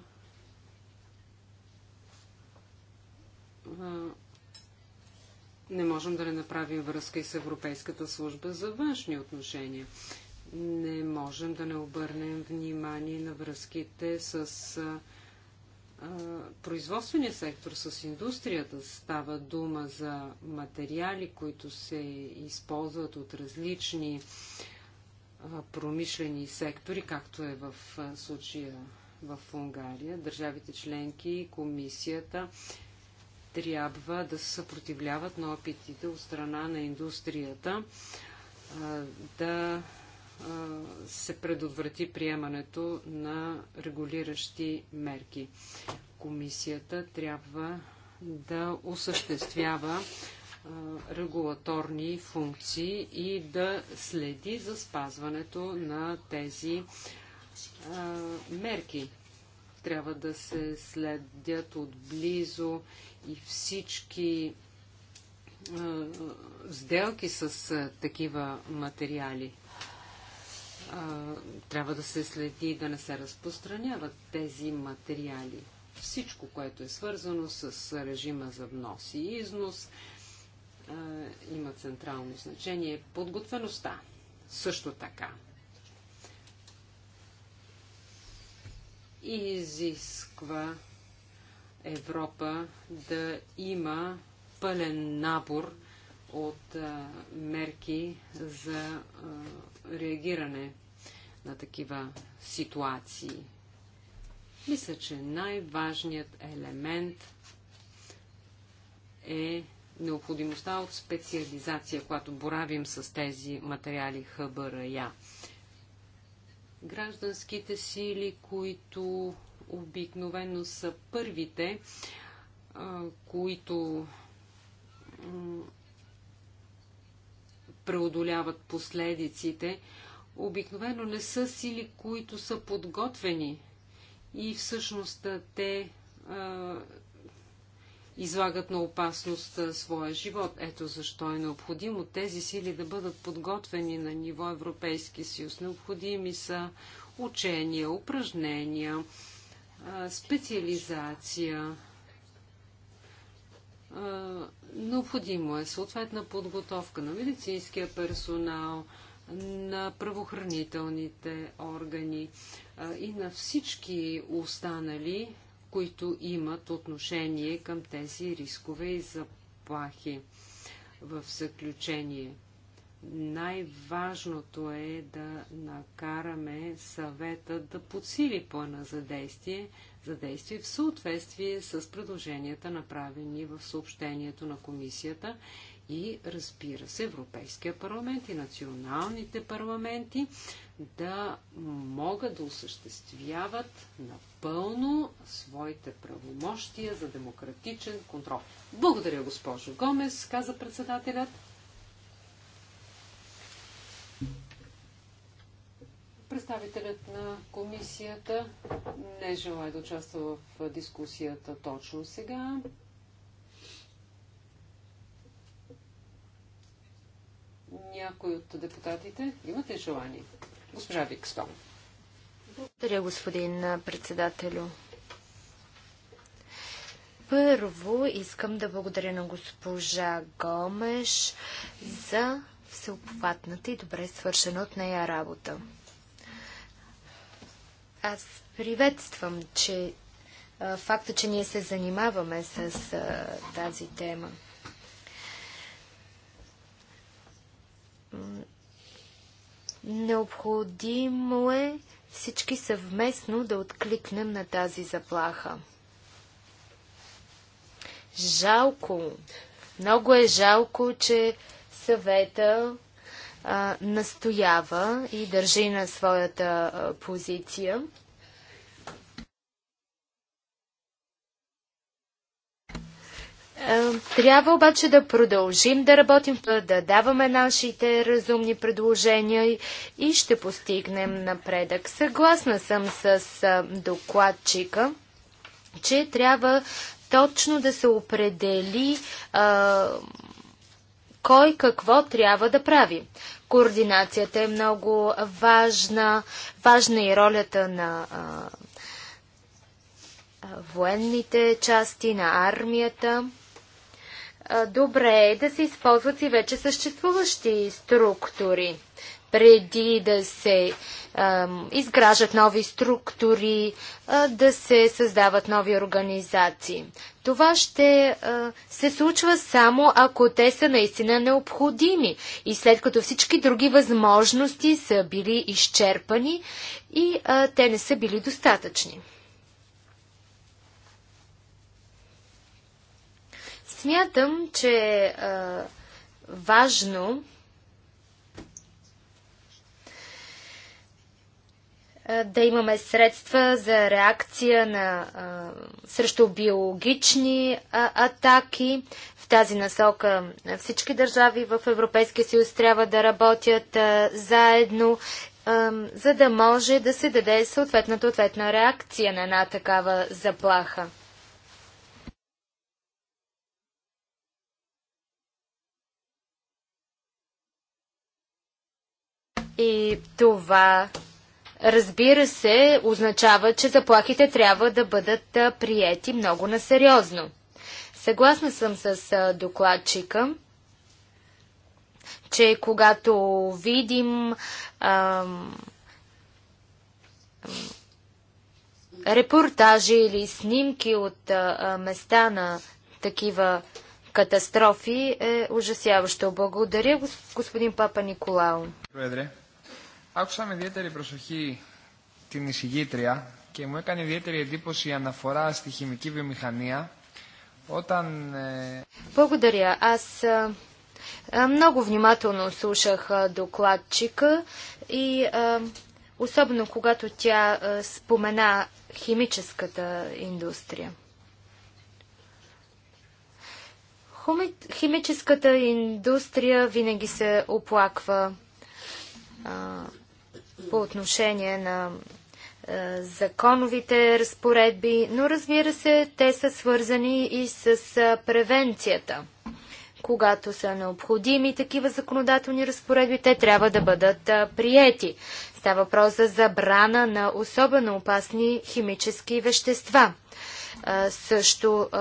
не можем да не направим връзка и с Европейската служба за външни отношения. Не можем да не обърнем внимание на връзките с производствения сектор, с индустрията. Става дума за материали, които се използват от различни промишлени сектори, както е в случая в Унгария. Държавите членки и комисията трябва да се съпротивляват на опитите от страна на индустрията да се предотврати приемането на регулиращи мерки. Комисията трябва да осъществява регулаторни функции и да следи за спазването на тези мерки. Трябва да се следят отблизо и всички сделки с такива материали а, трябва да се следи да не се разпространяват тези материали. Всичко, което е свързано с режима за внос и износ, а, има централно значение. Подготвеността също така. И изисква Европа да има пълен набор от а, мерки за а, реагиране на такива ситуации. Мисля, че най-важният елемент е необходимостта от специализация, когато боравим с тези материали ХБРЯ. Гражданските сили, които обикновено са първите, които преодоляват последиците, обикновено не са сили, които са подготвени и всъщност те а, излагат на опасност своя живот. Ето защо е необходимо тези сили да бъдат подготвени на ниво Европейски съюз. Необходими са учения, упражнения, специализация, необходимо е съответна подготовка на медицинския персонал, на правоохранителните органи и на всички останали, които имат отношение към тези рискове и заплахи. В заключение, най-важното е да накараме съвета да подсили плана за действие, за действие в съответствие с предложенията, направени в съобщението на комисията и, разбира се, Европейския парламент и националните парламенти да могат да осъществяват напълно своите правомощия за демократичен контрол. Благодаря, госпожо Гомес, каза председателят. Представителят на комисията не желая да участва в дискусията точно сега. Някой от депутатите имате желание? Госпожа Викстон. Благодаря, господин председателю. Първо искам да благодаря на госпожа Гомеш за всеобхватната и добре свършена от нея работа. Аз приветствам, че факта, че ние се занимаваме с а, тази тема. Необходимо е всички съвместно да откликнем на тази заплаха. Жалко, много е жалко, че съвета а, настоява и държи на своята а, позиция. Трябва обаче да продължим да работим, да даваме нашите разумни предложения и ще постигнем напредък. Съгласна съм с докладчика, че трябва точно да се определи а, кой какво трябва да прави. Координацията е много важна, важна е и ролята на а, военните части, на армията. добре е да се използват и вече съществуващи структури преди да се изграждат нови структури, да се създават нови организации. Това ще се случва само ако те са наистина необходими и след като всички други възможности са били изчерпани и те не са били достатъчни. Смятам, че е важно да имаме средства за реакция на, а, срещу биологични а, атаки. В тази насока всички държави в Европейския съюз трябва да работят а, заедно, а, за да може да се даде съответната ответна реакция на една такава заплаха. И това разбира се, означава, че заплахите трябва да бъдат приети много насериозно. Съгласна съм с докладчика, че когато видим ам, репортажи или снимки от а, места на такива катастрофи, е ужасяващо. Благодаря, господин Папа Николао. Благодаря. Άκουσα με ιδιαίτερη προσοχή την εισηγήτρια και μου έκανε ιδιαίτερη εντύπωση η αναφορά στη χημική βιομηχανία όταν... Благодаря. Аз много внимателно слушах докладчика и особено когато тя спомена химическата индустрия. Химическата индустрия винаги се оплаква по отношение на е, законовите разпоредби, но разбира се, те са свързани и с е, превенцията. Когато са необходими такива законодателни разпоредби, те трябва да бъдат е, приети. Става въпрос за забрана на особено опасни химически вещества. Е, също е,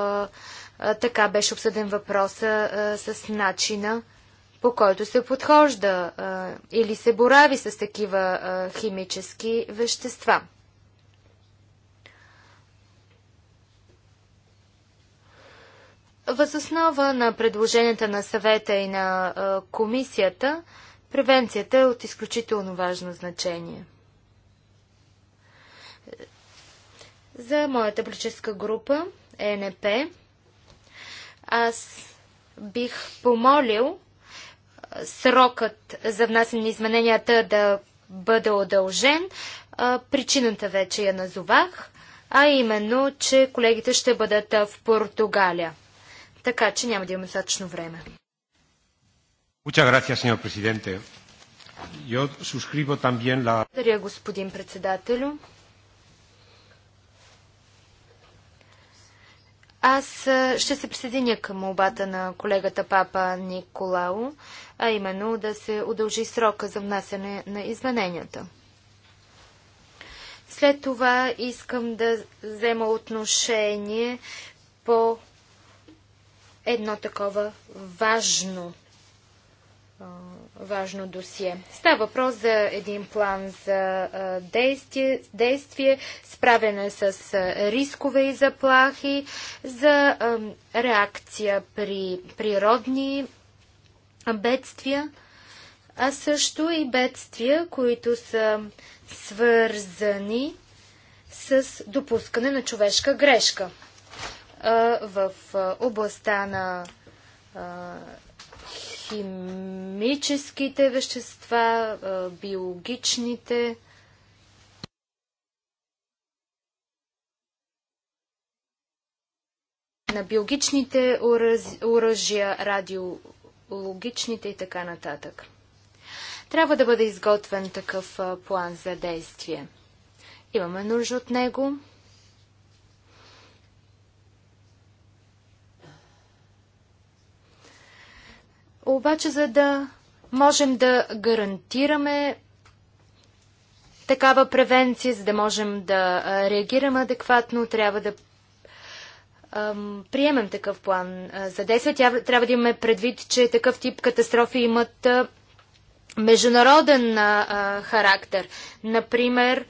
е, така беше обсъден въпроса с начина по който се подхожда а, или се борави с такива а, химически вещества. Възоснова на предложенията на съвета и на а, комисията, превенцията е от изключително важно значение. За моята политическа група, ЕНП, аз бих помолил срокът за внасяне на измененията да бъде удължен. Причината вече я назовах, а именно, че колегите ще бъдат в Португалия. Така че няма да имаме достатъчно време. Благодаря, господин председателю. Аз ще се присъединя към молбата на колегата папа Николао, а именно да се удължи срока за внасяне на измененията. След това искам да взема отношение по едно такова важно важно досие. Става въпрос за един план за действие, действие справяне с рискове и заплахи, за реакция при природни бедствия, а също и бедствия, които са свързани с допускане на човешка грешка в областта на химическите вещества, биологичните. на биологичните оръжия, радиологичните и така нататък. Трябва да бъде изготвен такъв план за действие. Имаме нужда от него. Обаче, за да можем да гарантираме такава превенция, за да можем да реагираме адекватно, трябва да приемем такъв план за действие. Трябва да имаме предвид, че такъв тип катастрофи имат международен характер. Например,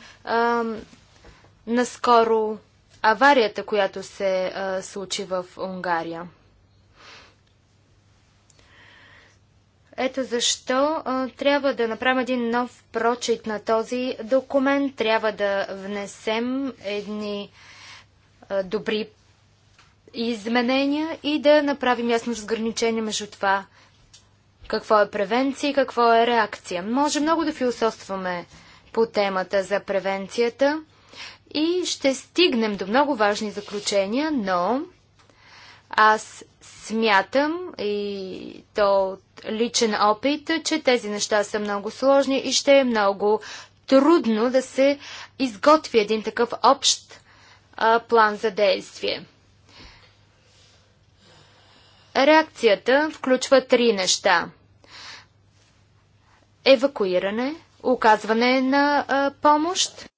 наскоро аварията, която се случи в Унгария. Ето защо а, трябва да направим един нов прочит на този документ. Трябва да внесем едни а, добри изменения и да направим ясно разграничение между това какво е превенция и какво е реакция. Може много да философстваме по темата за превенцията и ще стигнем до много важни заключения, но аз смятам и то от личен опит, че тези неща са много сложни и ще е много трудно да се изготви един такъв общ а, план за действие. Реакцията включва три неща. Евакуиране, оказване на а, помощ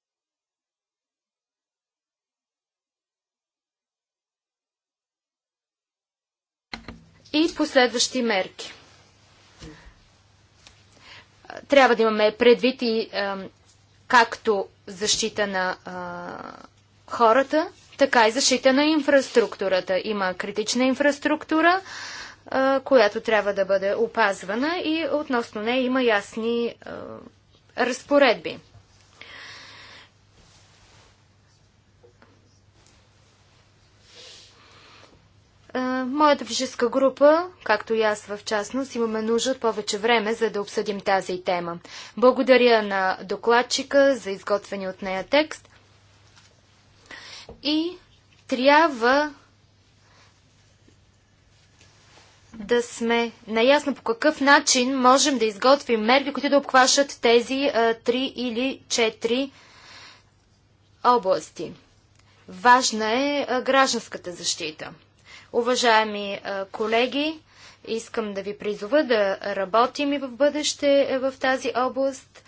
и последващи мерки. Трябва да имаме предвид и а, както защита на а, хората, така и защита на инфраструктурата. Има критична инфраструктура, а, която трябва да бъде опазвана и относно нея има ясни разпоредби. моята физическа група, както и аз в частност, имаме нужда от повече време, за да обсъдим тази тема. Благодаря на докладчика за изготвени от нея текст. И трябва да сме наясно по какъв начин можем да изготвим мерки, които да обхващат тези а, три или четири области. Важна е гражданската защита. Уважаеми колеги, искам да ви призова да работим и в бъдеще е, в тази област.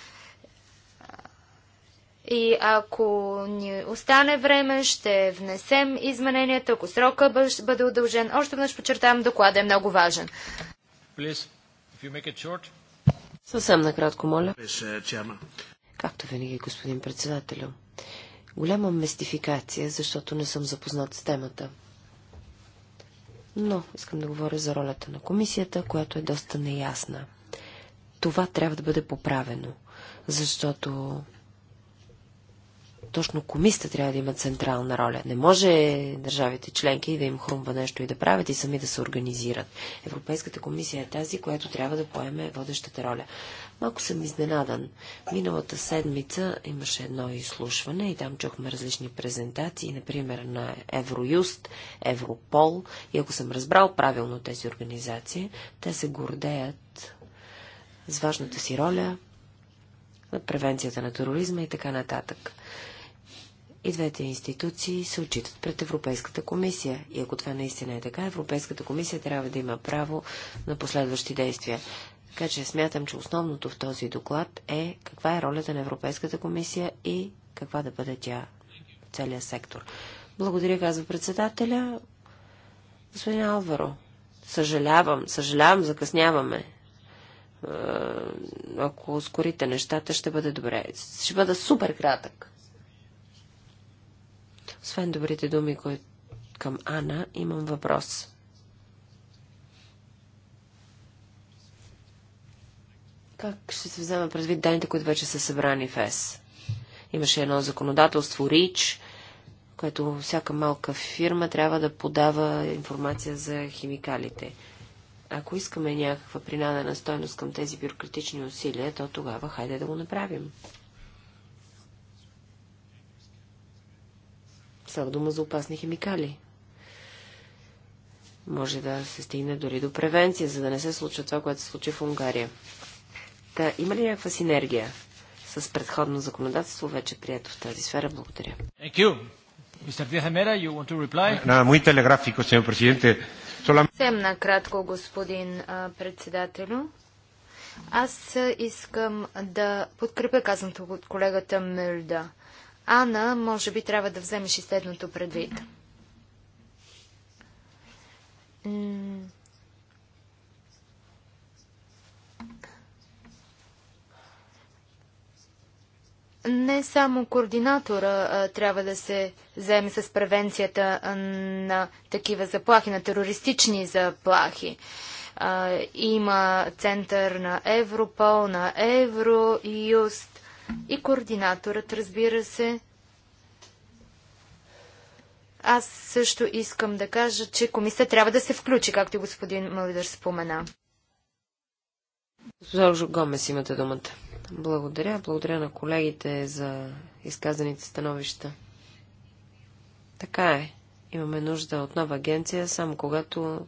И ако ни остане време, ще внесем измененията, ако срока бъде удължен. Още веднъж подчертавам, докладът е много важен. Съвсем накратко, моля. Е, Както винаги, господин председателю. Голяма мистификация, защото не съм запознат с темата но искам да говоря за ролята на комисията, която е доста неясна. Това трябва да бъде поправено, защото точно комисията трябва да има централна роля. Не може държавите членки да им хрумва нещо и да правят и сами да се организират. Европейската комисия е тази, която трябва да поеме водещата роля. Малко съм изненадан. Миналата седмица имаше едно изслушване и там чухме различни презентации, например на Евроюст, Европол. И ако съм разбрал правилно тези организации, те се гордеят с важната си роля на превенцията на тероризма и така нататък. И двете институции се отчитат пред Европейската комисия. И ако това наистина е така, Европейската комисия трябва да има право на последващи действия. Така че смятам, че основното в този доклад е каква е ролята на Европейската комисия и каква да бъде тя в целия сектор. Благодаря, казва председателя. Господин Алваро, съжалявам, съжалявам, закъсняваме. Е, ако ускорите нещата, ще бъде добре. Ще бъда супер кратък. Освен добрите думи които към Ана, имам въпрос. Как ще се вземе предвид данните, които вече са събрани в ЕС? Имаше едно законодателство РИЧ, което всяка малка фирма трябва да подава информация за химикалите. Ако искаме някаква принадена стойност към тези бюрократични усилия, то тогава хайде да го направим. Става дума за опасни химикали. Може да се стигне дори до превенция, за да не се случва това, което се случи в Унгария. Та, има ли някаква синергия с предходно законодателство, вече прието в тази сфера? Благодаря. Съвсем накратко, господин председателю. Аз искам да подкрепя казаното от колегата Мюлда. Ана, може би трябва да вземеш и следното предвид. Не само координатора а, трябва да се заеме с превенцията а, на такива заплахи, на терористични заплахи. А, има център на Европол, на Евроюст и координаторът, разбира се. Аз също искам да кажа, че комисията трябва да се включи, както и господин Малидър спомена. Госпожа Гомес, имате думата. Благодаря. Благодаря на колегите за изказаните становища. Така е. Имаме нужда от нова агенция, само когато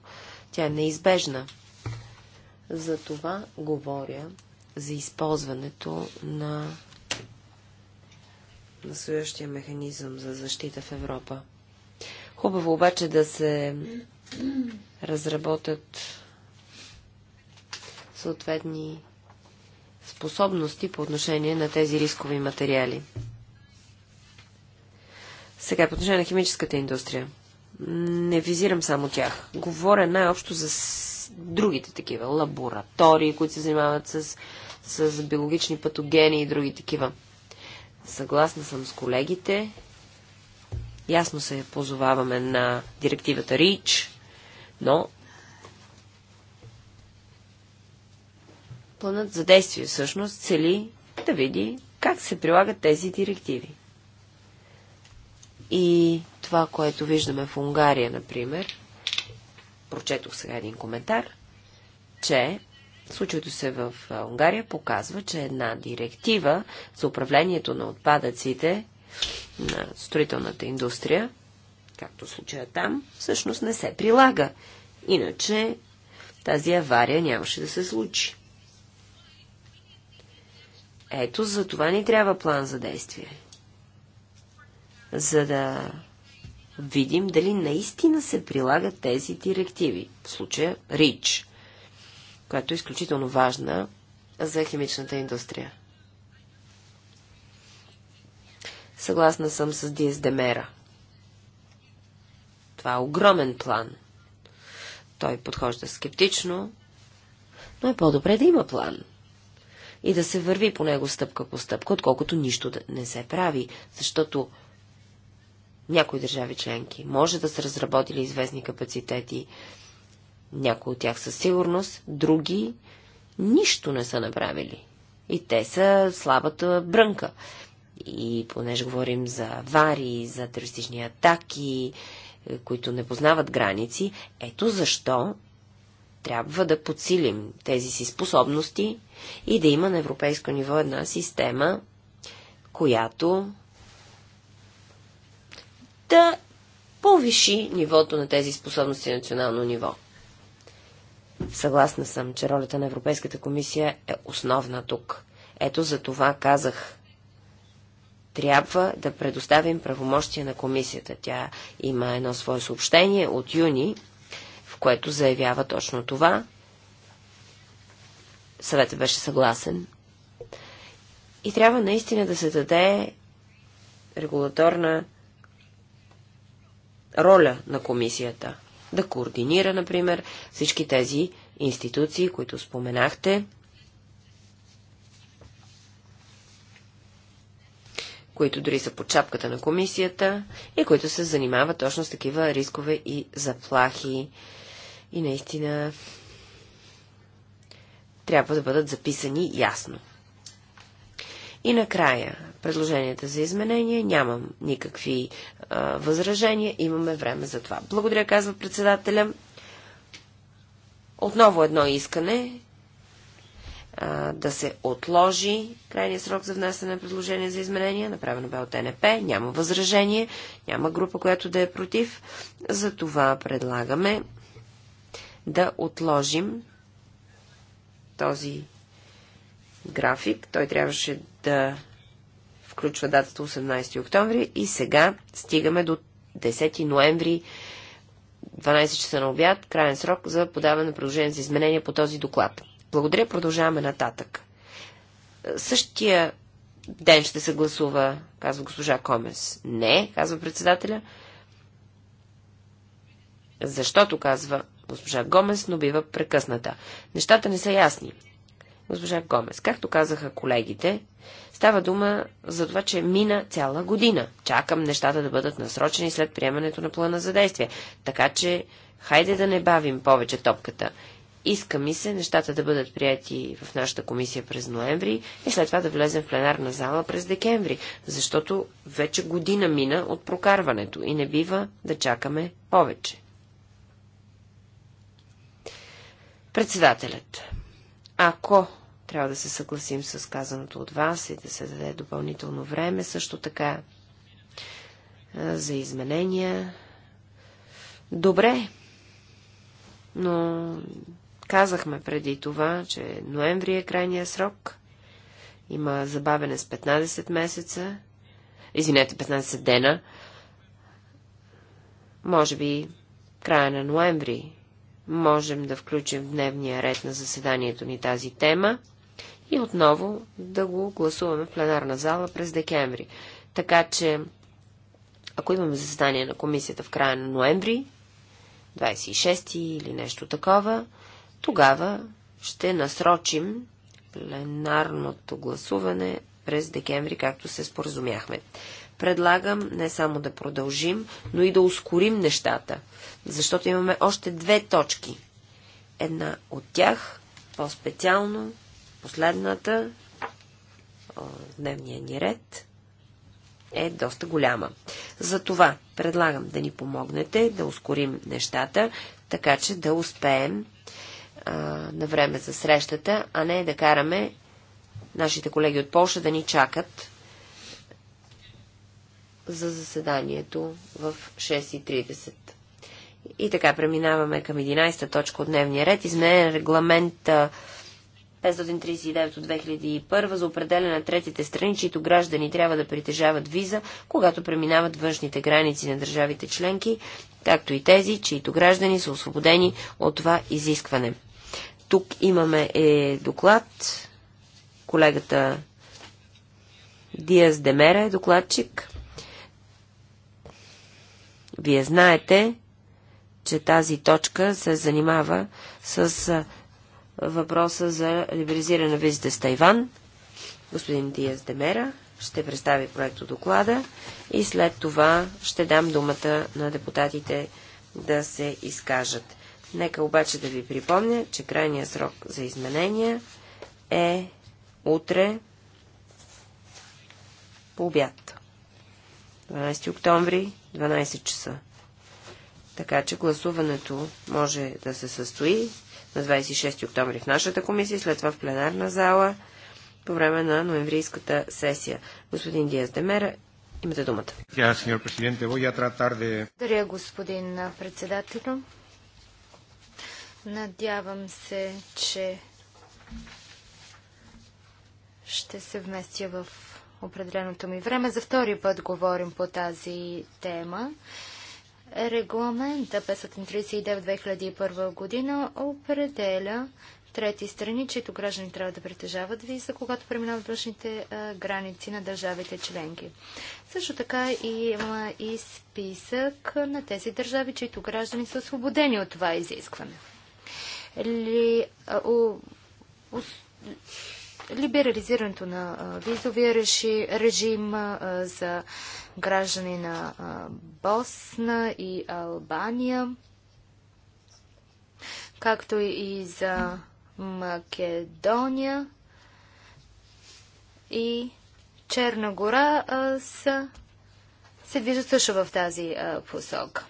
тя е неизбежна. За това говоря за използването на следващия механизъм за защита в Европа. Хубаво обаче да се разработят съответни способности по отношение на тези рискови материали. Сега, по отношение на химическата индустрия. Не визирам само тях. Говоря най-общо за другите такива лаборатории, които се занимават с, с биологични патогени и други такива. Съгласна съм с колегите. Ясно се позоваваме на директивата РИЧ, но Планът за действие всъщност цели да види как се прилагат тези директиви. И това, което виждаме в Унгария, например, прочетох сега един коментар, че случилото се в Унгария показва, че една директива за управлението на отпадъците на строителната индустрия, както случая там, всъщност не се прилага. Иначе тази авария нямаше да се случи. Ето, за това ни трябва план за действие. За да видим дали наистина се прилагат тези директиви. В случая РИЧ, която е изключително важна за химичната индустрия. Съгласна съм с Диес Демера. Това е огромен план. Той подхожда скептично, но е по-добре да има план – и да се върви по него стъпка по стъпка, отколкото нищо да не се прави, защото някои държави членки може да са разработили известни капацитети, някои от тях със сигурност, други нищо не са направили. И те са слабата брънка. И понеже говорим за вари, за терористични атаки, е, които не познават граници, ето защо трябва да подсилим тези си способности и да има на европейско ниво една система, която да повиши нивото на тези способности на национално ниво. Съгласна съм, че ролята на Европейската комисия е основна тук. Ето за това казах. Трябва да предоставим правомощия на комисията. Тя има едно свое съобщение от юни което заявява точно това. Съветът беше съгласен. И трябва наистина да се даде регулаторна роля на комисията. Да координира, например, всички тези институции, които споменахте, които дори са под чапката на комисията и които се занимават точно с такива рискове и заплахи и наистина трябва да бъдат записани ясно. И накрая, предложенията за изменение, нямам никакви а, възражения, имаме време за това. Благодаря, казва председателя. Отново едно искане а, да се отложи крайния срок за внасяне на предложение за изменение, направено бе от НП, няма възражение, няма група, която да е против. За това предлагаме да отложим този график. Той трябваше да включва датата 18 октомври и сега стигаме до 10 ноември 12 часа на обяд, крайен срок за подаване на предложение за изменение по този доклад. Благодаря, продължаваме нататък. Същия ден ще се гласува, казва госпожа Комес. Не, казва председателя. Защото, казва госпожа Гомес, но бива прекъсната. Нещата не са ясни. Госпожа Гомес, както казаха колегите, става дума за това, че мина цяла година. Чакам нещата да бъдат насрочени след приемането на плана за действие. Така че, хайде да не бавим повече топката. Иска ми се нещата да бъдат прияти в нашата комисия през ноември и след това да влезем в пленарна зала през декември, защото вече година мина от прокарването и не бива да чакаме повече. Председателят. Ако трябва да се съгласим с казаното от вас и да се даде допълнително време, също така за изменения. Добре, но казахме преди това, че ноември е крайния срок. Има забавене с 15 месеца. Извинете, 15 дена. Може би края на ноември можем да включим в дневния ред на заседанието ни тази тема и отново да го гласуваме в пленарна зала през декември. Така че, ако имаме заседание на комисията в края на ноември, 26 или нещо такова, тогава ще насрочим пленарното гласуване през декември, както се споразумяхме предлагам не само да продължим, но и да ускорим нещата, защото имаме още две точки. Една от тях, по-специално, последната, дневния ни ред, е доста голяма. Затова предлагам да ни помогнете да ускорим нещата, така че да успеем на време за срещата, а не да караме нашите колеги от Польша да ни чакат за заседанието в 6.30. И така преминаваме към 11-та точка от дневния ред. Изменен регламент 539 от 2001 за определяне на третите страни, чието граждани трябва да притежават виза, когато преминават външните граници на държавите членки, както и тези, чието граждани са освободени от това изискване. Тук имаме е доклад. Колегата Диас Демера е докладчик. Вие знаете, че тази точка се занимава с въпроса за либеризиране на визите с Тайван. Господин Диас Демера ще представи проекто доклада и след това ще дам думата на депутатите да се изкажат. Нека обаче да ви припомня, че крайният срок за изменения е утре по обяд. 12 октомври 12 часа. Така че гласуването може да се състои на 26 октомври в нашата комисия, след това в пленарна зала по време на ноемврийската сесия. Господин Диас Демера, имате думата. Благодаря, господин председател. Надявам се, че ще се вместя в определеното ми време. За втори път говорим по тази тема. Регламента 539-2001 година определя трети страни, чието граждани трябва да притежават виза, когато преминават външните граници на държавите членки. Също така има и списък на тези държави, чието граждани са освободени от това изискване. Ли, а, у, у, либерализирането на визовия режим за граждани на Босна и Албания, както и за Македония и Черна гора са, се движат също в тази посока.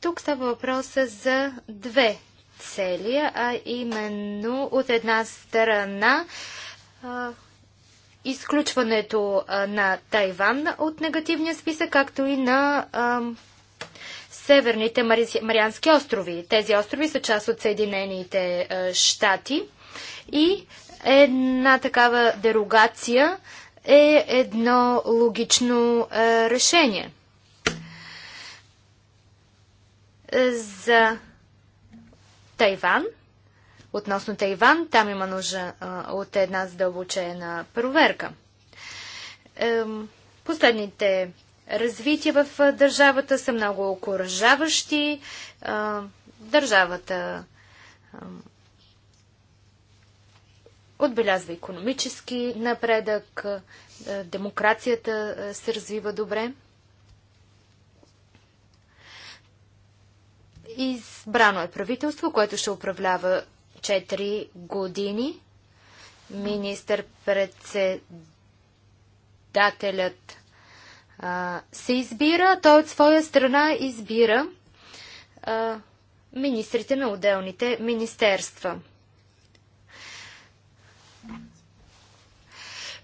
Тук става въпроса за две цели, а именно от една страна а, изключването а, на Тайван от негативния списък, както и на а, северните Мариански острови. Тези острови са част от Съединените щати и една такава дерогация е едно логично решение. За Тайван. Относно Тайван, там има нужда от една задълбочена проверка. Последните развития в държавата са много окоръжаващи. Държавата отбелязва економически напредък, демокрацията се развива добре. Избрано е правителство, което ще управлява 4 години. Министър-председателят се избира, той от своя страна избира а, министрите на отделните министерства.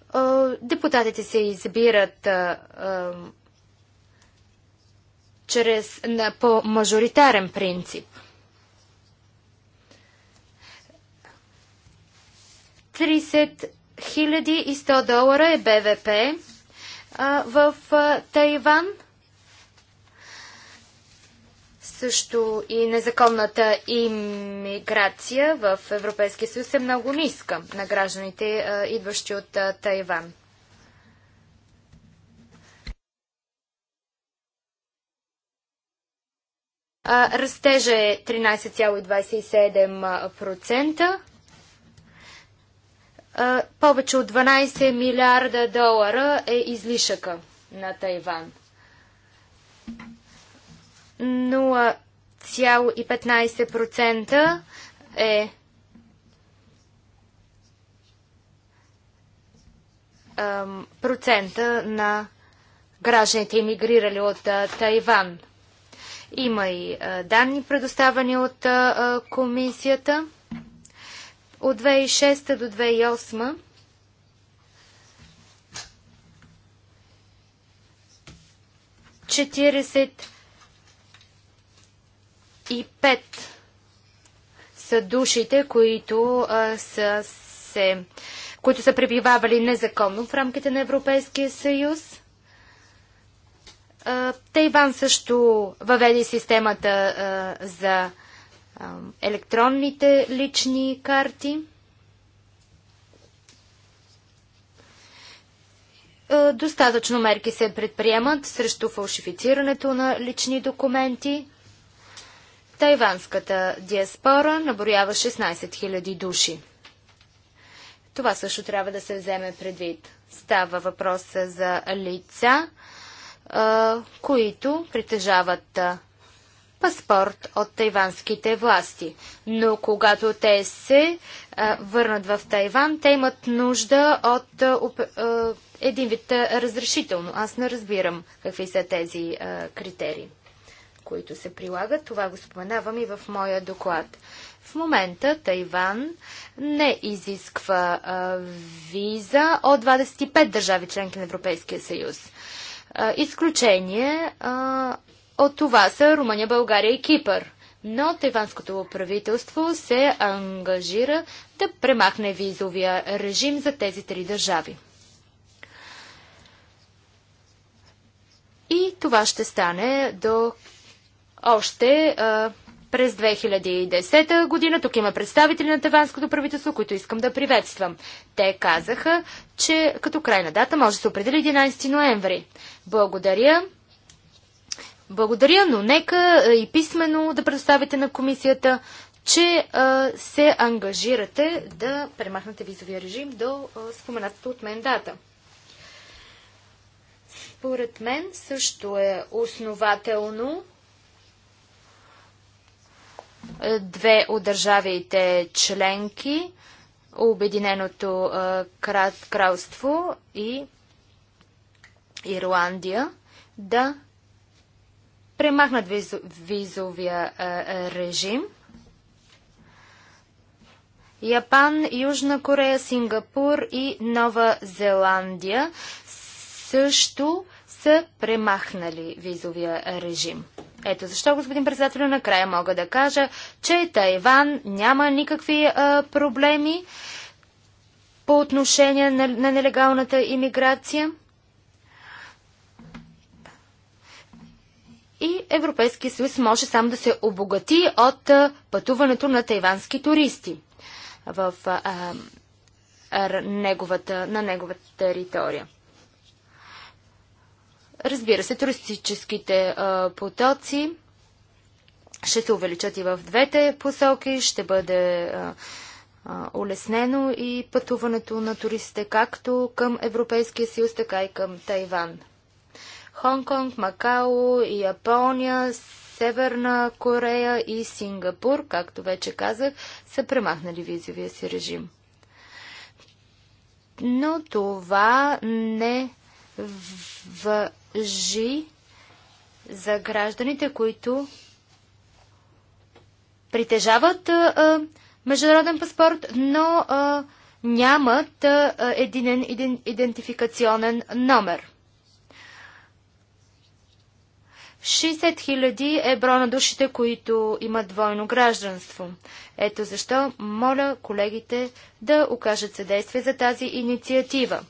А, депутатите се избират а, чрез, на, по мажоритарен принцип. Тридесет хиляди и 100 долара е БВП а, в а, Тайван. Също и незаконната иммиграция в Европейския съюз е много ниска на гражданите, а, идващи от а, Тайван. Растежа е 13,27%. Повече от 12 милиарда долара е излишъка на Тайван. 0,15% е процента на гражданите емигрирали от Тайван. Има и данни предоставени от комисията. От 2006 до 2008 45 са душите, които са се които са пребивавали незаконно в рамките на Европейския съюз. Тайван също въведе системата за електронните лични карти. Достатъчно мерки се предприемат срещу фалшифицирането на лични документи. Тайванската диаспора наброява 16 000 души. Това също трябва да се вземе предвид. Става въпрос за лица, които притежават паспорт от тайванските власти. Но когато те се върнат в Тайван, те имат нужда от един вид разрешително. Аз не разбирам какви са тези критерии, които се прилагат. Това го споменавам и в моя доклад. В момента Тайван не изисква а, виза от 25 държави членки на Европейския съюз. Изключение от това са Румъния, България и Кипър. Но тайванското правителство се ангажира да премахне визовия режим за тези три държави. И това ще стане до още през 2010 година. Тук има представители на таванското правителство, които искам да приветствам. Те казаха, че като крайна дата може да се определи 11 ноември. Благодаря. Благодаря, но нека и писменно да предоставите на комисията, че а, се ангажирате да премахнете визовия режим до а, споменатата от мен дата. Според мен също е основателно две от държавите членки, Обединеното кралство и Ирландия, да премахнат визовия режим. Япан, Южна Корея, Сингапур и Нова Зеландия също са премахнали визовия режим. Ето защо, господин председател, накрая мога да кажа, че Тайван няма никакви а, проблеми по отношение на, на нелегалната иммиграция. И Европейския съюз може сам да се обогати от а, пътуването на тайвански туристи в а, а, неговата, на неговата територия. Разбира се, туристическите а, потоци ще се увеличат и в двете посоки, ще бъде а, а, улеснено и пътуването на туристите както към Европейския съюз, така и към Тайван. Хонконг, Макао, Япония, Северна Корея и Сингапур, както вече казах, са премахнали визовия си режим. Но това не в Жи за гражданите, които притежават а, международен паспорт, но а, нямат а, идентификационен номер. 60 000 е броя на душите, които имат двойно гражданство. Ето защо моля колегите да окажат съдействие за тази инициатива.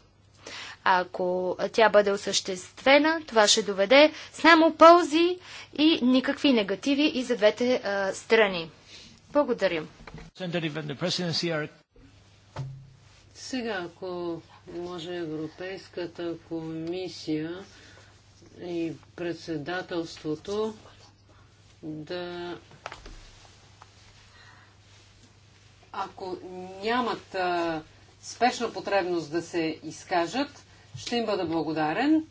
Ако тя бъде осъществена, това ще доведе само ползи и никакви негативи и за двете а, страни. Благодаря. Сега, ако може Европейската комисия и председателството да ако нямат а, спешна потребност да се изкажат, ще им бъда благодарен.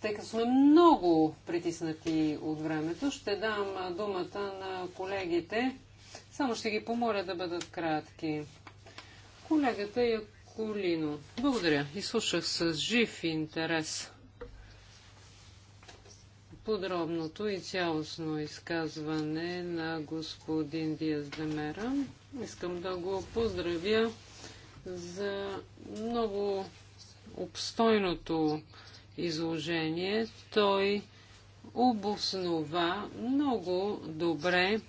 Тъй като сме много притиснати от времето, ще дам думата на колегите. Само ще ги помоля да бъдат кратки. Колегата Яколино. Благодаря. Изслушах с жив интерес подробното и цялостно изказване на господин Диас Демера. Искам да го поздравя за много обстойното изложение. Той обоснова много добре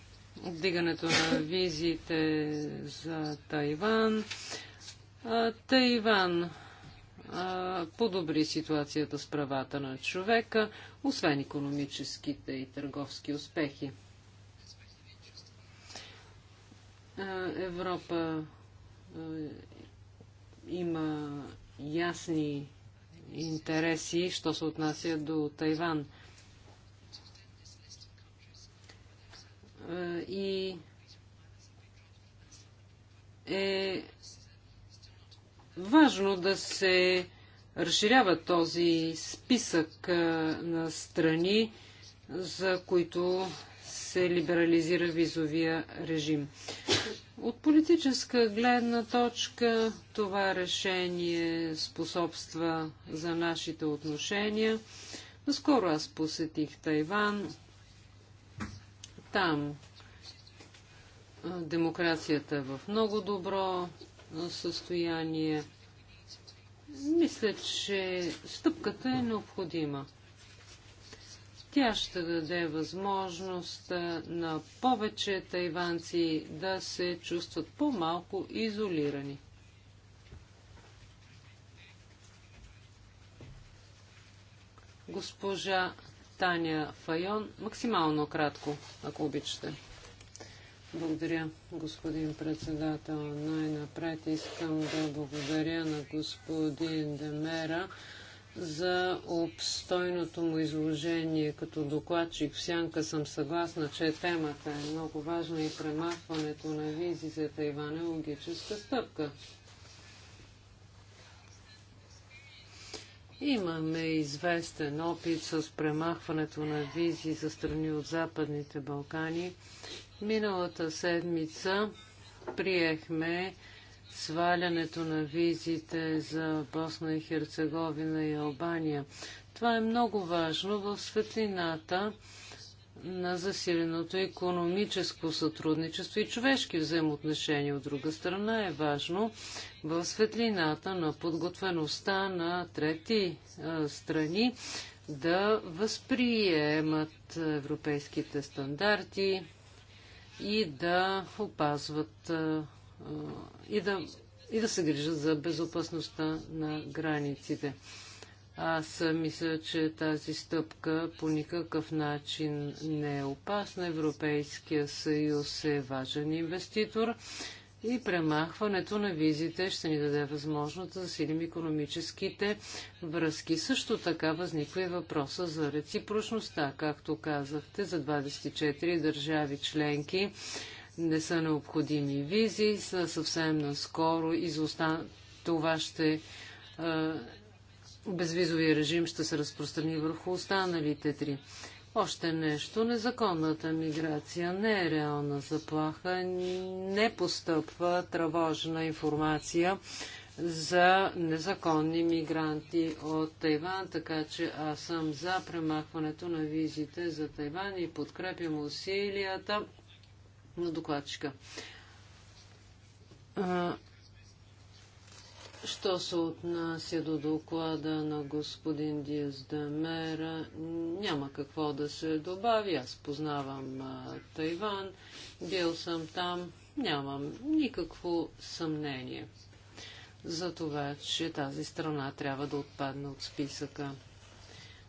вдигането на визите за Тайван. Тайван подобри ситуацията с правата на човека, освен економическите и търговски успехи. Европа има ясни интереси, що се отнася до Тайван. Е, и е важно да се разширява този списък е, на страни, за които се либерализира визовия режим. От политическа гледна точка това решение способства за нашите отношения. Наскоро аз посетих Тайван. Там демокрацията е в много добро състояние. Мисля, че стъпката е необходима. Тя ще даде възможност на повече тайванци да се чувстват по-малко изолирани. Госпожа Таня Файон, максимално кратко, ако обичате. Благодаря, господин председател. Най-напред искам да благодаря на господин Демера за обстойното му изложение. Като докладчик в Сянка съм съгласна, че темата е много важна и премахването на за Иван е логическа стъпка. Имаме известен опит с премахването на визи за страни от Западните Балкани. Миналата седмица приехме свалянето на визите за Босна и Херцеговина и Албания. Това е много важно в светлината на засиленото економическо сътрудничество и човешки взаимоотношения. От друга страна е важно в светлината на подготвеността на трети а, страни да възприемат европейските стандарти и да опазват а, и да, и да се грижат за безопасността на границите. Аз мисля, че тази стъпка по никакъв начин не е опасна. Европейския съюз е важен инвеститор и премахването на визите ще ни даде възможност да засилим економическите връзки. Също така възниква и въпроса за реципрочността. Както казахте, за 24 държави членки не са необходими визи, са съвсем наскоро и за остан... това ще а, безвизовия режим ще се разпространи върху останалите три. Още нещо, незаконната миграция не е реална заплаха, не постъпва тревожна информация за незаконни мигранти от Тайван, така че аз съм за премахването на визите за Тайван и подкрепям усилията на докладчика. Що се отнася до доклада на господин Диас Демера, няма какво да се добави. Аз познавам а, Тайван, бил съм там, нямам никакво съмнение за това, че тази страна трябва да отпадне от списъка.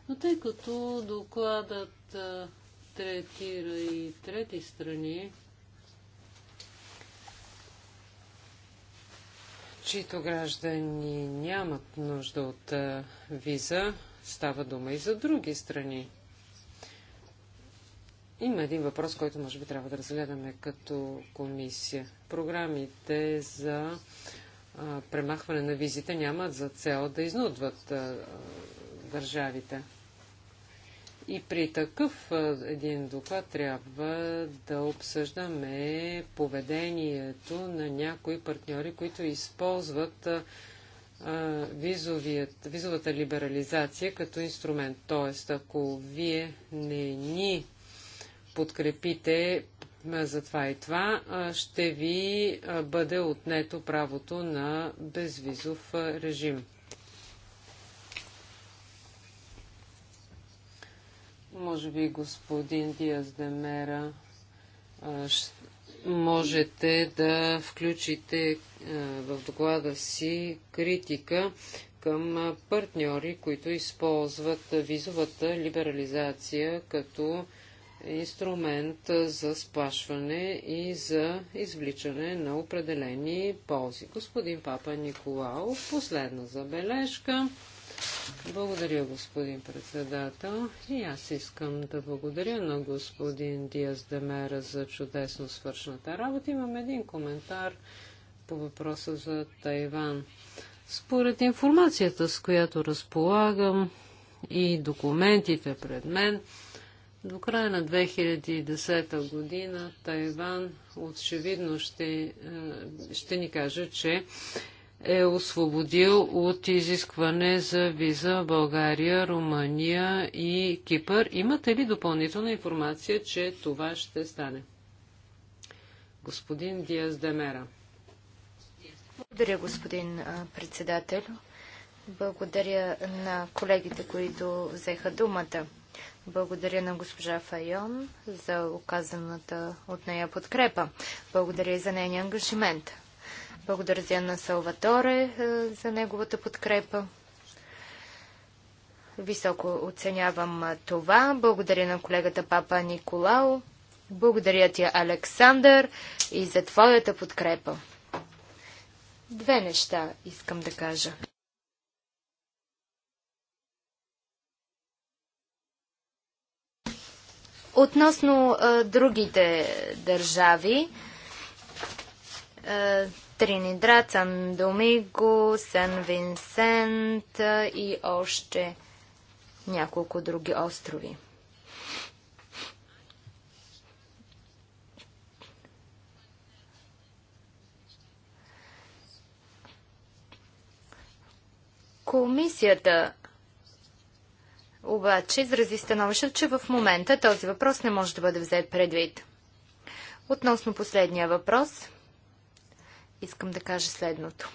Но тъй като докладът а, третира и трети страни, чието граждани нямат нужда от виза, става дума и за други страни. Има един въпрос, който може би трябва да разгледаме като комисия. Програмите за премахване на визите нямат за цел да изнудват държавите. И при такъв един доклад трябва да обсъждаме поведението на някои партньори, които използват визовият, визовата либерализация като инструмент. Тоест, ако вие не ни подкрепите за това и това, ще ви бъде отнето правото на безвизов режим. Може би господин Диас Демера можете да включите в доклада си критика към партньори, които използват визовата либерализация като инструмент за сплашване и за извличане на определени ползи. Господин Папа Николао, последна забележка. Благодаря, господин председател. И аз искам да благодаря на господин Диас Демера за чудесно свършната работа. Имам един коментар по въпроса за Тайван. Според информацията, с която разполагам и документите пред мен, до края на 2010 година Тайван очевидно ще, е, ще ни каже, че е освободил от изискване за виза България, Румъния и Кипър. Имате ли допълнителна информация, че това ще стане? Господин Диас Демера. Благодаря, господин председател. Благодаря на колегите, които взеха думата. Благодаря на госпожа Файон за оказаната от нея подкрепа. Благодаря и за нейния ангажимент. Благодаря на Салваторе е, за неговата подкрепа. Високо оценявам е, това. Благодаря на колегата Папа Николао. Благодаря ти, Александър, и за твоята подкрепа. Две неща искам да кажа. Относно а, е, другите държави, а, Тринидрат, Сан Домиго, Сан Винсент и още няколко други острови. Комисията обаче изрази становище, че в момента този въпрос не може да бъде взет предвид. Относно последния въпрос – искам да кажа следното.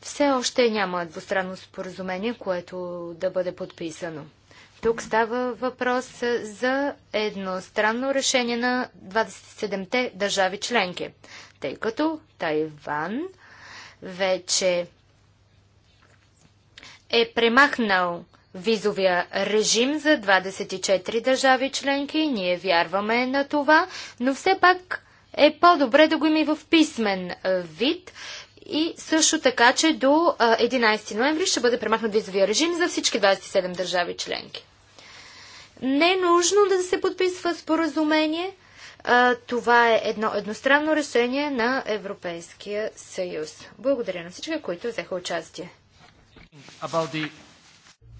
Все още няма двустранно споразумение, което да бъде подписано. Тук става въпрос за едностранно решение на 27-те държави членки, тъй като Тайван вече е премахнал визовия режим за 24 държави членки. Ние вярваме на това, но все пак е по-добре да го има и в писмен вид. И също така, че до 11 ноември ще бъде премахнат визовия режим за всички 27 държави членки. Не е нужно да се подписва споразумение. Това е едно едностранно решение на Европейския съюз. Благодаря на всички, които взеха участие.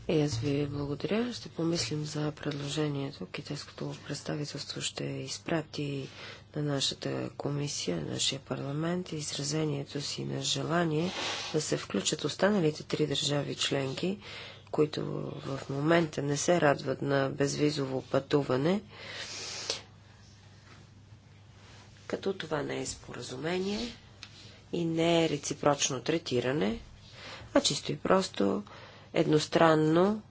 И аз ви благодаря. Ще помислим за предложението. Китайското представителство ще изпрати на нашата комисия, на нашия парламент и изразението си на желание да се включат останалите три държави членки, които в момента не се радват на безвизово пътуване, като това не е споразумение и не е реципрочно третиране, а чисто и просто едностранно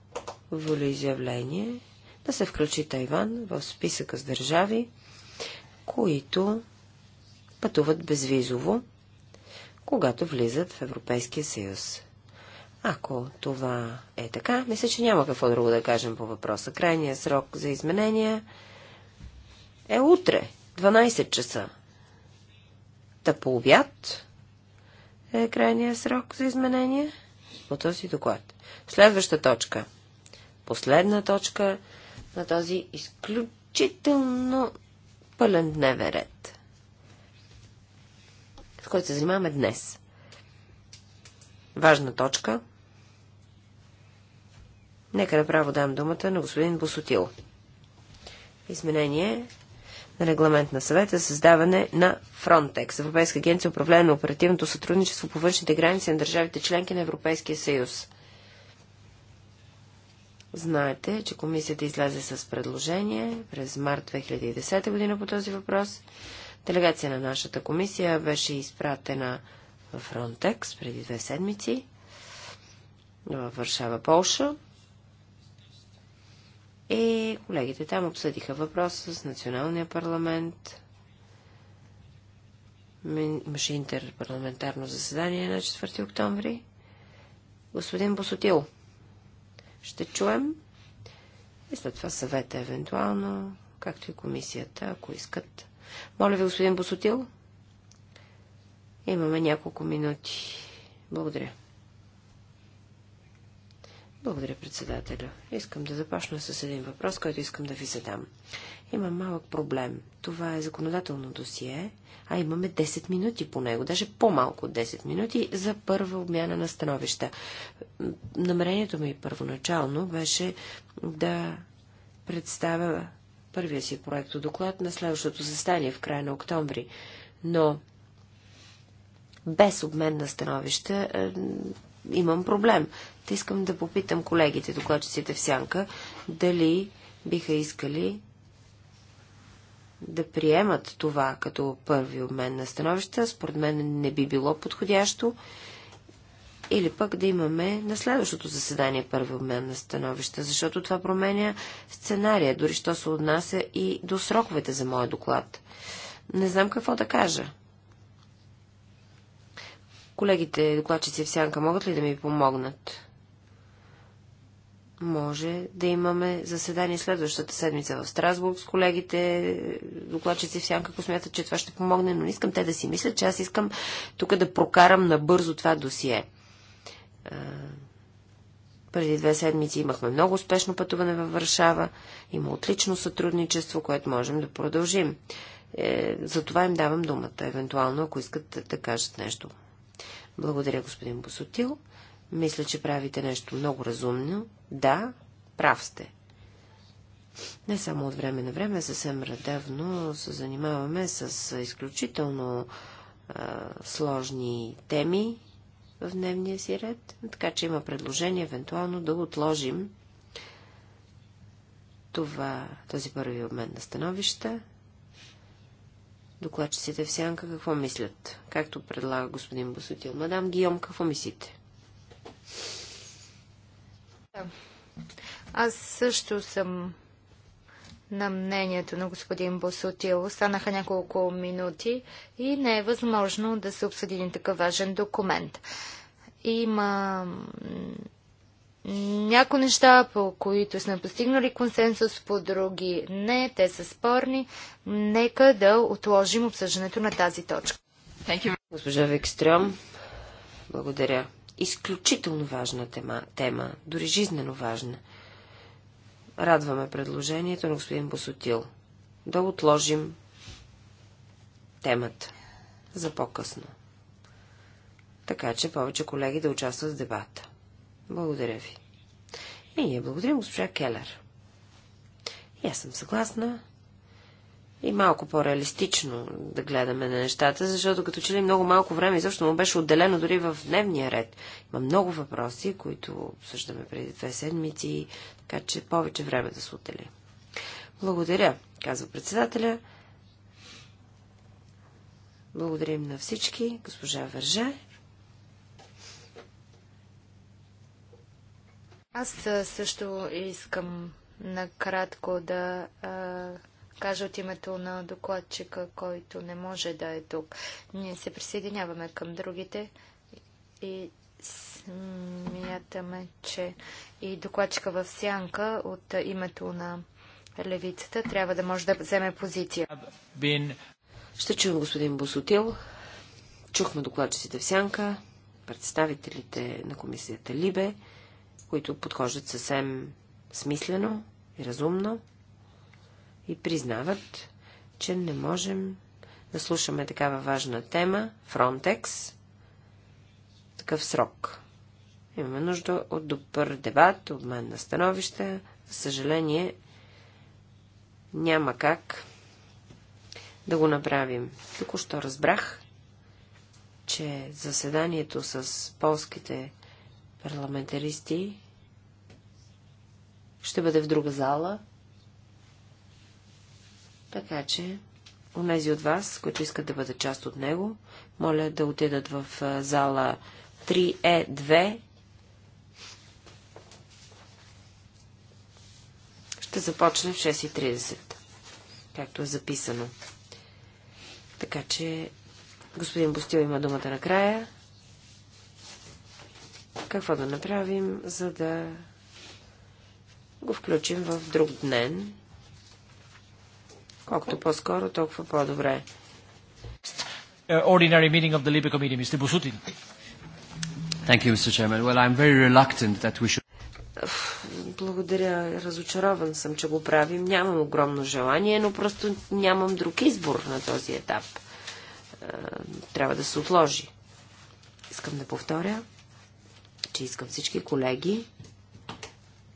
волеизявление да се включи Тайван в списъка с държави, които пътуват безвизово, когато влизат в Европейския съюз. Ако това е така, мисля, че няма какво друго да кажем по въпроса. Крайният срок за изменения е утре, 12 часа. Та по обяд е крайният срок за изменения по този доклад. Следваща точка. Последна точка на този изключително пълен дневен ред, с който се занимаваме днес. Важна точка. Нека направо дам думата на господин Босотил. Изменение регламент на съвета за създаване на Frontex, Европейска агенция управление на оперативното сътрудничество по външните граници на държавите членки на Европейския съюз. Знаете, че комисията излезе с предложение през март 2010 година по този въпрос. Делегация на нашата комисия беше изпратена в Frontex преди две седмици във Варшава, Полша. И колегите там обсъдиха въпроса с националния парламент. Имаше интерпарламентарно заседание на 4 октомври. Господин Босотил, ще чуем и след това съвета евентуално, както и комисията, ако искат. Моля ви, господин Босотил, имаме няколко минути. Благодаря. Благодаря, председателя. Искам да започна с един въпрос, който искам да ви задам. Има малък проблем. Това е законодателно досие, а имаме 10 минути по него, даже по-малко от 10 минути за първа обмяна на становища. Намерението ми първоначално беше да представя първия си проект доклад на следващото застание в края на октомври. Но без обмен на становища е, имам проблем. Та искам да попитам колегите, докладчиците в Сянка, дали биха искали да приемат това като първи обмен на становища. Според мен не би било подходящо. Или пък да имаме на следващото заседание първи обмен на становища, защото това променя сценария, дори що се отнася и до сроковете за моя доклад. Не знам какво да кажа. Колегите докладчици в сянка могат ли да ми помогнат? може да имаме заседание следващата седмица в Страсбург с колегите, докладчици в сянка, ако смятат, че това ще помогне, но не искам те да си мислят, че аз искам тук да прокарам набързо това досие. преди две седмици имахме много успешно пътуване във Варшава, има отлично сътрудничество, което можем да продължим. Е, за това им давам думата, евентуално, ако искат да кажат нещо. Благодаря, господин Босотил. Мисля, че правите нещо много разумно. Да, прав сте. Не само от време на време, съвсем редавно се занимаваме с изключително а, сложни теми в дневния си ред, така че има предложение евентуално да отложим това, този първи обмен на становища. Докладчиците в сянка какво мислят? Както предлага господин Босотил. Мадам Гиом, какво мислите? Аз също съм на мнението на господин Босотил. Останаха няколко минути и не е възможно да се обсъди един такъв важен документ. Има някои неща, по които сме постигнали консенсус, по други не, те са спорни. Нека да отложим обсъждането на тази точка. Госпожа Викстрем, благодаря изключително важна тема, тема дори жизнено важна. Радваме предложението на господин Босотил да отложим темата за по-късно. Така че повече колеги да участват в дебата. Благодаря ви. И ние благодарим госпожа Келер. И аз съм съгласна и малко по-реалистично да гледаме на нещата, защото като че ли много малко време изобщо му беше отделено дори в дневния ред. Има много въпроси, които обсъждаме преди две седмици, така че повече време да се отдели. Благодаря, казва председателя. Благодарим на всички, госпожа Върже. Аз също искам накратко да кажа от името на докладчика, който не може да е тук. Ние се присъединяваме към другите и смятаме, че и докладчика в сянка от името на левицата трябва да може да вземе позиция. Ще чуем господин Босотил. Чухме докладчиците в сянка, представителите на комисията Либе, които подхождат съвсем смислено и разумно и признават, че не можем да слушаме такава важна тема, Фронтекс, такъв срок. Имаме нужда от добър дебат, обмен на становища. За съжаление, няма как да го направим. Току-що разбрах, че заседанието с полските парламентаристи ще бъде в друга зала – така че, онези от вас, които искат да бъдат част от него, моля да отидат в зала 3E2. Е Ще започне в 6.30, както е записано. Така че, господин Бостил има думата накрая. Какво да направим, за да го включим в друг ден? Колкото по-скоро, толкова по-добре. Uh, ordinary meeting of the Libe Committee, Mr. Busutin. Thank you, Mr. Chairman. Well, I'm very reluctant that we should... Благодаря. Разочарован съм, че го правим. Нямам огромно желание, но просто нямам друг избор на този етап. Е, трябва да се отложи. Искам да повторя, че искам всички колеги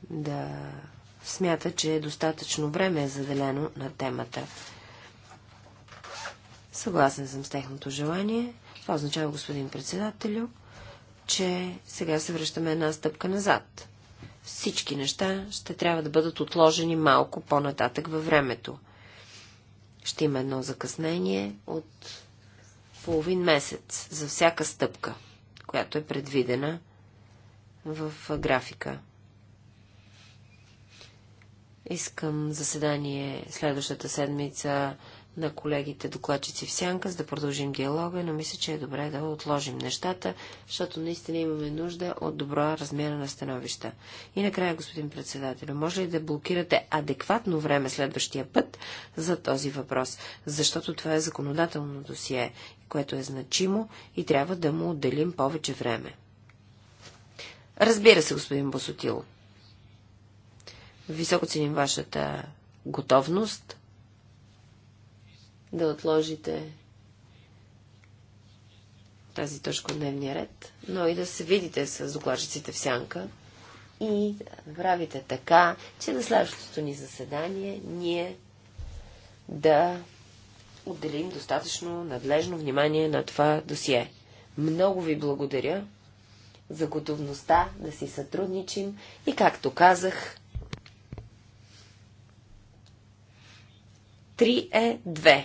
да смята, че е достатъчно време е заделено на темата. Съгласен съм с техното желание. Това означава, господин председателю, че сега се връщаме една стъпка назад. Всички неща ще трябва да бъдат отложени малко по-нататък във времето. Ще има едно закъснение от половин месец за всяка стъпка, която е предвидена в графика. Искам заседание следващата седмица на колегите докладчици в сянка, за да продължим диалога, но мисля, че е добре да отложим нещата, защото наистина имаме нужда от добра размяна на становища. И накрая, господин председател, може ли да блокирате адекватно време следващия път за този въпрос? Защото това е законодателно досие, което е значимо и трябва да му отделим повече време. Разбира се, господин Босотило. Високо ценим вашата готовност да отложите тази точка от дневния ред, но и да се видите с докладчиците в сянка и да правите така, че на следващото ни заседание ние да отделим достатъчно надлежно внимание на това досие. Много ви благодаря за готовността да си сътрудничим и, както казах, 3 е 2.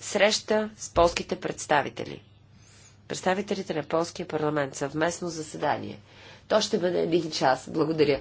Среща с полските представители. Представителите на полския парламент. Съвместно заседание. То ще бъде един час. Благодаря.